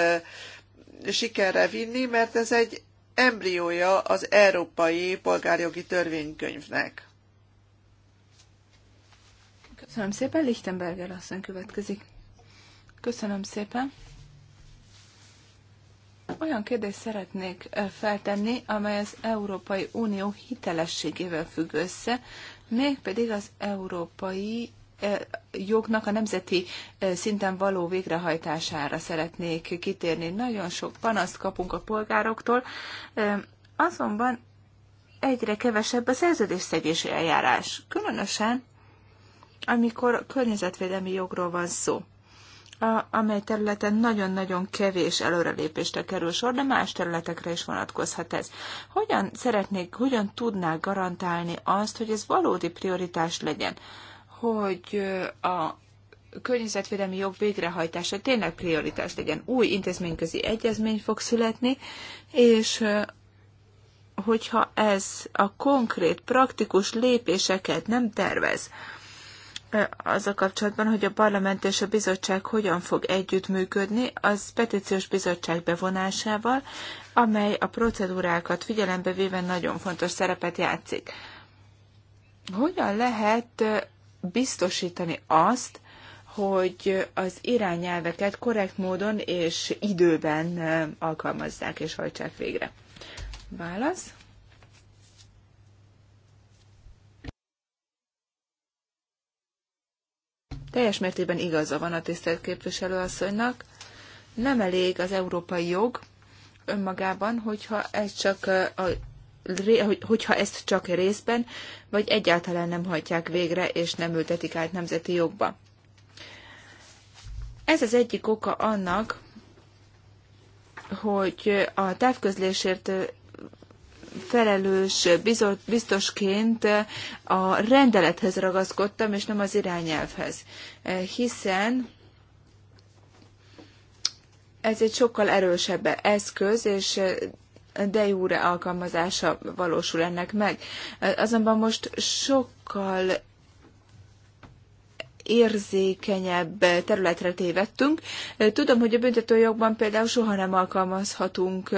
sikerre vinni, mert ez egy embriója az európai polgárjogi törvénykönyvnek. Köszönöm szépen, Lichtenberger asszony következik. Köszönöm szépen. Olyan kérdést szeretnék feltenni, amely az Európai Unió hitelességével függ össze, mégpedig az európai jognak a nemzeti szinten való végrehajtására szeretnék kitérni. Nagyon sok panaszt kapunk a polgároktól, azonban egyre kevesebb a szerződésszegési eljárás, különösen amikor környezetvédelmi jogról van szó a, amely területen nagyon-nagyon kevés előrelépésre kerül sor, de más területekre is vonatkozhat ez. Hogyan szeretnék, hogyan tudnák garantálni azt, hogy ez valódi prioritás legyen, hogy a környezetvédelmi jog végrehajtása tényleg prioritás legyen. Új intézményközi egyezmény fog születni, és hogyha ez a konkrét, praktikus lépéseket nem tervez, azzal kapcsolatban, hogy a parlament és a bizottság hogyan fog együttműködni az petíciós bizottság bevonásával, amely a procedúrákat figyelembe véve nagyon fontos szerepet játszik. Hogyan lehet biztosítani azt, hogy az irányelveket korrekt módon és időben alkalmazzák és hajtsák végre? Válasz? Teljes mértékben igaza van a tisztelt képviselőasszonynak. Nem elég az európai jog önmagában, hogyha ez csak a hogyha ezt csak részben, vagy egyáltalán nem hajtják végre, és nem ültetik át nemzeti jogba. Ez az egyik oka annak, hogy a távközlésért felelős biztosként a rendelethez ragaszkodtam, és nem az irányelvhez. Hiszen ez egy sokkal erősebb eszköz, és de jure alkalmazása valósul ennek meg. Azonban most sokkal érzékenyebb területre tévedtünk. Tudom, hogy a büntetőjogban például soha nem alkalmazhatunk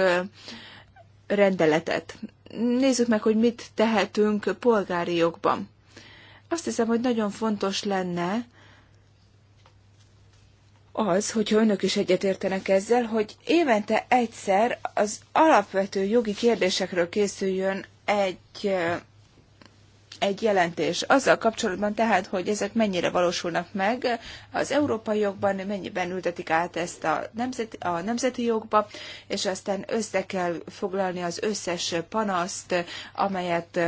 rendeletet. Nézzük meg, hogy mit tehetünk polgári jogban. Azt hiszem, hogy nagyon fontos lenne az, hogyha önök is egyetértenek ezzel, hogy évente egyszer az alapvető jogi kérdésekről készüljön egy egy jelentés. Azzal kapcsolatban tehát, hogy ezek mennyire valósulnak meg az európai jogban, mennyiben ültetik át ezt a nemzeti, a nemzeti jogba, és aztán össze kell foglalni az összes panaszt, amelyet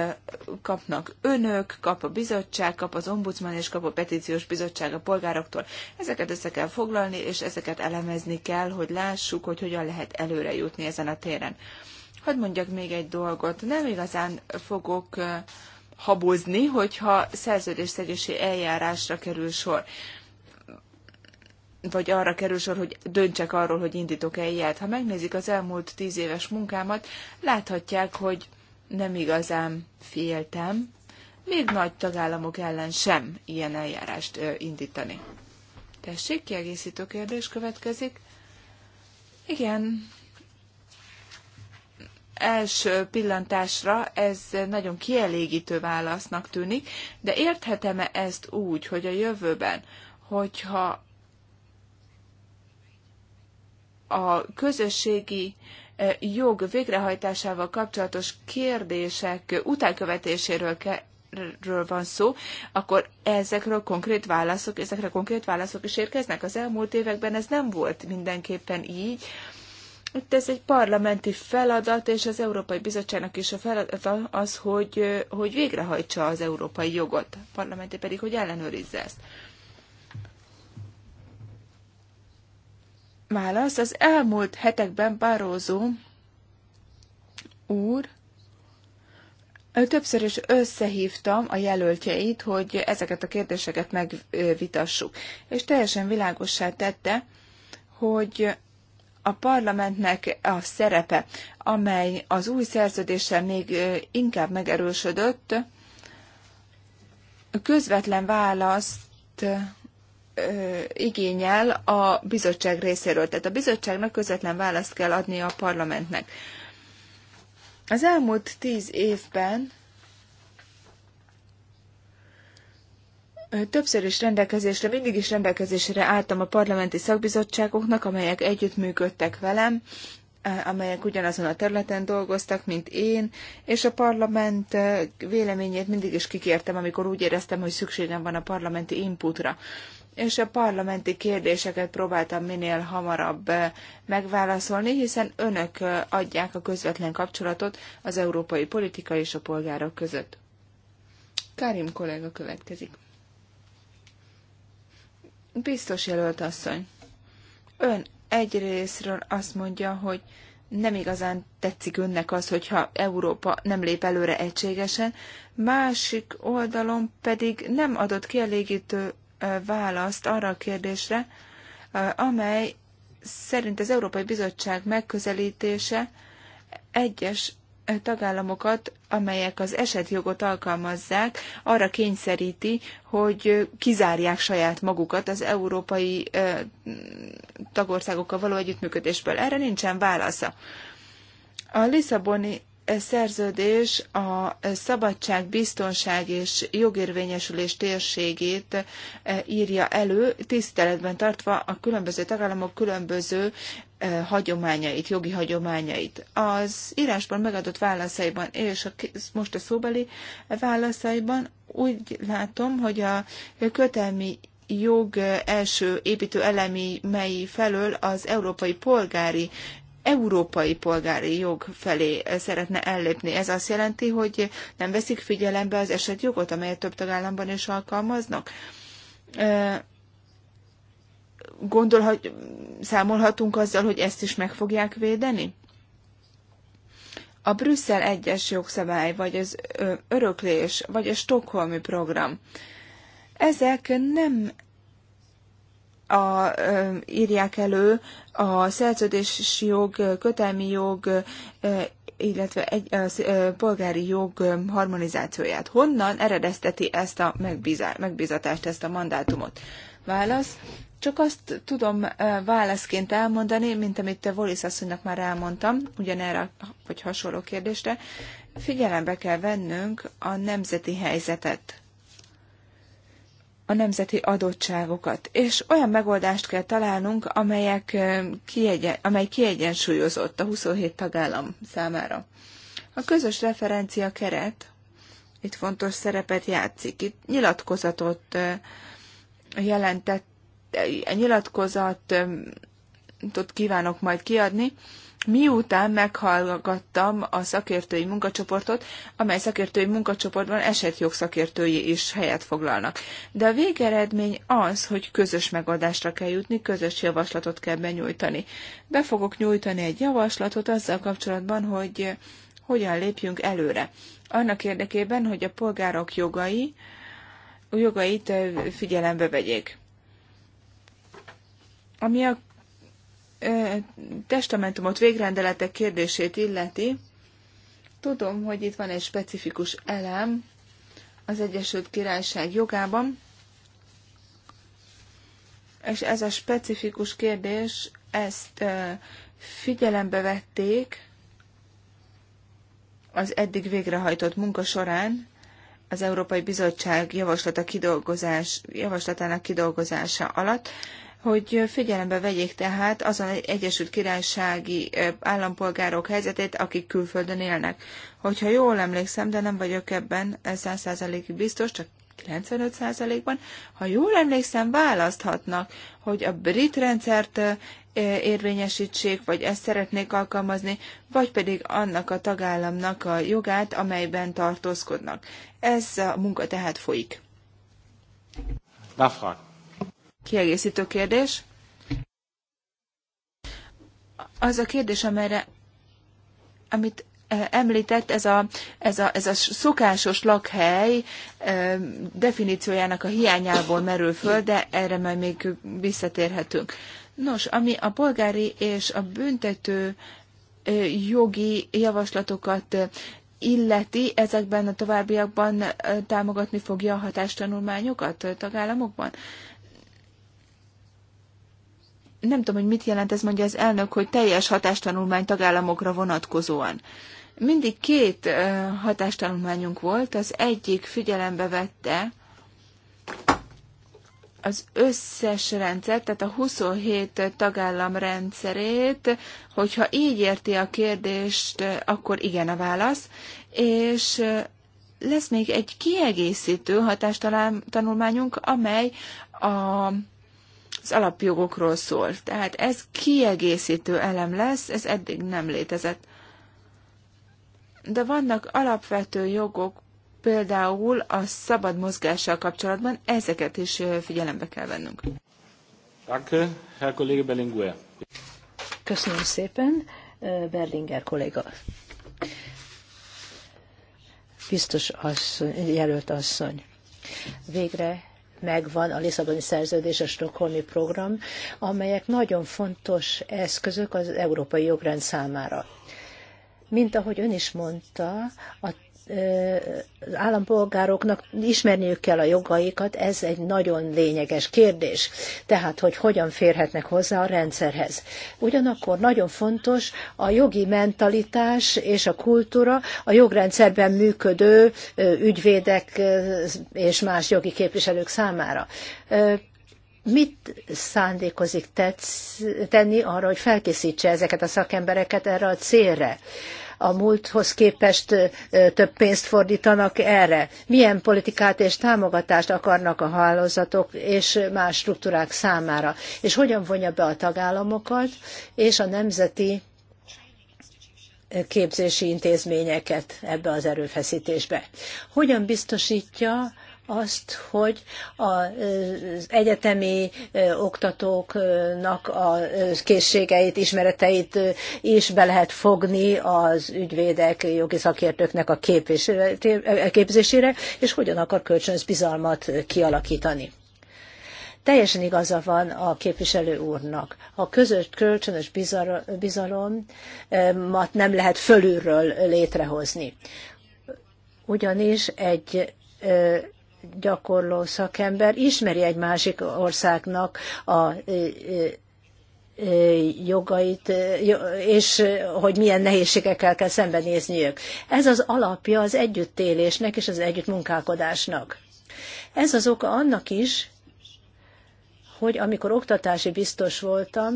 kapnak önök, kap a bizottság, kap az ombudsman és kap a petíciós bizottság a polgároktól. Ezeket össze kell foglalni, és ezeket elemezni kell, hogy lássuk, hogy hogyan lehet előre jutni ezen a téren. Hadd mondjak még egy dolgot. Nem igazán fogok habozni, hogyha szerződésszegési eljárásra kerül sor vagy arra kerül sor, hogy döntsek arról, hogy indítok-e ilyet. Ha megnézik az elmúlt tíz éves munkámat, láthatják, hogy nem igazán féltem, még nagy tagállamok ellen sem ilyen eljárást ö, indítani. Tessék, kiegészítő kérdés következik. Igen, első pillantásra ez nagyon kielégítő válasznak tűnik, de érthetem-e ezt úgy, hogy a jövőben, hogyha a közösségi e, jog végrehajtásával kapcsolatos kérdések utánkövetéséről ke- ről van szó, akkor ezekről konkrét válaszok, ezekre konkrét válaszok is érkeznek. Az elmúlt években ez nem volt mindenképpen így. Um, itt ez egy parlamenti feladat, és az Európai Bizottságnak is a feladata az, hogy, hogy végrehajtsa az európai jogot, a parlamenti pedig, hogy ellenőrizze ezt. Válasz, az elmúlt hetekben Barózó úr Többször is összehívtam a jelöltjeit, hogy ezeket a kérdéseket megvitassuk. És teljesen világossá tette, hogy a parlamentnek a szerepe, amely az új szerződéssel még inkább megerősödött, közvetlen választ igényel a bizottság részéről. Tehát a bizottságnak közvetlen választ kell adni a parlamentnek. Az elmúlt tíz évben Többször is rendelkezésre, mindig is rendelkezésre álltam a parlamenti szakbizottságoknak, amelyek együttműködtek velem, amelyek ugyanazon a területen dolgoztak, mint én, és a parlament véleményét mindig is kikértem, amikor úgy éreztem, hogy szükségem van a parlamenti inputra. És a parlamenti kérdéseket próbáltam minél hamarabb megválaszolni, hiszen önök adják a közvetlen kapcsolatot az európai politika és a polgárok között. Karim kollega következik. Biztos jelölt asszony, ön egyrésztről azt mondja, hogy nem igazán tetszik önnek az, hogyha Európa nem lép előre egységesen, másik oldalon pedig nem adott kielégítő választ arra a kérdésre, amely szerint az Európai Bizottság megközelítése egyes tagállamokat, amelyek az esetjogot alkalmazzák, arra kényszeríti, hogy kizárják saját magukat az európai tagországokkal való együttműködésből. Erre nincsen válasza. A Lisszaboni szerződés a szabadság, biztonság és jogérvényesülés térségét írja elő, tiszteletben tartva a különböző tagállamok különböző hagyományait, jogi hagyományait. Az írásban megadott válaszaiban és a, most a szóbeli válaszaiban úgy látom, hogy a kötelmi jog első építő elemi mely felől az európai polgári európai polgári jog felé szeretne ellépni. Ez azt jelenti, hogy nem veszik figyelembe az esetjogot, amelyet több tagállamban is alkalmaznak gondolhat, számolhatunk azzal, hogy ezt is meg fogják védeni? A Brüsszel egyes jogszabály, vagy az öröklés, vagy a Stockholmi program, ezek nem a, ö, írják elő a szerződési jog, kötelmi jog, ö, illetve egy, ö, polgári jog harmonizációját. Honnan eredezteti ezt a megbízatást, ezt a mandátumot? Válasz. Csak azt tudom válaszként elmondani, mint amit Volis asszonynak már elmondtam, ugyanerre vagy hasonló kérdésre, figyelembe kell vennünk a nemzeti helyzetet, a nemzeti adottságokat, és olyan megoldást kell találnunk, amelyek kiegyen, amely kiegyensúlyozott a 27 tagállam számára. A közös referencia keret itt fontos szerepet játszik. Itt nyilatkozatot jelentett egy nyilatkozatot kívánok majd kiadni, miután meghallgattam a szakértői munkacsoportot, amely szakértői munkacsoportban esetjogszakértői is helyet foglalnak. De a végeredmény az, hogy közös megoldásra kell jutni, közös javaslatot kell benyújtani. Be fogok nyújtani egy javaslatot azzal kapcsolatban, hogy hogyan lépjünk előre. Annak érdekében, hogy a polgárok jogai, jogait figyelembe vegyék. Ami a testamentumot, végrendeletek kérdését illeti, tudom, hogy itt van egy specifikus elem az Egyesült Királyság jogában, és ez a specifikus kérdés, ezt figyelembe vették az eddig végrehajtott munka során, az Európai Bizottság javaslata kidolgozás, javaslatának kidolgozása alatt hogy figyelembe vegyék tehát azon Egyesült Királysági állampolgárok helyzetét, akik külföldön élnek. Hogyha jól emlékszem, de nem vagyok ebben 100%-ig biztos, csak 95%-ban, ha jól emlékszem, választhatnak, hogy a brit rendszert érvényesítsék, vagy ezt szeretnék alkalmazni, vagy pedig annak a tagállamnak a jogát, amelyben tartózkodnak. Ez a munka tehát folyik. Nachfrage. Kiegészítő kérdés. Az a kérdés, amelyre, amit eh, említett, ez a, ez a, ez a szokásos lakhely eh, definíciójának a hiányából merül föl, de erre majd még visszatérhetünk. Nos, ami a polgári és a büntető eh, jogi javaslatokat illeti, ezekben a továbbiakban támogatni fogja a hatástanulmányokat a tagállamokban? nem tudom, hogy mit jelent ez, mondja az elnök, hogy teljes hatástanulmány tagállamokra vonatkozóan. Mindig két hatástanulmányunk volt, az egyik figyelembe vette az összes rendszert, tehát a 27 tagállam rendszerét, hogyha így érti a kérdést, akkor igen a válasz, és lesz még egy kiegészítő hatástanulmányunk, amely a az alapjogokról szól. Tehát ez kiegészítő elem lesz, ez eddig nem létezett. De vannak alapvető jogok, például a szabad mozgással kapcsolatban, ezeket is figyelembe kell vennünk. Danke, Herr Kollege Köszönöm szépen, Berlinger kolléga. Biztos asszony, jelölt asszony. Végre megvan a Lisszaboni szerződés, a Stockholmi program, amelyek nagyon fontos eszközök az európai jogrend számára. Mint ahogy ön is mondta, a az állampolgároknak ismerniük kell a jogaikat, ez egy nagyon lényeges kérdés. Tehát, hogy hogyan férhetnek hozzá a rendszerhez. Ugyanakkor nagyon fontos a jogi mentalitás és a kultúra, a jogrendszerben működő ügyvédek és más jogi képviselők számára mit szándékozik tetsz, tenni arra, hogy felkészítse ezeket a szakembereket erre a célra? a múlthoz képest több pénzt fordítanak erre? Milyen politikát és támogatást akarnak a hálózatok és más struktúrák számára? És hogyan vonja be a tagállamokat és a nemzeti képzési intézményeket ebbe az erőfeszítésbe. Hogyan biztosítja, azt, hogy az egyetemi oktatóknak a készségeit, ismereteit is be lehet fogni az ügyvédek, jogi szakértőknek a képzésére, és hogyan akar kölcsönös bizalmat kialakítani. Teljesen igaza van a képviselő úrnak. A közös kölcsönös bizalomat nem lehet fölülről létrehozni. Ugyanis egy gyakorló szakember ismeri egy másik országnak a jogait, és hogy milyen nehézségekkel kell szembenézniük. Ez az alapja az együttélésnek és az együttmunkálkodásnak. Ez az oka annak is, hogy amikor oktatási biztos voltam,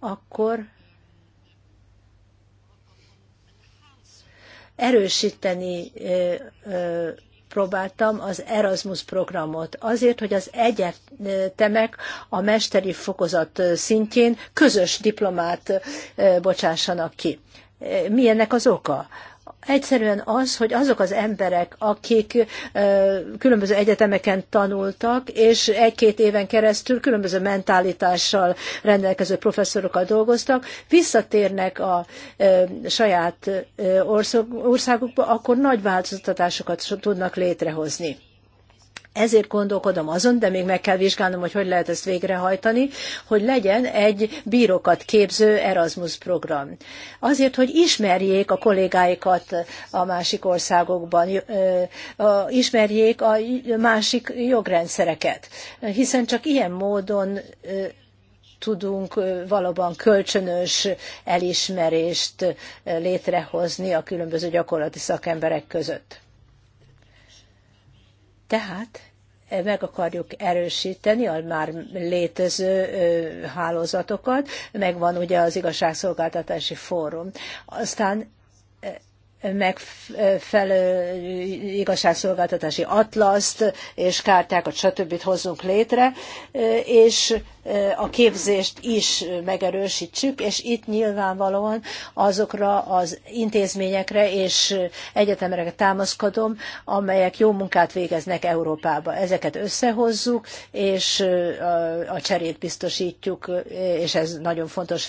akkor erősíteni próbáltam az Erasmus programot, azért, hogy az egyetemek a mesteri fokozat szintjén közös diplomát eh, bocsássanak ki. Eh, mi ennek az oka? egyszerűen az, hogy azok az emberek, akik különböző egyetemeken tanultak, és egy-két éven keresztül különböző mentálitással rendelkező professzorokkal dolgoztak, visszatérnek a saját országukba, akkor nagy változtatásokat tudnak létrehozni ezért gondolkodom azon, de még meg kell vizsgálnom, hogy hogy lehet ezt végrehajtani, hogy legyen egy bírókat képző Erasmus program. Azért, hogy ismerjék a kollégáikat a másik országokban, ismerjék a másik jogrendszereket, hiszen csak ilyen módon tudunk valóban kölcsönös elismerést létrehozni a különböző gyakorlati szakemberek között. Tehát e, meg akarjuk erősíteni a már létező hálózatokat, megvan ugye az igazságszolgáltatási fórum. Aztán megfelelő igazságszolgáltatási atlaszt és kártyákat, stb. hozzunk létre, és a képzést is megerősítsük, és itt nyilvánvalóan azokra az intézményekre és egyetemre támaszkodom, amelyek jó munkát végeznek Európába. Ezeket összehozzuk, és a cserét biztosítjuk, és ez nagyon fontos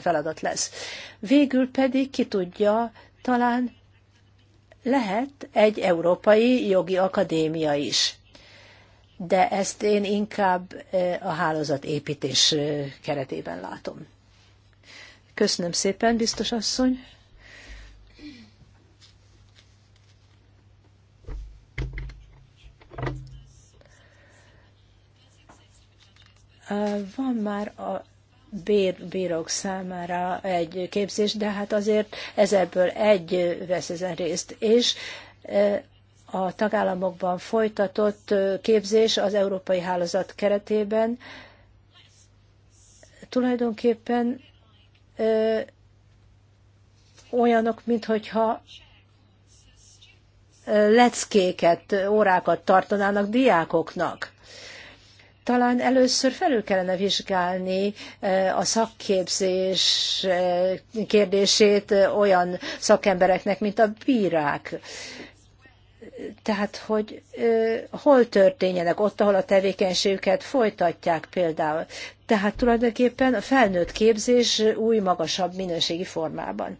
feladat lesz. Végül pedig ki tudja, talán lehet egy európai jogi akadémia is. De ezt én inkább e, a hálózat építés e, keretében látom. Köszönöm szépen, biztos asszony. Van már a bér, bírók számára egy képzés, de hát azért ezerből egy vesz ezen részt, és e, a tagállamokban folytatott e, képzés az európai hálózat keretében tulajdonképpen ö, e, olyanok, mintha leckéket, órákat tartanának diákoknak talán először felül kellene vizsgálni eh, a szakképzés eh, kérdését eh, olyan szakembereknek, mint a bírák. Tehát, hogy hol történjenek ott, ahol a tevékenységüket folytatják például. Tehát tulajdonképpen a felnőtt képzés új, magasabb minőségi formában.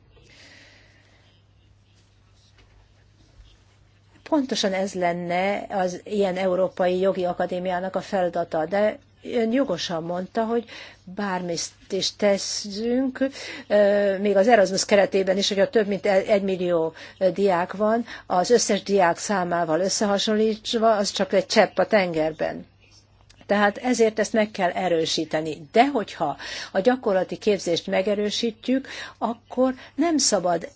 Pontosan ez lenne az ilyen Európai Jogi Akadémiának a feladata, de ön jogosan mondta, hogy bármit is teszünk, még az Erasmus keretében is, hogy a több mint egy millió diák van, az összes diák számával összehasonlítva, az csak egy csepp a tengerben. Tehát ezért ezt meg kell erősíteni. De hogyha a gyakorlati képzést megerősítjük, akkor nem szabad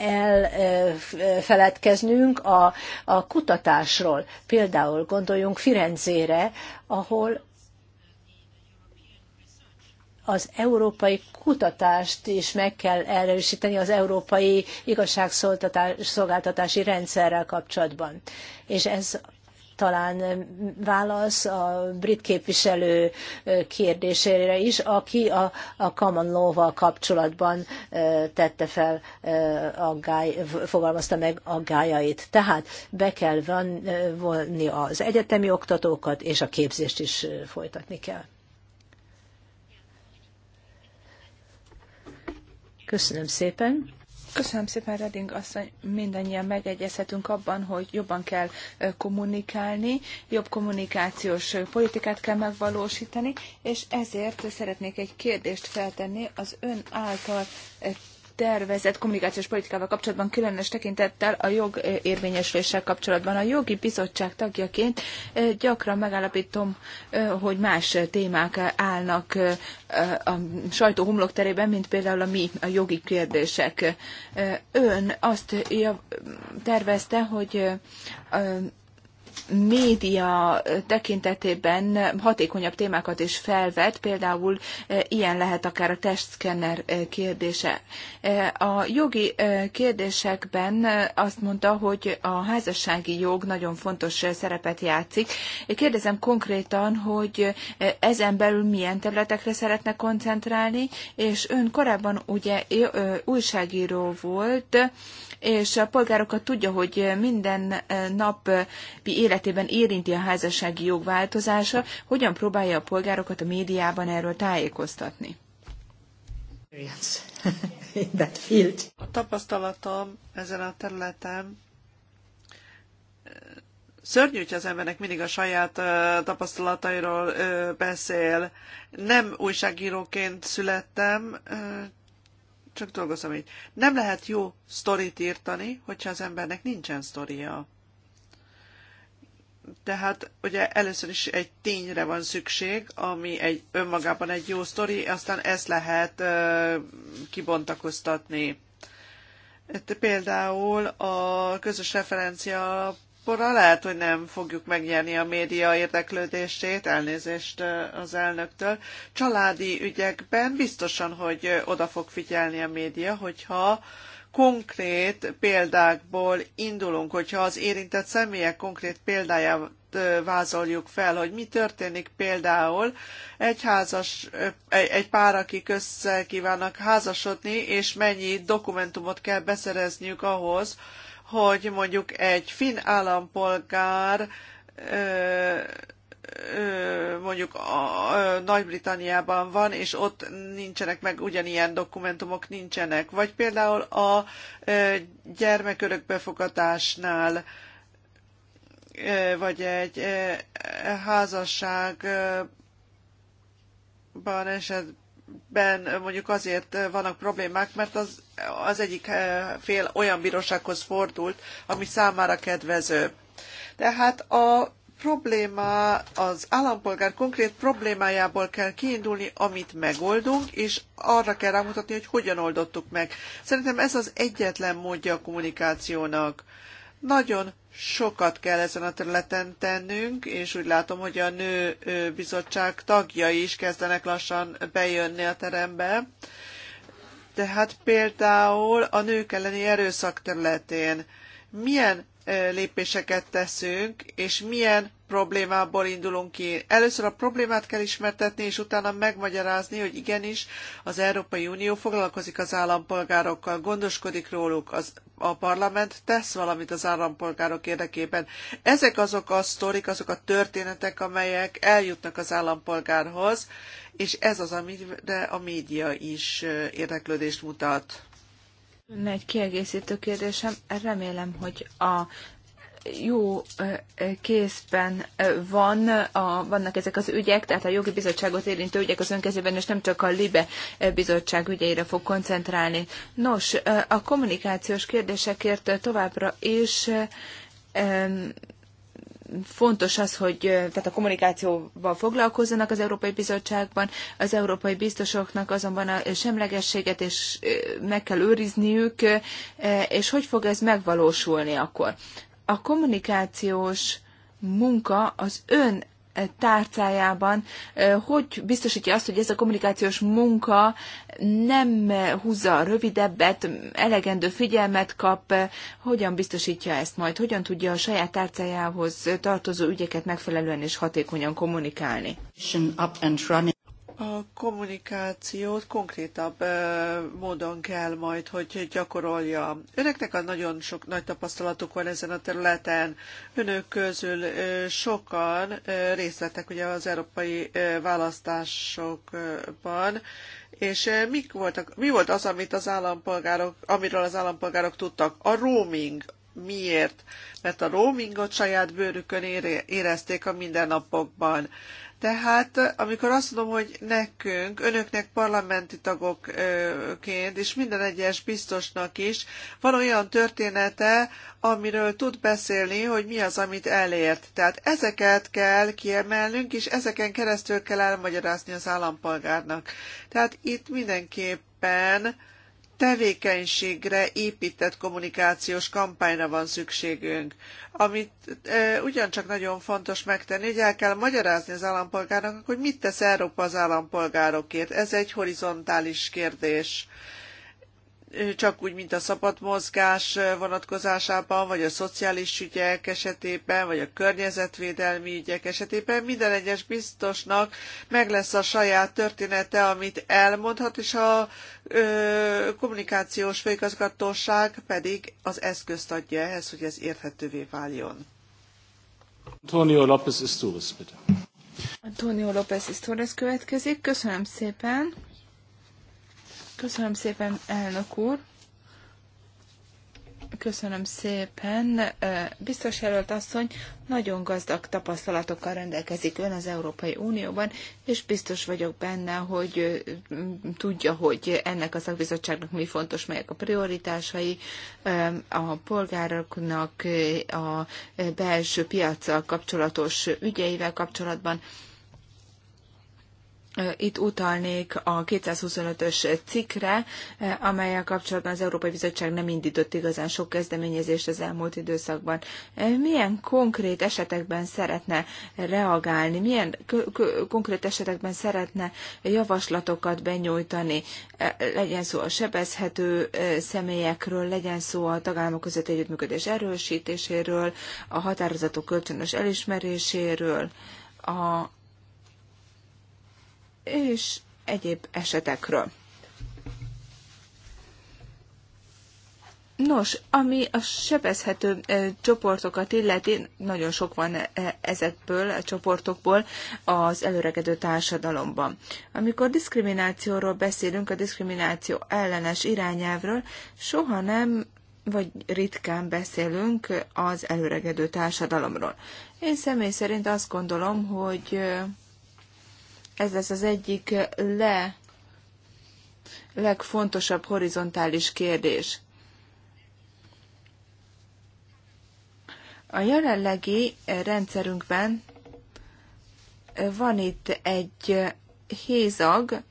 elfeledkeznünk a, a kutatásról. Például gondoljunk Firenzére, ahol az európai kutatást is meg kell erősíteni az európai igazságszolgáltatási rendszerrel kapcsolatban. És ez talán válasz a brit képviselő kérdésére is, aki a, a common law-val kapcsolatban tette fel aggály, fogalmazta meg gájait. Tehát be kell vonni az egyetemi oktatókat, és a képzést is folytatni kell. Köszönöm szépen. Köszönöm szépen, Reding asszony, mindannyian megegyezhetünk abban, hogy jobban kell kommunikálni, jobb kommunikációs politikát kell megvalósítani, és ezért szeretnék egy kérdést feltenni az ön által tervezett kommunikációs politikával kapcsolatban különös tekintettel a jog eh, érvényesüléssel kapcsolatban. A jogi bizottság tagjaként eh, gyakran megállapítom, eh, hogy más témák állnak a sajtó homlokterében, mint például a mi a jogi kérdések. Ön azt tervezte, hogy média tekintetében hatékonyabb témákat is felvet, például e, ilyen lehet akár a testszkenner e, kérdése. E, a jogi kérdésekben azt mondta, hogy a házassági jog nagyon fontos szerepet játszik. Kérdezem konkrétan, hogy ezen belül milyen területekre szeretne koncentrálni, és ön korábban ugye újságíró volt, és a polgárokat tudja, hogy minden eh, napi eh, életében érinti a házassági jog változása, hogyan próbálja a polgárokat a médiában erről tájékoztatni? A tapasztalatom ezen a területen eh, szörnyű, hogy az embernek mindig a saját tapasztalatairól beszél. Nem újságíróként születtem, csak dolgozom így. Nem lehet jó sztorit írtani, hogyha az embernek nincsen sztoria. Tehát ugye először is egy tényre van szükség, ami egy önmagában egy jó sztori, aztán ezt lehet ö, kibontakoztatni. Itt például a közös referencia Bora, lehet, hogy nem fogjuk megnyerni a média érdeklődését, elnézést az elnöktől. Családi ügyekben biztosan, hogy oda fog figyelni a média, hogyha konkrét példákból indulunk, hogyha az érintett személyek konkrét példáját vázoljuk fel, hogy mi történik például egy házas, egy, pár, akik össze kívánnak házasodni, és mennyi dokumentumot kell beszerezniük ahhoz, hogy mondjuk egy finn állampolgár mondjuk a Nagy-Britanniában van, és ott nincsenek meg ugyanilyen dokumentumok nincsenek. Vagy például a gyermekörökbefogatásnál, vagy egy házasságban eset ben mondjuk azért vannak problémák, mert az, az egyik fél olyan bírósághoz fordult, ami számára kedvező. Tehát a probléma, az állampolgár konkrét problémájából kell kiindulni, amit megoldunk, és arra kell rámutatni, hogy hogyan oldottuk meg. Szerintem ez az egyetlen módja a kommunikációnak. Nagyon sokat kell ezen a területen tennünk, és úgy látom, hogy a nő bizottság tagjai is kezdenek lassan bejönni a terembe. Tehát például a nők elleni erőszak területén milyen lépéseket teszünk, és milyen problémából indulunk ki. Először a problémát kell ismertetni, és utána megmagyarázni, hogy igenis az Európai Unió foglalkozik az állampolgárokkal, gondoskodik róluk, az, a parlament tesz valamit az állampolgárok érdekében. Ezek azok a sztorik, azok a történetek, amelyek eljutnak az állampolgárhoz, és ez az, amire a média is érdeklődést mutat. Egy kiegészítő kérdésem. Remélem, hogy a jó készben van, a, vannak ezek az ügyek, tehát a jogi bizottságot érintő ügyek az önkezében, és nem csak a LIBE bizottság ügyeire fog koncentrálni. Nos, a kommunikációs kérdésekért továbbra is fontos az, hogy tehát a kommunikációval foglalkozzanak az Európai Bizottságban, az európai biztosoknak azonban a semlegességet és meg kell őrizniük, és hogy fog ez megvalósulni akkor? a kommunikációs munka az ön eh, tárcájában, eh, hogy biztosítja azt, hogy ez a kommunikációs munka nem eh, húzza rövidebbet, elegendő figyelmet kap, hogyan biztosítja ezt majd, hogyan tudja a saját tárcájához tartozó ügyeket megfelelően és hatékonyan kommunikálni. A kommunikációt konkrétabb módon kell majd, hogy gyakorolja. Önöknek a nagyon sok nagy tapasztalatuk van ezen a területen. Önök közül sokan részt vettek ugye az európai választásokban, és mik voltak, mi volt az, amit az állampolgárok, amiről az állampolgárok tudtak? A roaming, Miért? Mert a roamingot saját bőrükön érezték a mindennapokban. Tehát amikor azt mondom, hogy nekünk, önöknek parlamenti tagokként, és minden egyes biztosnak is van olyan története, amiről tud beszélni, hogy mi az, amit elért. Tehát ezeket kell kiemelnünk, és ezeken keresztül kell elmagyarázni az állampolgárnak. Tehát itt mindenképpen tevékenységre épített kommunikációs kampányra van szükségünk, amit e, ugyancsak nagyon fontos megtenni, hogy el kell magyarázni az állampolgárnak, hogy mit tesz Európa az állampolgárokért. Ez egy horizontális kérdés csak úgy, mint a szabad mozgás vonatkozásában, vagy a szociális ügyek esetében, vagy a környezetvédelmi ügyek esetében, minden egyes biztosnak meg lesz a saját története, amit elmondhat, és a ö, kommunikációs főigazgatóság pedig az eszközt adja ehhez, hogy ez érthetővé váljon. Antonio López Istúrez, bitte. Antonio López Istúrez következik. Köszönöm szépen. Köszönöm szépen, elnök úr. Köszönöm szépen. Biztos jelölt asszony, nagyon gazdag tapasztalatokkal rendelkezik ön az Európai Unióban, és biztos vagyok benne, hogy tudja, hogy ennek a szakbizottságnak mi fontos, melyek a prioritásai a polgároknak a belső piacsal kapcsolatos ügyeivel kapcsolatban. Itt utalnék a 225-ös cikkre, amelyel kapcsolatban az Európai Bizottság nem indított igazán sok kezdeményezést az elmúlt időszakban. Milyen konkrét esetekben szeretne reagálni, milyen konkrét esetekben szeretne javaslatokat benyújtani, legyen szó a sebezhető személyekről, legyen szó a tagállamok között együttműködés erősítéséről, a határozatok kölcsönös elismeréséről, a és egyéb esetekről. Nos, ami a sebezhető csoportokat illeti, nagyon sok van ezekből a csoportokból az előregedő társadalomban. Amikor diszkriminációról beszélünk, a diszkrimináció ellenes irányelvről, soha nem vagy ritkán beszélünk az előregedő társadalomról. Én személy szerint azt gondolom, hogy ez lesz az egyik le, legfontosabb horizontális kérdés. A jelenlegi rendszerünkben van itt egy hézag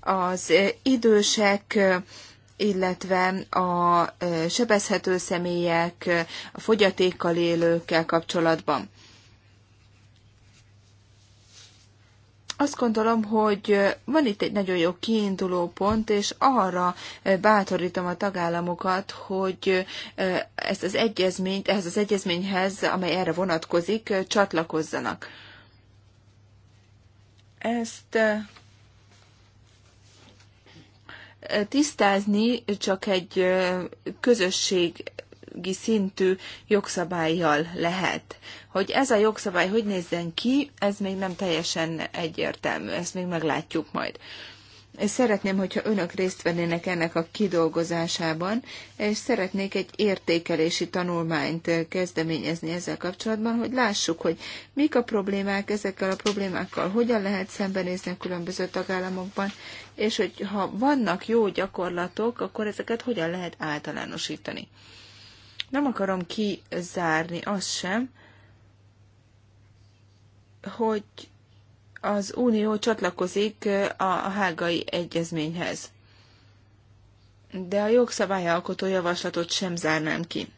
az idősek, illetve a sebezhető személyek, a fogyatékkal élőkkel kapcsolatban. azt gondolom, hogy van itt egy nagyon jó kiinduló pont, és arra bátorítom a tagállamokat, hogy ezt az egyezményt, ehhez az egyezményhez, amely erre vonatkozik, csatlakozzanak. Ezt tisztázni csak egy közösség jogi szintű jogszabályjal lehet. Hogy ez a jogszabály hogy nézzen ki, ez még nem teljesen egyértelmű, ezt még meglátjuk majd. És szeretném, hogyha önök részt vennének ennek a kidolgozásában, és szeretnék egy értékelési tanulmányt kezdeményezni ezzel kapcsolatban, hogy lássuk, hogy mik a problémák ezekkel a problémákkal, hogyan lehet szembenézni a különböző tagállamokban, és hogy ha vannak jó gyakorlatok, akkor ezeket hogyan lehet általánosítani. Nem akarom kizárni azt sem, hogy az Unió csatlakozik a hágai egyezményhez. De a jogszabályalkotó javaslatot sem zárnám ki.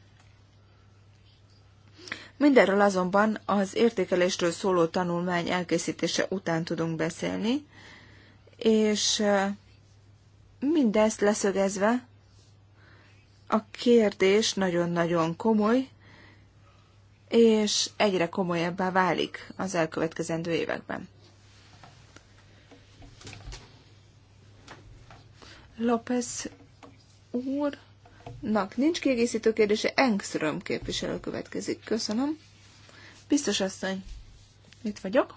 Mindenről azonban az értékelésről szóló tanulmány elkészítése után tudunk beszélni, és eh, mindezt leszögezve, a kérdés nagyon-nagyon komoly, és egyre komolyabbá válik az elkövetkezendő években. López úrnak nincs kiegészítő kérdése, Engström képviselő következik. Köszönöm. Biztos asszony, itt vagyok.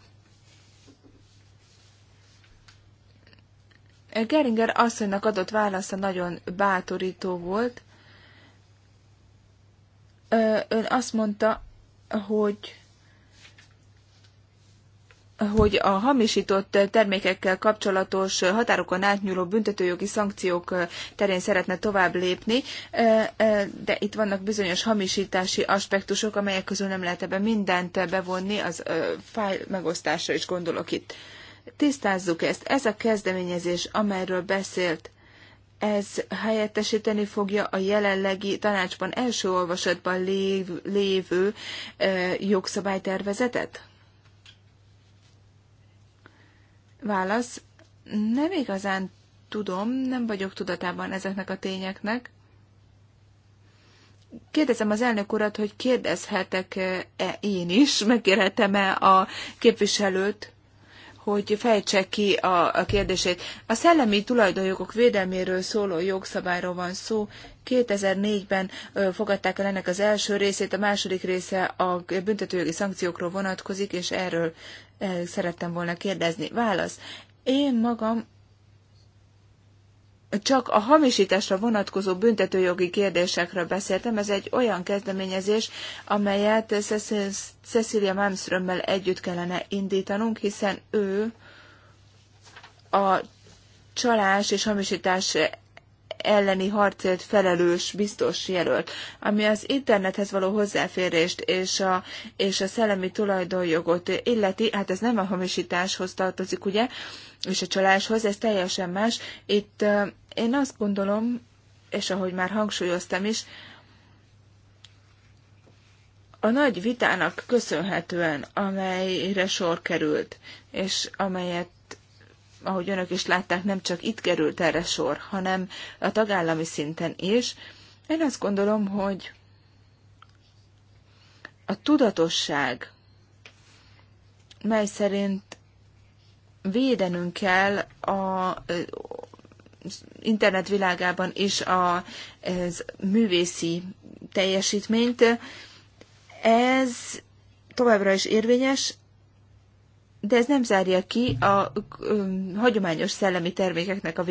Geringer asszonynak adott válasza nagyon bátorító volt, ön azt mondta, hogy hogy a hamisított termékekkel kapcsolatos határokon átnyúló büntetőjogi szankciók terén szeretne tovább lépni, de itt vannak bizonyos hamisítási aspektusok, amelyek közül nem lehet ebbe mindent bevonni, az fájl megosztásra is gondolok itt. Tisztázzuk ezt. Ez a kezdeményezés, amelyről beszélt, ez helyettesíteni fogja a jelenlegi tanácsban első olvasatban lév, lévő e, jogszabálytervezetet? Válasz, nem igazán tudom, nem vagyok tudatában ezeknek a tényeknek. Kérdezem az elnök urat, hogy kérdezhetek-e én is, megkérhetem-e a képviselőt, hogy fejtse ki a, a kérdését. A szellemi tulajdonjogok védelméről szóló jogszabályról van szó. 2004-ben fogadták el ennek az első részét, a második része a büntetőjogi szankciókról vonatkozik, és erről szerettem volna kérdezni. Válasz. Én magam csak a hamisításra vonatkozó büntetőjogi kérdésekről beszéltem. Ez egy olyan kezdeményezés, amelyet Cecilia Malmströmmel együtt kellene indítanunk, hiszen ő a csalás és hamisítás elleni harcért felelős biztos jelölt, ami az internethez való hozzáférést és a, és a szellemi tulajdonjogot illeti, hát ez nem a hamisításhoz tartozik, ugye, és a csaláshoz, ez teljesen más. Itt én azt gondolom, és ahogy már hangsúlyoztam is, a nagy vitának köszönhetően, amelyre sor került, és amelyet ahogy önök is látták, nem csak itt került erre sor, hanem a tagállami szinten is. Én azt gondolom, hogy a tudatosság, mely szerint védenünk kell a internet világában is a ez művészi teljesítményt, ez továbbra is érvényes, de ez nem zárja ki a hagyományos szellemi termékeknek a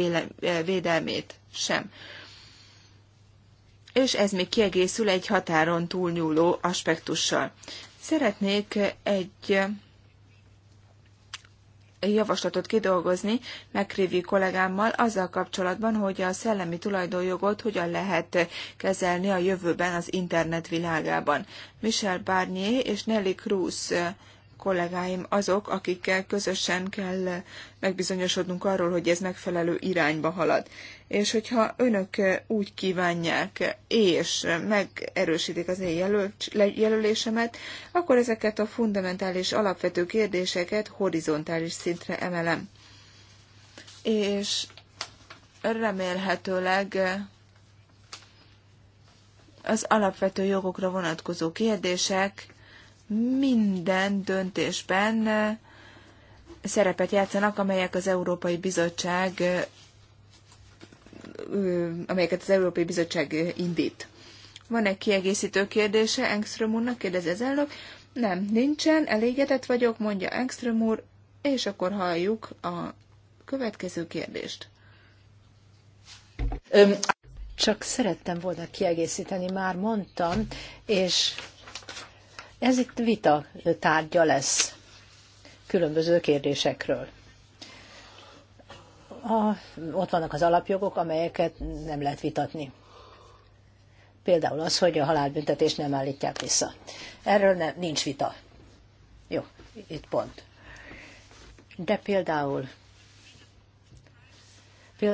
védelmét sem. És ez még kiegészül egy határon túlnyúló aspektussal. Szeretnék egy javaslatot kidolgozni megrévi kollégámmal azzal kapcsolatban, hogy a szellemi tulajdonjogot hogyan lehet kezelni a jövőben az internet világában. Michel Barnier és Nelly Cruz kollégáim azok, akikkel közösen kell megbizonyosodnunk arról, hogy ez megfelelő irányba halad. És hogyha önök úgy kívánják, és megerősítik az én jelölésemet, akkor ezeket a fundamentális alapvető kérdéseket horizontális szintre emelem. És remélhetőleg az alapvető jogokra vonatkozó kérdések minden döntésben szerepet játszanak, amelyek az Európai Bizottság amelyeket az Európai Bizottság indít. van egy kiegészítő kérdése Engström úrnak? Kérdezi az elnök. Nem, nincsen, elégedett vagyok, mondja Engström úr, és akkor halljuk a következő kérdést. Csak szerettem volna kiegészíteni, már mondtam, és ez itt vita tárgya lesz különböző kérdésekről. A, ott vannak az alapjogok, amelyeket nem lehet vitatni. Például az, hogy a halálbüntetést nem állítják vissza. Erről nem nincs vita. Jó, itt pont. De például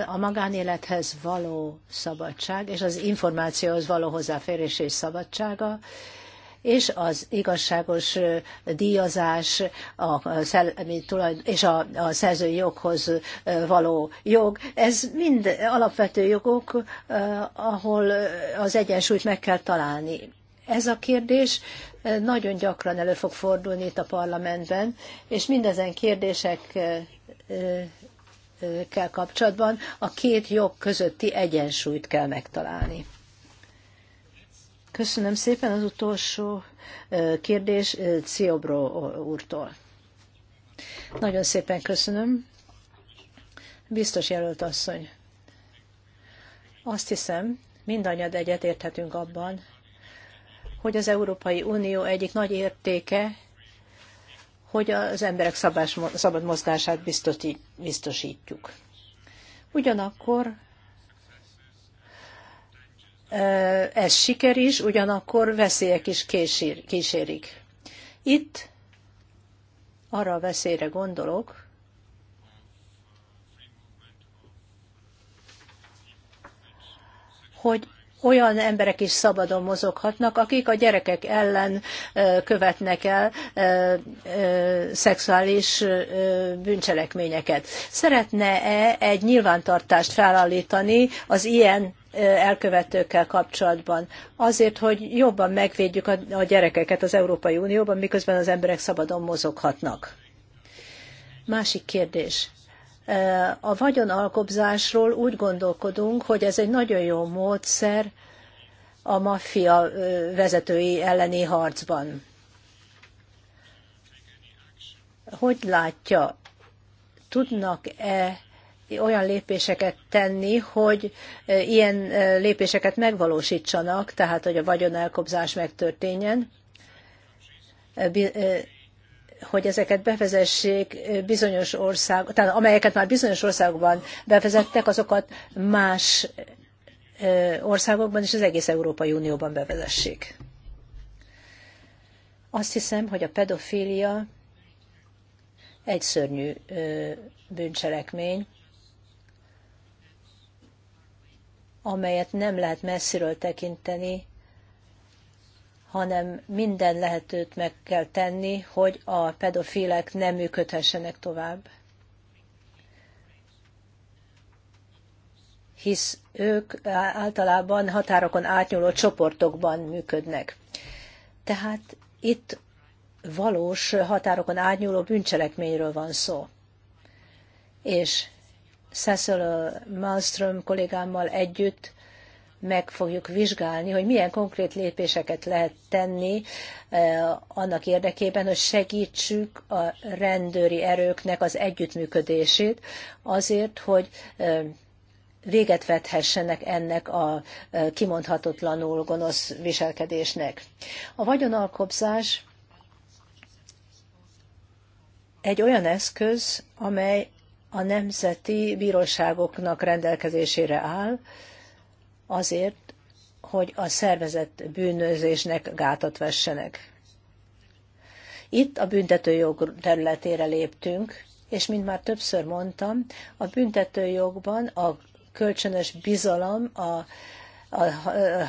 a magánélethez való szabadság és az információhoz való hozzáférés és szabadsága, és az igazságos díjazás a szellemi tulajdon, és a, a szerzői joghoz való jog. Ez mind alapvető jogok, ahol az egyensúlyt meg kell találni. Ez a kérdés nagyon gyakran elő fog fordulni itt a parlamentben, és mindezen kérdések kell kapcsolatban a két jog közötti egyensúlyt kell megtalálni. Köszönöm szépen az utolsó kérdés Ciobro úrtól. Nagyon szépen köszönöm. Biztos jelölt asszony. Azt hiszem, mindannyian egyetérthetünk abban, hogy az Európai Unió egyik nagy értéke, hogy az emberek szabás, szabad mozgását biztosítjuk. Ugyanakkor ez siker is, ugyanakkor veszélyek is kísér, kísérik. Itt arra a veszélyre gondolok, hogy olyan emberek is szabadon mozoghatnak, akik a gyerekek ellen követnek el szexuális bűncselekményeket. Szeretne-e egy nyilvántartást felállítani az ilyen elkövetőkkel kapcsolatban. Azért, hogy jobban megvédjük a gyerekeket az Európai Unióban, miközben az emberek szabadon mozoghatnak. Másik kérdés. A vagyonalkobzásról úgy gondolkodunk, hogy ez egy nagyon jó módszer a maffia vezetői elleni harcban. Hogy látja, tudnak-e olyan lépéseket tenni, hogy e, ilyen e, lépéseket megvalósítsanak, tehát hogy a vagyonelkobzás megtörténjen, e, hogy ezeket bevezessék bizonyos ország, tehát amelyeket már bizonyos országokban bevezettek, azokat más országokban és az egész Európai Unióban bevezessék. Azt hiszem, hogy a pedofília egy szörnyű bűncselekmény, amelyet nem lehet messziről tekinteni, hanem minden lehetőt meg kell tenni, hogy a pedofilek nem működhessenek tovább. Hisz ők általában határokon átnyúló csoportokban működnek. Tehát itt valós határokon átnyúló bűncselekményről van szó. És Cecil Malmström kollégámmal együtt meg fogjuk vizsgálni, hogy milyen konkrét lépéseket lehet tenni annak érdekében, hogy segítsük a rendőri erőknek az együttműködését azért, hogy véget vethessenek ennek a kimondhatatlanul gonosz viselkedésnek. A vagyonalkobzás egy olyan eszköz, amely a nemzeti bíróságoknak rendelkezésére áll azért, hogy a szervezett bűnözésnek gátat vessenek. Itt a büntetőjog területére léptünk, és mint már többször mondtam, a büntetőjogban a kölcsönös bizalom, a, a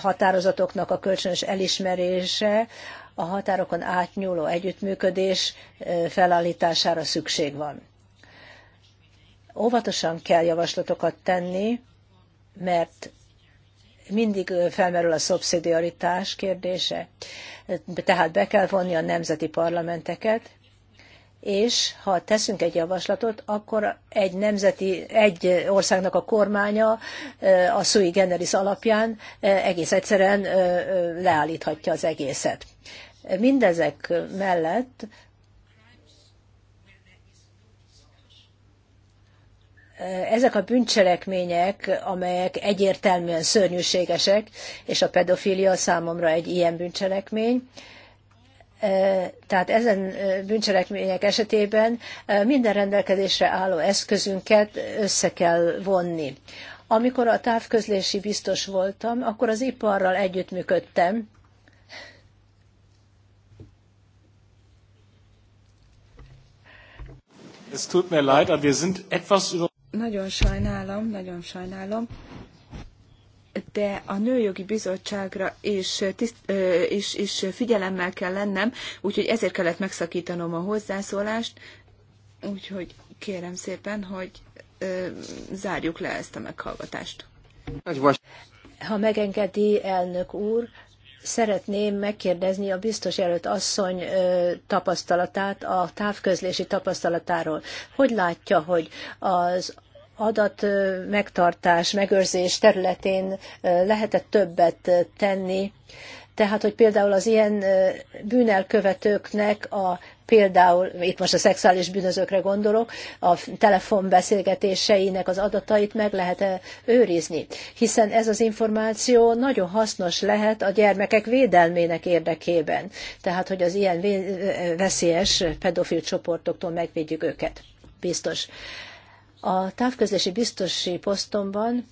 határozatoknak a kölcsönös elismerése, a határokon átnyúló együttműködés felállítására szükség van. Óvatosan kell javaslatokat tenni, mert mindig felmerül a szobszidiaritás kérdése, tehát be kell vonni a nemzeti parlamenteket, és ha teszünk egy javaslatot, akkor egy nemzeti, egy országnak a kormánya a sui generis alapján egész egyszerűen leállíthatja az egészet. Mindezek mellett ezek a bűncselekmények, amelyek egyértelműen szörnyűségesek, és a pedofilia számomra egy ilyen bűncselekmény, tehát ezen bűncselekmények esetében minden rendelkezésre álló eszközünket össze kell vonni. Amikor a távközlési biztos voltam, akkor az iparral együttműködtem, Es tut mir leid, aber wir sind etwas über nagyon sajnálom, nagyon sajnálom, de a Nőjogi Bizottságra is, tiszt, is, is figyelemmel kell lennem, úgyhogy ezért kellett megszakítanom a hozzászólást, úgyhogy kérem szépen, hogy zárjuk le ezt a meghallgatást. Ha megengedi, elnök úr, Szeretném megkérdezni a biztos jelölt asszony tapasztalatát, a távközlési tapasztalatáról. Hogy látja, hogy az adat megtartás, megőrzés területén lehetett többet tenni tehát, hogy például az ilyen bűnelkövetőknek a például, itt most a szexuális bűnözőkre gondolok, a telefonbeszélgetéseinek az adatait meg lehet -e őrizni, hiszen ez az információ nagyon hasznos lehet a gyermekek védelmének érdekében, tehát hogy az ilyen veszélyes pedofil csoportoktól megvédjük őket. Biztos. A távközlési biztosi posztomban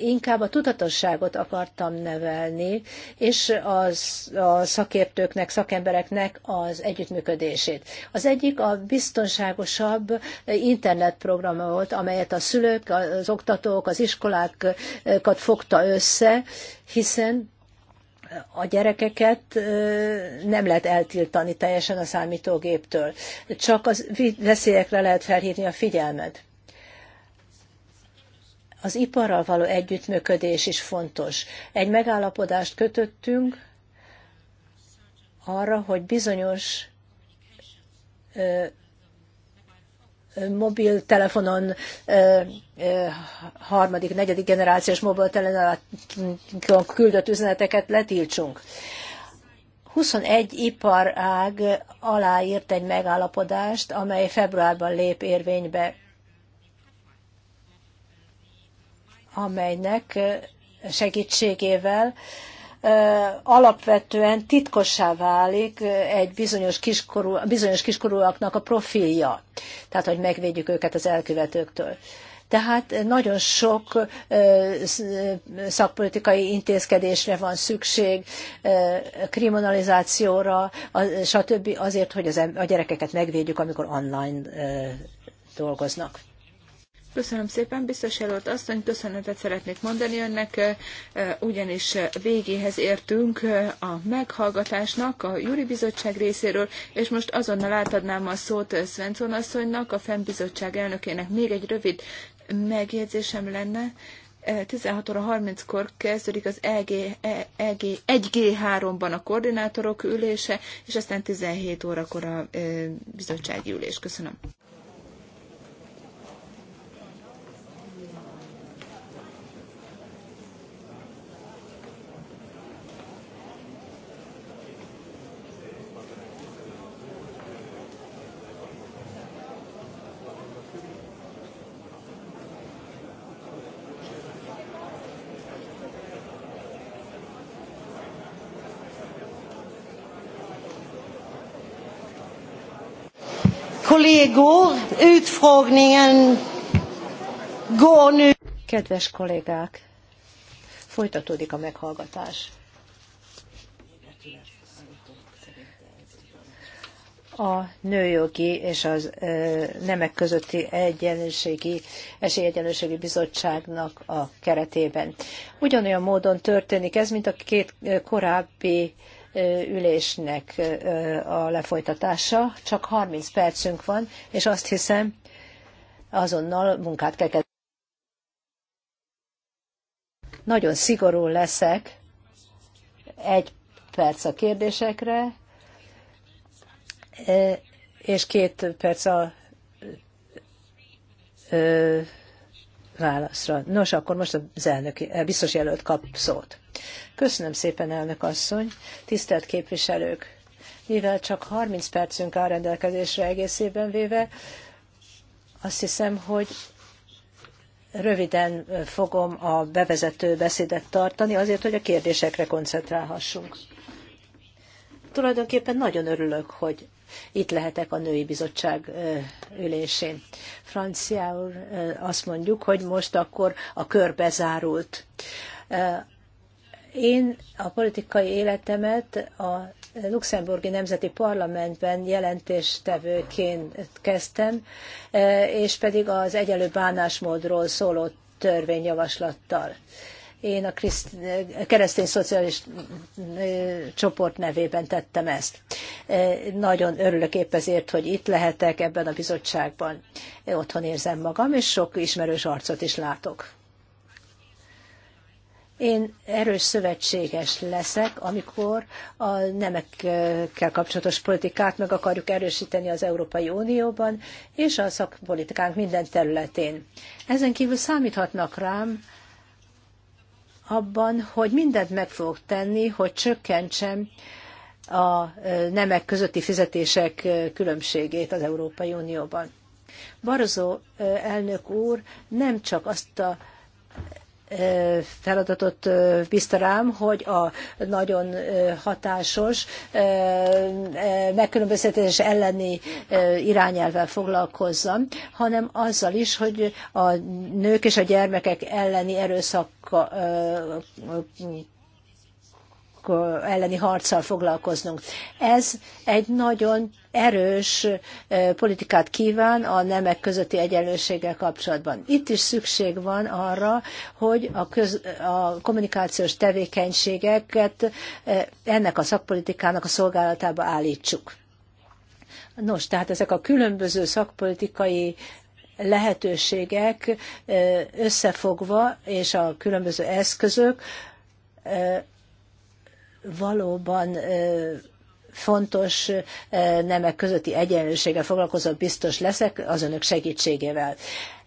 inkább a tudatosságot akartam nevelni, és az, a szakértőknek, szakembereknek az együttműködését. Az egyik a biztonságosabb internetprogram volt, amelyet a szülők, az oktatók, az iskolákat fogta össze, hiszen a gyerekeket nem lehet eltiltani teljesen a számítógéptől. Csak az veszélyekre lehet felhívni a figyelmet az iparral való együttműködés is fontos. Egy megállapodást kötöttünk arra, hogy bizonyos mobiltelefonon harmadik, negyedik generációs mobiltelefonon küldött üzeneteket letiltsunk. 21 iparág aláírt egy megállapodást, amely februárban lép érvénybe. amelynek segítségével alapvetően titkossá válik egy bizonyos, kiskorú, bizonyos kiskorúaknak a profilja, tehát hogy megvédjük őket az elkövetőktől. Tehát nagyon sok szakpolitikai intézkedésre van szükség, kriminalizációra, stb. azért, hogy a gyerekeket megvédjük, amikor online dolgoznak. Köszönöm szépen, biztos jelölt asszony, köszönetet szeretnék mondani önnek, ugyanis végéhez értünk a meghallgatásnak a Júri Bizottság részéről, és most azonnal átadnám a szót Svensson asszonynak, a FEM Bizottság elnökének. Még egy rövid megjegyzésem lenne. 16 óra 30-kor kezdődik az EG, e, e EG, 1G3-ban a koordinátorok ülése, és aztán 17 órakor a bizottsági ülés. Köszönöm. kollégor, utfrågningen går nu. Kedves kollégák, folytatódik a meghallgatás. A Nőjogi és az ö, Nemek közötti egyenlőségi, Esélyegyenlőségi Bizottságnak a keretében. Ugyanolyan módon történik ez, mint a két korábbi ülésnek a lefolytatása. Csak 30 percünk van, és azt hiszem, azonnal munkát kell kezdeni. Nagyon szigorú leszek. Egy perc a kérdésekre, és két perc a válaszra. Nos, akkor most az elnök, eh, biztos jelölt kap szót. Köszönöm szépen, elnök asszony, tisztelt képviselők! Mivel csak 30 percünk áll rendelkezésre egészében véve, azt hiszem, hogy röviden eh, fogom a bevezető beszédet tartani, azért, hogy a kérdésekre koncentrálhassunk tulajdonképpen nagyon örülök, hogy itt lehetek a női bizottság ülésén. Franciául azt mondjuk, hogy most akkor a kör bezárult. Én a politikai életemet a Luxemburgi Nemzeti Parlamentben jelentéstevőként kezdtem, és pedig az egyelő bánásmódról szóló törvényjavaslattal. Én a keresztény szociális csoport nevében tettem ezt. Nagyon örülök épp ezért, hogy itt lehetek ebben a bizottságban. Otthon érzem magam, és sok ismerős arcot is látok. Én erős szövetséges leszek, amikor a nemekkel kapcsolatos politikát meg akarjuk erősíteni az Európai Unióban és a szakpolitikánk minden területén. Ezen kívül számíthatnak rám, abban, hogy mindent meg fogok tenni, hogy csökkentsem a nemek közötti fizetések különbségét az Európai Unióban. Barozó elnök úr nem csak azt a feladatot bízta rám, hogy a nagyon hatásos megkülönböztetés elleni irányelvvel foglalkozzam, hanem azzal is, hogy a nők és a gyermekek elleni erőszak elleni harccal foglalkoznunk. Ez egy nagyon erős politikát kíván a nemek közötti egyenlőséggel kapcsolatban. Itt is szükség van arra, hogy a, köz, a kommunikációs tevékenységeket ennek a szakpolitikának a szolgálatába állítsuk. Nos, tehát ezek a különböző szakpolitikai lehetőségek összefogva, és a különböző eszközök valóban fontos nemek közötti egyenlőséggel foglalkozó biztos leszek az önök segítségével.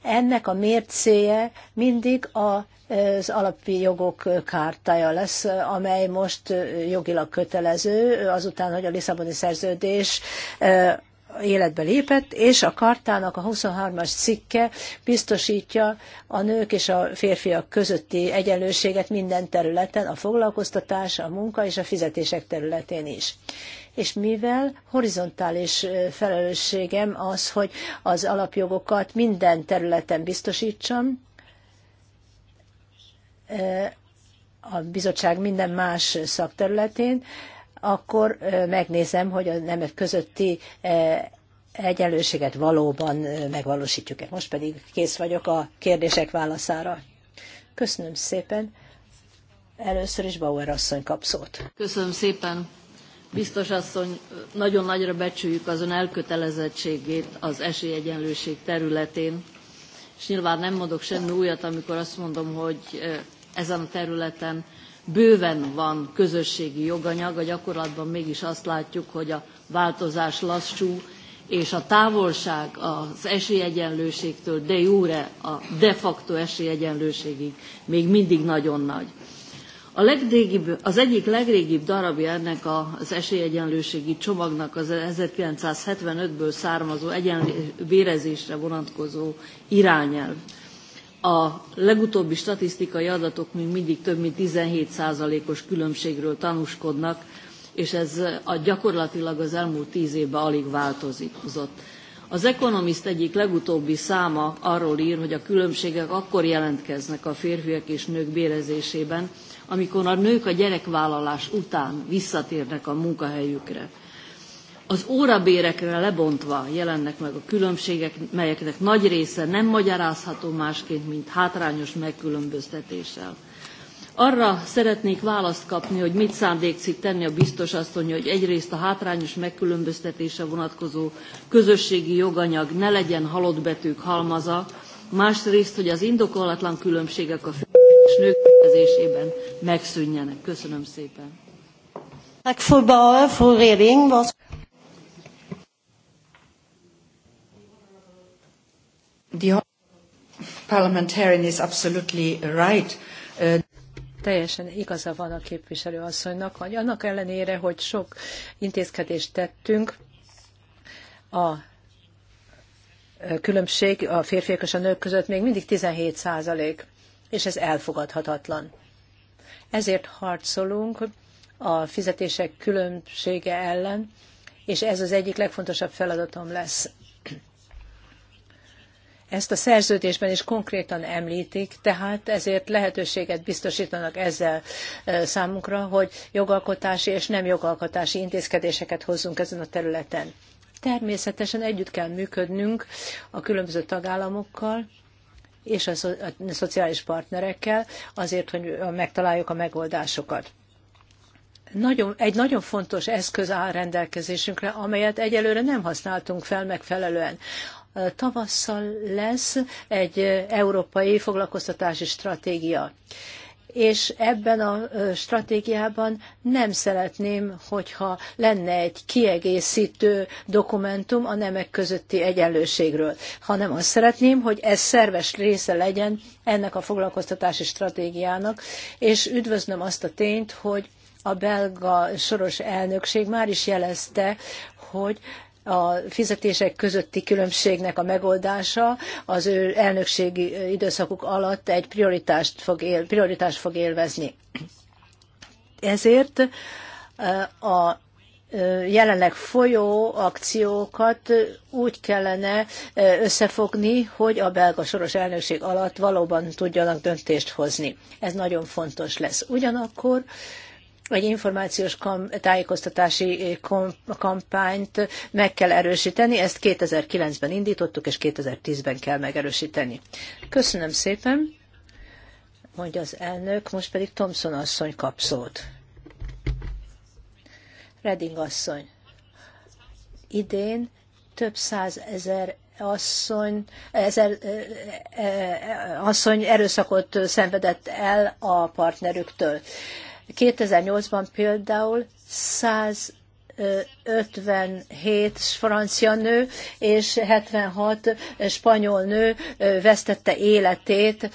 Ennek a mércéje mindig az alapi jogok kártája lesz, amely most jogilag kötelező, azután, hogy a Lisszaboni szerződés életbe lépett, és a kartának a 23-as cikke biztosítja a nők és a férfiak közötti egyenlőséget minden területen, a foglalkoztatás, a munka és a fizetések területén is. És mivel horizontális felelősségem az, hogy az alapjogokat minden területen biztosítsam, a bizottság minden más szakterületén, akkor megnézem, hogy a nemek közötti egyenlőséget valóban megvalósítjuk-e. Most pedig kész vagyok a kérdések válaszára. Köszönöm szépen. Először is Bauer asszony kap szót. Köszönöm szépen. Biztos asszony, nagyon nagyra becsüljük azon elkötelezettségét az esélyegyenlőség területén, és nyilván nem mondok semmi újat, amikor azt mondom, hogy ezen a területen bőven van közösségi joganyag, a gyakorlatban mégis azt látjuk, hogy a változás lassú, és a távolság az esélyegyenlőségtől de jure a de facto esélyegyenlőségig még mindig nagyon nagy. A az egyik legrégibb darabja ennek az esélyegyenlőségi csomagnak az 1975-ből származó egyenlő, vonatkozó irányelv. A legutóbbi statisztikai adatok még mindig több mint 17%-os különbségről tanúskodnak, és ez a gyakorlatilag az elmúlt tíz évben alig változott. Az Economist egyik legutóbbi száma arról ír, hogy a különbségek akkor jelentkeznek a férfiak és nők bérezésében, amikor a nők a gyerekvállalás után visszatérnek a munkahelyükre az órabérekre lebontva jelennek meg a különbségek, melyeknek nagy része nem magyarázható másként, mint hátrányos megkülönböztetéssel. Arra szeretnék választ kapni, hogy mit szándékszik tenni a biztos asszony, hogy egyrészt a hátrányos megkülönböztetése vonatkozó közösségi joganyag ne legyen halott betűk halmaza, másrészt, hogy az indokolatlan különbségek a férfiak és nők kezésében megszűnjenek. Köszönöm szépen. is uh, teljesen igaza van a képviselő asszonynak, hogy annak ellenére, hogy sok intézkedést tettünk, a különbség a férfiak és a nők között még mindig 17 százalék, és ez elfogadhatatlan. Ezért harcolunk a fizetések különbsége ellen, és ez az egyik legfontosabb feladatom lesz. Ezt a szerződésben is konkrétan említik, tehát ezért lehetőséget biztosítanak ezzel számunkra, hogy jogalkotási és nem jogalkotási intézkedéseket hozzunk ezen a területen. Természetesen együtt kell működnünk a különböző tagállamokkal, és a, szo a szociális partnerekkel azért, hogy megtaláljuk a megoldásokat. Nagyon, egy nagyon fontos eszköz áll rendelkezésünkre, amelyet egyelőre nem használtunk fel megfelelően tavasszal lesz egy európai foglalkoztatási stratégia. És ebben a stratégiában nem szeretném, hogyha lenne egy kiegészítő dokumentum a nemek közötti egyenlőségről, hanem azt szeretném, hogy ez szerves része legyen ennek a foglalkoztatási stratégiának, és üdvözlöm azt a tényt, hogy a belga soros elnökség már is jelezte, hogy a fizetések közötti különbségnek a megoldása az ő elnökségi időszakuk alatt egy prioritást fog, él, prioritást fog élvezni. Ezért a jelenleg folyó akciókat úgy kellene összefogni, hogy a belga soros elnökség alatt valóban tudjanak döntést hozni. Ez nagyon fontos lesz. Ugyanakkor egy információs tájékoztatási eh, kom- kampányt meg kell erősíteni. Ezt 2009-ben indítottuk, és 2010-ben kell megerősíteni. Köszönöm szépen, mondja az elnök, most pedig Thomson asszony kap szót. Reding asszony. Idén több százezer asszony, ezer, eh, eh, asszony erőszakot szenvedett el a partnerüktől 2008-ban például 157 francia nő és 76 spanyol nő vesztette életét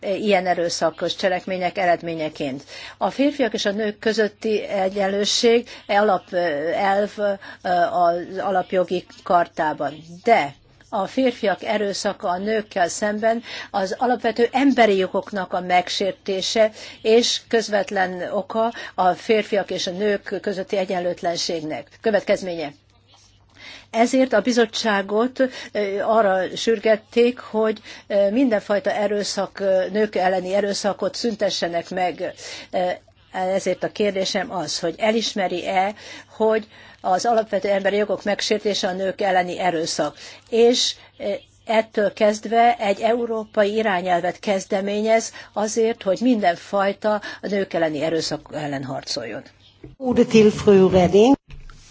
ilyen erőszakos cselekmények eredményeként. A férfiak és a nők közötti egyenlőség alapelv az alapjogi kartában. De a férfiak erőszaka a nőkkel szemben az alapvető emberi jogoknak a megsértése, és közvetlen oka a férfiak és a nők közötti egyenlőtlenségnek. Következménye. Ezért a bizottságot arra sürgették, hogy mindenfajta erőszak, nők elleni erőszakot szüntessenek meg. Ezért a kérdésem az, hogy elismeri-e, hogy az alapvető emberi jogok megsértése a nők elleni erőszak. És e, ettől kezdve egy európai irányelvet kezdeményez azért, hogy mindenfajta a nők elleni erőszak ellen harcoljon.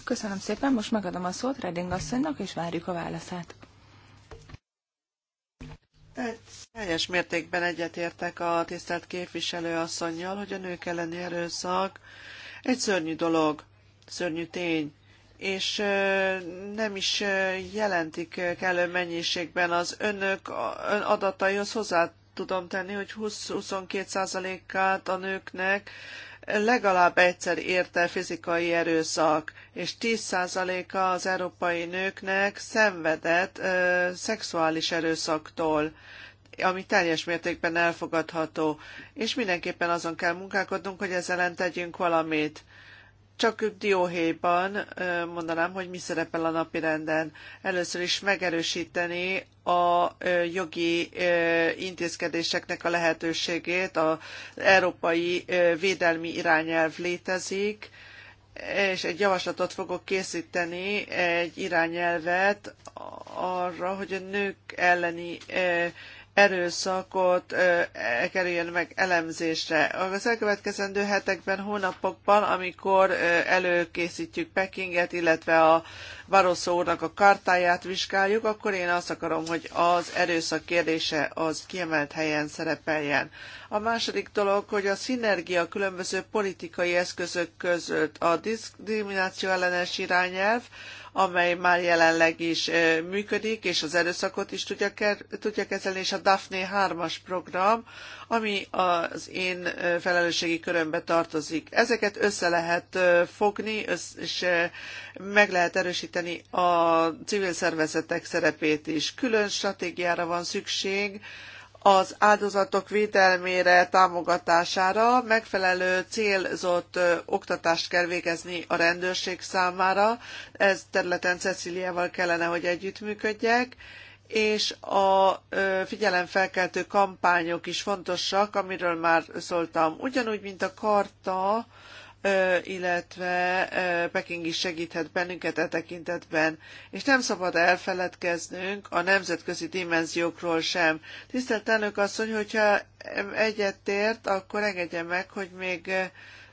Köszönöm szépen, most megadom a szót Reding asszonynak, és várjuk a válaszát. Teljes mértékben egyetértek a tisztelt képviselő asszonynal, hogy a nők elleni erőszak egy szörnyű dolog, szörnyű tény, és nem is jelentik kellő mennyiségben az önök ön adataihoz hozzá tudom tenni, hogy 20-22%-át a nőknek legalább egyszer érte fizikai erőszak, és 10%-a az európai nőknek szenvedett ö, szexuális erőszaktól ami teljes mértékben elfogadható, és mindenképpen azon kell munkálkodnunk, hogy ezzel tegyünk valamit. Csak dióhéjban mondanám, hogy mi szerepel a napirenden. Először is megerősíteni a jogi intézkedéseknek a lehetőségét. Az európai védelmi irányelv létezik, és egy javaslatot fogok készíteni, egy irányelvet arra, hogy a nők elleni erőszakot e kerüljön meg elemzésre. Az elkövetkezendő hetekben, hónapokban, amikor előkészítjük Pekinget, illetve a Barroso úrnak a kartáját vizsgáljuk, akkor én azt akarom, hogy az erőszak kérdése az kiemelt helyen szerepeljen. A második dolog, hogy a szinergia különböző politikai eszközök között a diszkrimináció ellenes irányelv, amely már jelenleg is működik, és az erőszakot is tudja, tudja kezelni, és a Daphne 3-as program, ami az én felelősségi körömbe tartozik. Ezeket össze lehet fogni, és meg lehet erősíteni a civil szervezetek szerepét is. Külön stratégiára van szükség, az áldozatok védelmére, támogatására megfelelő célzott oktatást kell végezni a rendőrség számára. Ez területen Ceciliával kellene, hogy együttműködjek és a figyelemfelkeltő kampányok is fontosak, amiről már szóltam. Ugyanúgy, mint a karta, illetve Peking is segíthet bennünket e tekintetben. És nem szabad elfeledkeznünk a nemzetközi dimenziókról sem. Tisztelt elnök asszony, hogyha egyetért, akkor engedje meg, hogy még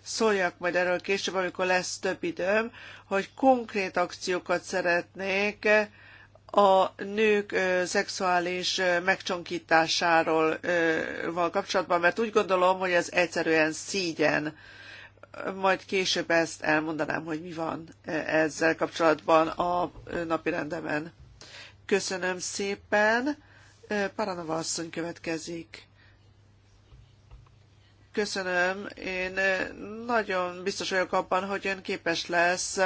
szóljak majd erről később, amikor lesz több időm, hogy konkrét akciókat szeretnék a nők ö, szexuális ö, megcsonkításáról ö, kapcsolatban, mert úgy gondolom, hogy ez egyszerűen szígyen majd később ezt elmondanám, hogy mi van e, ezzel kapcsolatban a e, rendemen. Köszönöm szépen. E, Paranova asszony következik. Köszönöm. Én nagyon biztos vagyok abban, hogy ön képes lesz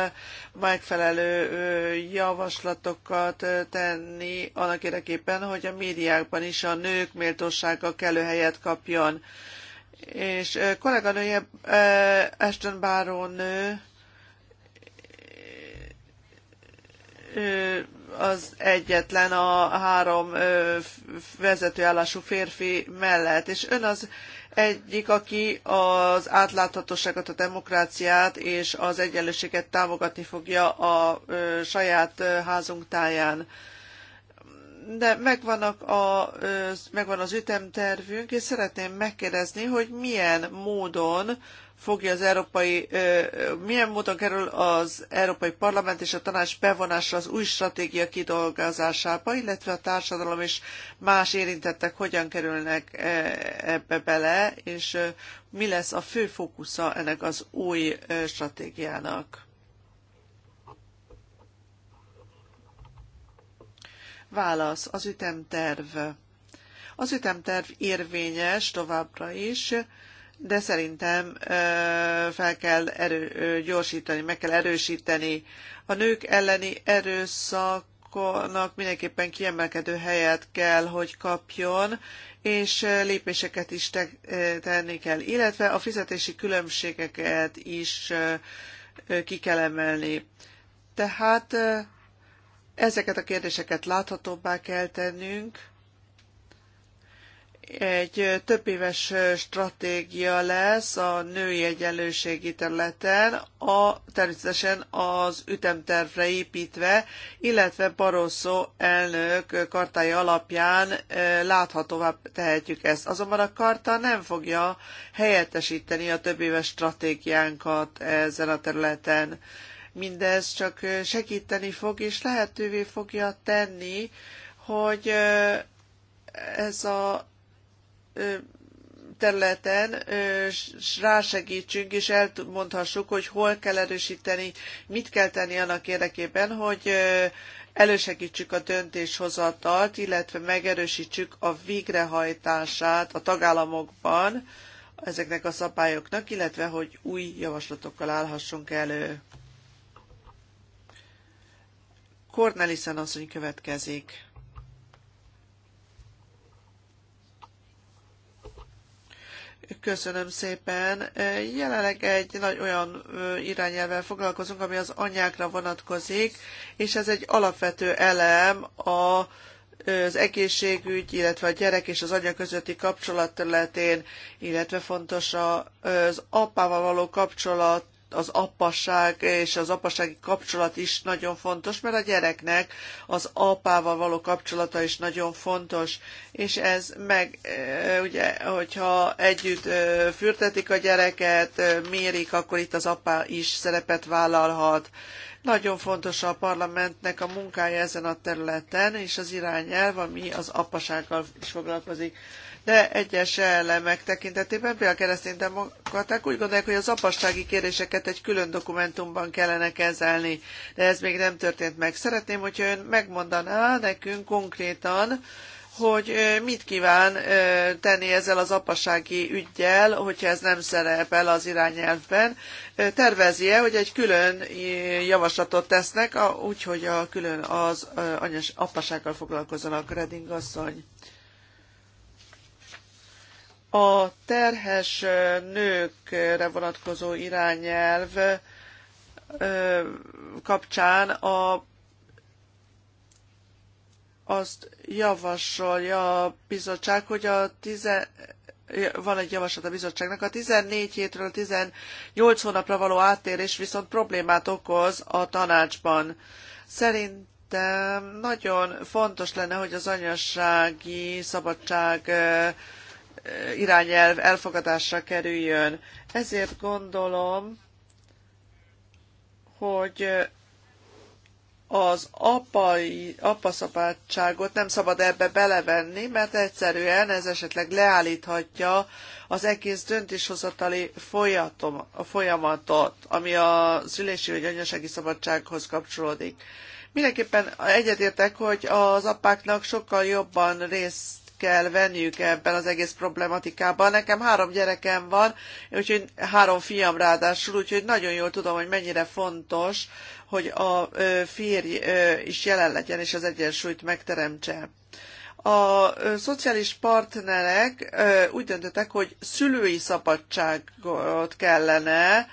megfelelő javaslatokat tenni annak érdekében, hogy a médiákban is a nők méltósága kellő helyet kapjon és kolléganője Ashton Baron nő, az egyetlen a három vezetőállású férfi mellett, és ön az egyik, aki az átláthatóságot, a demokráciát és az egyenlőséget támogatni fogja a saját házunk táján de megvannak a, megvan az ütemtervünk, és szeretném megkérdezni, hogy milyen módon fogja az európai, milyen módon kerül az Európai Parlament és a Tanács bevonásra az új stratégia kidolgozásába, illetve a társadalom és más érintettek hogyan kerülnek ebbe bele, és mi lesz a fő fókusza ennek az új stratégiának. Válasz, az ütemterv. Az ütemterv érvényes továbbra is, de szerintem fel kell erő, gyorsítani, meg kell erősíteni. A nők elleni erőszaknak mindenképpen kiemelkedő helyet kell, hogy kapjon, és lépéseket is te- tenni kell, illetve a fizetési különbségeket is ki kell emelni. Tehát Ezeket a kérdéseket láthatóbbá kell tennünk. Egy több éves stratégia lesz a női egyenlőségi területen, a, természetesen az ütemtervre építve, illetve Barroso elnök kartája alapján láthatóvá tehetjük ezt. Azonban a karta nem fogja helyettesíteni a több éves stratégiánkat ezen a területen Mindez csak segíteni fog, és lehetővé fogja tenni, hogy ez a területen rásegítsünk, és elmondhassuk, hogy hol kell erősíteni, mit kell tenni annak érdekében, hogy elősegítsük a döntéshozatalt, illetve megerősítsük a végrehajtását a tagállamokban ezeknek a szabályoknak, illetve hogy új javaslatokkal állhassunk elő. Kornelisen asszony következik. Köszönöm szépen. Jelenleg egy nagy olyan irányelvel foglalkozunk, ami az anyákra vonatkozik, és ez egy alapvető elem a az egészségügy, illetve a gyerek és az anya közötti kapcsolat területén, illetve fontos az apával való kapcsolat az apasság és az apasági kapcsolat is nagyon fontos, mert a gyereknek az apával való kapcsolata is nagyon fontos, és ez meg, e, ugye, hogyha együtt e, fürtetik a gyereket, e, mérik, akkor itt az apa is szerepet vállalhat. Nagyon fontos a parlamentnek a munkája ezen a területen, és az irányelv, ami az apasággal is foglalkozik de egyes elemek tekintetében, például a keresztény demokraták úgy gondolják, hogy az apassági kéréseket egy külön dokumentumban kellene kezelni, de ez még nem történt meg. Szeretném, hogyha ön megmondaná nekünk konkrétan, hogy mit kíván tenni ezzel az apassági ügyjel, hogyha ez nem szerepel az irányelvben. Tervezi-e, hogy egy külön javaslatot tesznek, úgyhogy a külön az anyas apassággal foglalkozzanak, Reding asszony? A terhes nőkre vonatkozó irányelv kapcsán a azt javasolja a bizottság, hogy a tizen, van egy javaslat a bizottságnak, a 14 hétről 18 hónapra való áttérés viszont problémát okoz a tanácsban. Szerintem nagyon fontos lenne, hogy az anyassági szabadság irányelv elfogadásra kerüljön. Ezért gondolom, hogy az apai, apaszapátságot nem szabad ebbe belevenni, mert egyszerűen ez esetleg leállíthatja az egész döntéshozatali folyatom, a folyamatot, ami a szülési vagy anyasági szabadsághoz kapcsolódik. Mindenképpen egyetértek, hogy az apáknak sokkal jobban részt kell venniük ebben az egész problematikában. Nekem három gyerekem van, úgyhogy három fiam ráadásul, úgyhogy nagyon jól tudom, hogy mennyire fontos, hogy a férj is jelen legyen és az egyensúlyt megteremtse a szociális partnerek úgy döntöttek, hogy szülői szabadságot kellene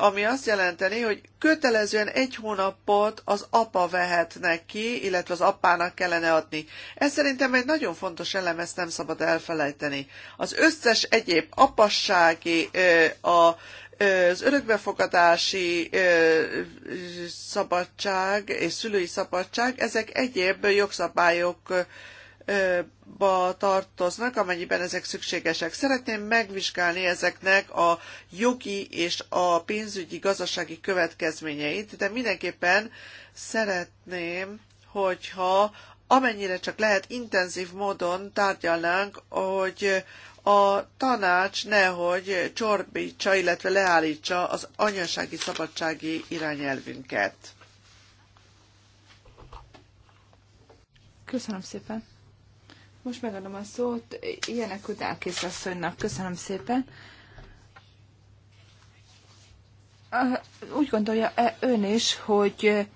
ami azt jelenteni, hogy kötelezően egy hónapot az apa vehet neki, illetve az apának kellene adni. Ez szerintem egy nagyon fontos elem, ezt nem szabad elfelejteni. Az összes egyéb apassági, a az örökbefogadási szabadság és szülői szabadság, ezek egyéb jogszabályok ba tartoznak, amennyiben ezek szükségesek. Szeretném megvizsgálni ezeknek a jogi és a pénzügyi, gazdasági következményeit, de mindenképpen szeretném, hogyha amennyire csak lehet intenzív módon tárgyalnánk, hogy a tanács nehogy csorbítsa, illetve leállítsa az anyasági szabadsági irányelvünket. Köszönöm szépen! Most megadom a szót Ilyenek Udákis asszonynak. Köszönöm szépen. Úgy gondolja -e ön is, hogy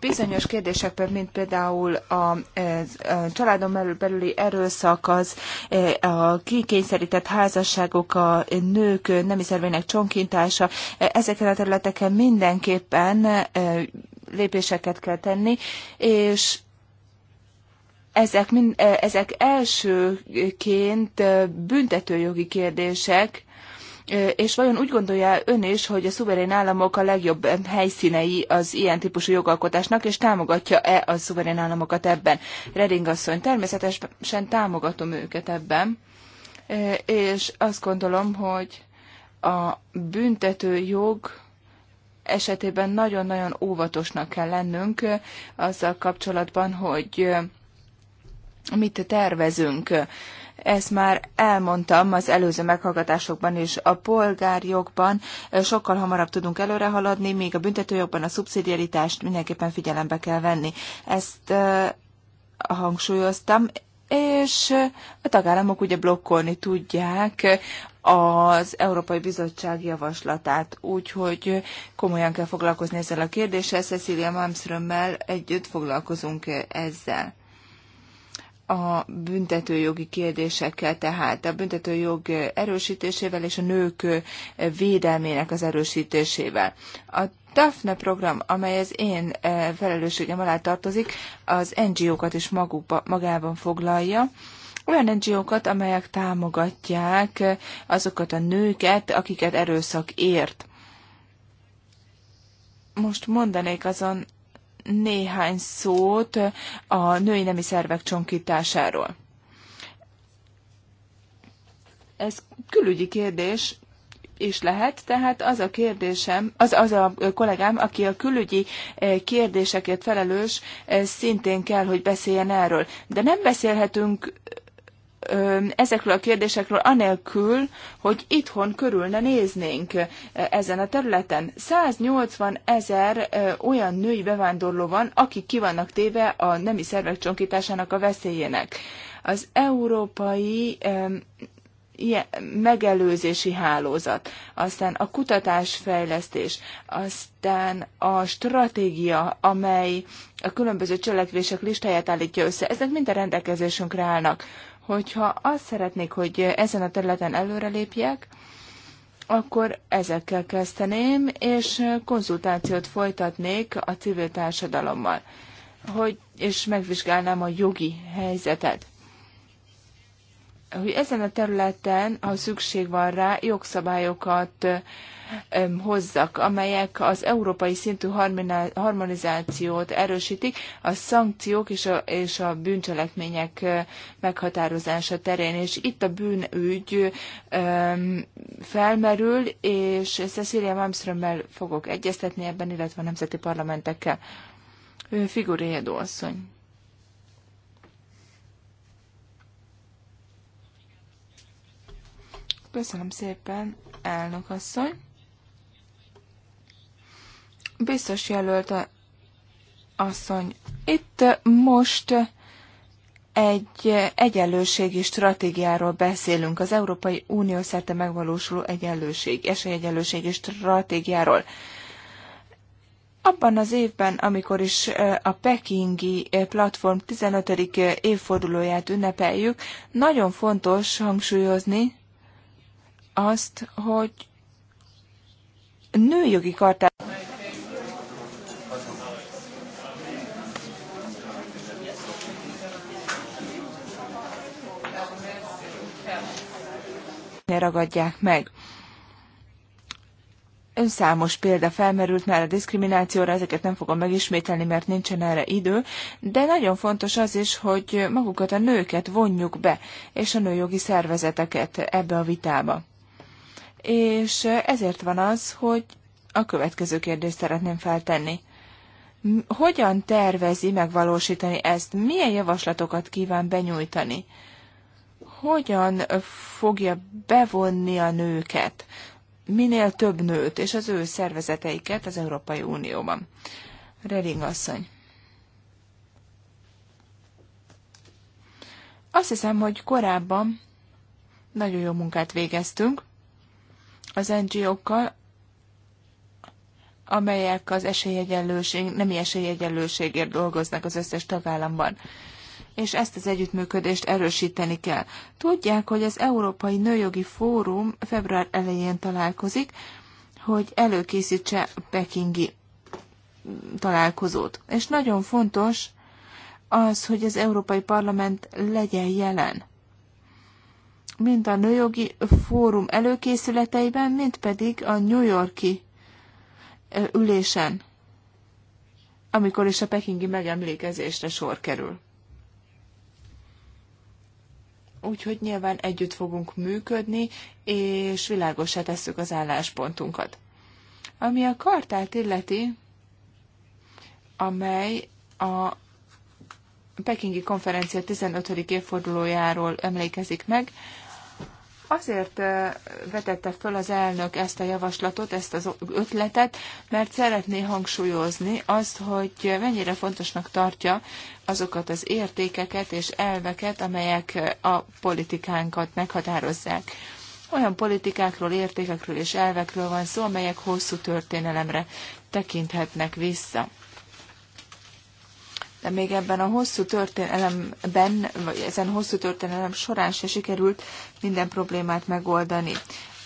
bizonyos kérdésekben, mint például a, e, családon belüli erőszak, az e, a kikényszerített házasságok, a nők nemi szervének csonkintása, e, ezeken a területeken mindenképpen lépéseket kell tenni, és ezek, mind, eh, ezek elsőként eh, büntetőjogi kérdések, eh, és vajon úgy gondolja ön is, hogy a szuverén államok a legjobb helyszínei az ilyen típusú jogalkotásnak, és támogatja-e a szuverén államokat ebben? Reding asszony, természetesen támogatom őket ebben, és azt gondolom, hogy a büntető jog esetében nagyon-nagyon óvatosnak kell lennünk azzal kapcsolatban, hogy mit tervezünk. Ezt már elmondtam az előző meghallgatásokban is. A polgárjogban sokkal hamarabb tudunk előre haladni, míg a büntetőjogban a szubszidiaritást mindenképpen figyelembe kell venni. Ezt hangsúlyoztam, és a tagállamok ugye blokkolni tudják az Európai Bizottság javaslatát, úgyhogy komolyan kell foglalkozni ezzel a kérdéssel. Cecilia Malmströmmel együtt foglalkozunk ezzel a büntetőjogi kérdésekkel, tehát a büntetőjog erősítésével és a nők védelmének az erősítésével. A DAFNE program, amely az én eh, felelősségem alá tartozik, az NGO-kat is magukba, magában foglalja, olyan NGO-kat, amelyek támogatják eh, azokat a nőket, akiket erőszak ért. Most mondanék azon néhány szót a női nemi szervek csonkításáról. Ez külügyi kérdés, is lehet, tehát az a kérdésem, az, az a kollégám, aki a külügyi e, kérdésekért felelős, e, szintén kell, hogy beszéljen erről. De nem beszélhetünk ezekről a kérdésekről anélkül, hogy itthon körülne néznénk ezen a területen. 180 ezer olyan női bevándorló van, akik ki vannak téve a nemi szervek csonkításának a veszélyének. Az európai megelőzési hálózat, aztán a kutatásfejlesztés, aztán a stratégia, amely a különböző cselekvések listáját állítja össze, ezek a rendelkezésünkre állnak hogyha azt szeretnék, hogy ezen a területen előrelépjek, akkor ezekkel kezdeném, és konzultációt folytatnék a civil társadalommal, hogy, és megvizsgálnám a jogi helyzetet hogy ezen a területen, ha szükség van rá, jogszabályokat hozzak, amelyek az európai szintű harmonizációt erősítik, a szankciók és a, és a bűncselekmények meghatározása terén. És itt a bűnügy um, felmerül, és Cecilia Malmströmmel fogok egyeztetni ebben, illetve a nemzeti parlamentekkel. Figuréjedó asszony. Köszönöm szépen, elnök asszony. Biztos jelölt a asszony. Itt most egy egyenlőségi stratégiáról beszélünk, az Európai Unió szerte megvalósuló egyenlőség, esélyegyenlőségi stratégiáról. Abban az évben, amikor is a pekingi platform 15. évfordulóját ünnepeljük, nagyon fontos hangsúlyozni, azt, hogy nőjogi kartát ragadják meg. Számos példa felmerült már a diszkriminációra, ezeket nem fogom megismételni, mert nincsen erre idő, de nagyon fontos az is, hogy magukat a nőket vonjuk be, és a nőjogi szervezeteket ebbe a vitába és ezért van az, hogy a következő kérdést szeretném feltenni. Hogyan tervezi megvalósítani ezt? Milyen javaslatokat kíván benyújtani? Hogyan fogja bevonni a nőket, minél több nőt és az ő szervezeteiket az Európai Unióban? Reding asszony. Azt hiszem, hogy korábban nagyon jó munkát végeztünk, az NGO-kkal, amelyek az esélyegyenlőség, nemi esélyegyenlőségért dolgoznak az összes tagállamban. És ezt az együttműködést erősíteni kell. Tudják, hogy az Európai Nőjogi Fórum február elején találkozik, hogy előkészítse Pekingi találkozót. És nagyon fontos az, hogy az Európai Parlament legyen jelen mind a nőjogi fórum előkészületeiben, mind pedig a New Yorki ülésen, amikor is a pekingi megemlékezésre sor kerül. Úgyhogy nyilván együtt fogunk működni, és világosra tesszük az álláspontunkat. Ami a kartát illeti, amely a pekingi konferencia 15. évfordulójáról emlékezik meg. Azért vetette föl az elnök ezt a javaslatot, ezt az ötletet, mert szeretné hangsúlyozni azt, hogy mennyire fontosnak tartja azokat az értékeket és elveket, amelyek a politikánkat meghatározzák. Olyan politikákról, értékekről és elvekről van szó, amelyek hosszú történelemre tekinthetnek vissza de még ebben a hosszú történelemben, vagy ezen a hosszú történelem során se sikerült minden problémát megoldani.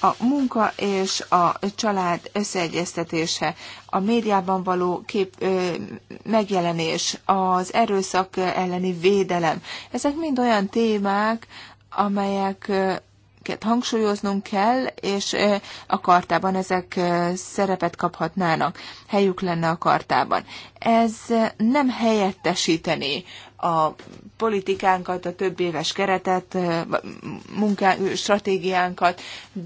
A munka és a család összeegyeztetése, a médiában való kép, ö, megjelenés, az erőszak elleni védelem, ezek mind olyan témák, amelyek ezeket hangsúlyoznunk kell, és a kartában ezek szerepet kaphatnának, helyük lenne a kartában. Ez nem helyettesíteni a politikánkat, a több éves keretet, munká, stratégiánkat,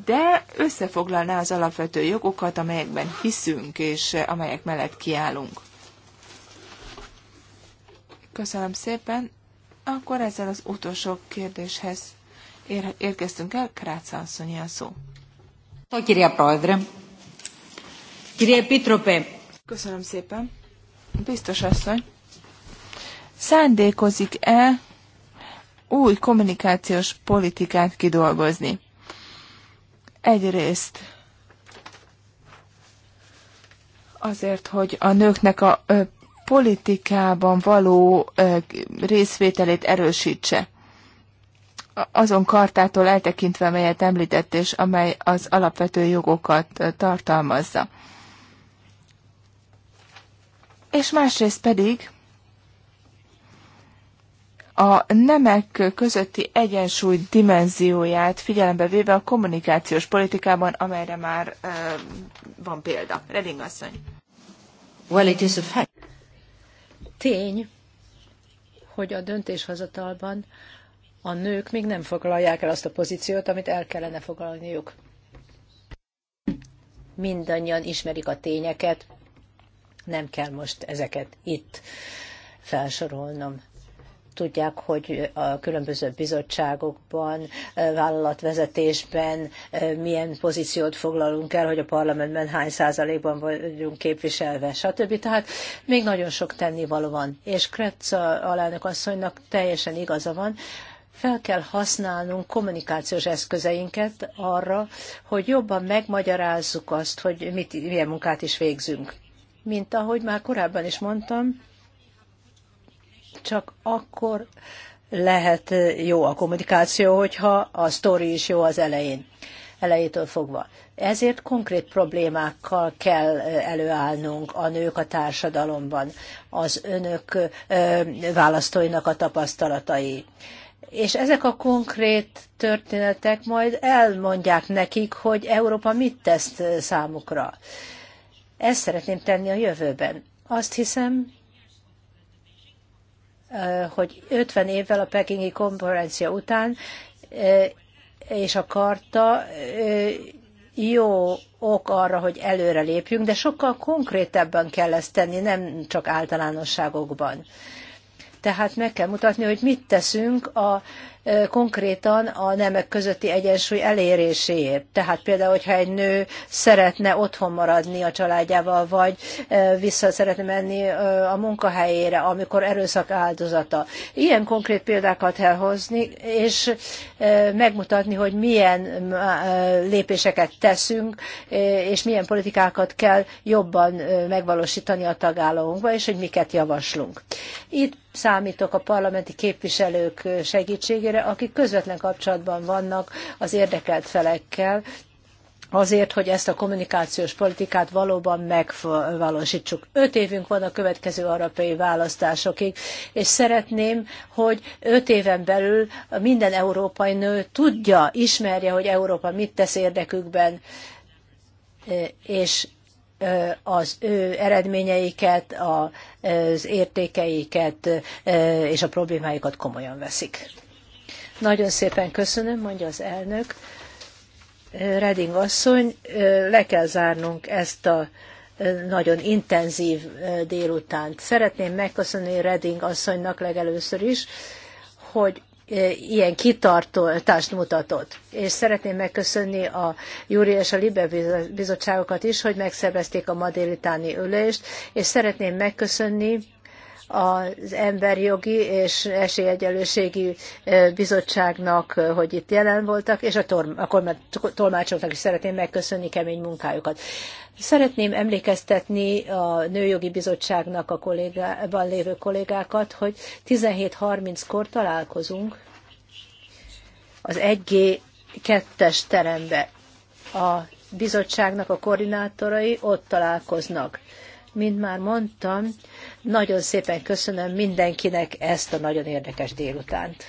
de összefoglalná az alapvető jogokat, amelyekben hiszünk, és amelyek mellett kiállunk. Köszönöm szépen. Akkor ezzel az utolsó kérdéshez ér, érkeztünk el, Kráca asszony szó. Köszönöm szépen. Biztos asszony. Szándékozik-e új kommunikációs politikát kidolgozni? Egyrészt azért, hogy a nőknek a politikában való részvételét erősítse azon kartától eltekintve, amelyet említett, és amely az alapvető jogokat tartalmazza. És másrészt pedig a nemek közötti egyensúly dimenzióját figyelembe véve a kommunikációs politikában, amelyre már uh, van példa. Reding asszony. Well, it is a fact. Tény, hogy a döntéshozatalban a nők még nem foglalják el azt a pozíciót, amit el kellene foglalniuk. Mindannyian ismerik a tényeket, nem kell most ezeket itt felsorolnom. Tudják, hogy a különböző bizottságokban, vállalatvezetésben milyen pozíciót foglalunk el, hogy a parlamentben hány százalékban vagyunk képviselve, stb. Tehát még nagyon sok tennivaló van. És Kretz alelnök asszonynak teljesen igaza van, fel kell használnunk kommunikációs eszközeinket arra, hogy jobban megmagyarázzuk azt, hogy mit, milyen munkát is végzünk. Mint ahogy már korábban is mondtam, csak akkor lehet jó a kommunikáció, hogyha a sztori is jó az elején, elejétől fogva. Ezért konkrét problémákkal kell előállnunk a nők a társadalomban, az önök választóinak a tapasztalatai. És ezek a konkrét történetek majd elmondják nekik, hogy Európa mit tesz eh, számukra. Ezt szeretném tenni a jövőben. Azt hiszem, eh, hogy 50 évvel a pekingi konferencia után eh, és a karta jó ok arra, hogy előre lépjünk, de sokkal konkrétebben kell ezt tenni, nem csak általánosságokban. Tehát meg kell mutatni, hogy mit teszünk a konkrétan a nemek közötti egyensúly eléréséért. Tehát például, hogyha egy nő szeretne otthon maradni a családjával, vagy vissza szeretne menni a munkahelyére, amikor erőszak áldozata. Ilyen konkrét példákat kell hozni, és megmutatni, hogy milyen lépéseket teszünk, és milyen politikákat kell jobban megvalósítani a tagállamokban, és hogy miket javaslunk. Itt számítok a parlamenti képviselők segítségére, személyre, akik közvetlen kapcsolatban vannak az érdekelt felekkel, azért, hogy ezt a kommunikációs politikát valóban megvalósítsuk. Öt évünk van a következő arapai választásokig, és szeretném, hogy öt éven belül minden európai nő tudja, ismerje, hogy Európa mit tesz érdekükben, és az ő eredményeiket, az értékeiket és a problémáikat komolyan veszik. Nagyon szépen köszönöm, mondja az elnök. Reding asszony, le kell zárnunk ezt a nagyon intenzív délutánt. Szeretném megköszönni Reding asszonynak legelőször is, hogy ilyen kitartást mutatott. És szeretném megköszönni a Júri és a Libe bizottságokat is, hogy megszervezték a ma délutáni ülést, és szeretném megköszönni az Emberjogi és Esélyegyelőségi Bizottságnak, hogy itt jelen voltak, és a, a tolmácsoknak is szeretném megköszönni kemény munkájukat. Szeretném emlékeztetni a Nőjogi Bizottságnak a kollégában lévő kollégákat, hogy 17.30-kor találkozunk az 1G2-es terembe. A bizottságnak a koordinátorai ott találkoznak. Mint már mondtam, nagyon szépen köszönöm mindenkinek ezt a nagyon érdekes délutánt.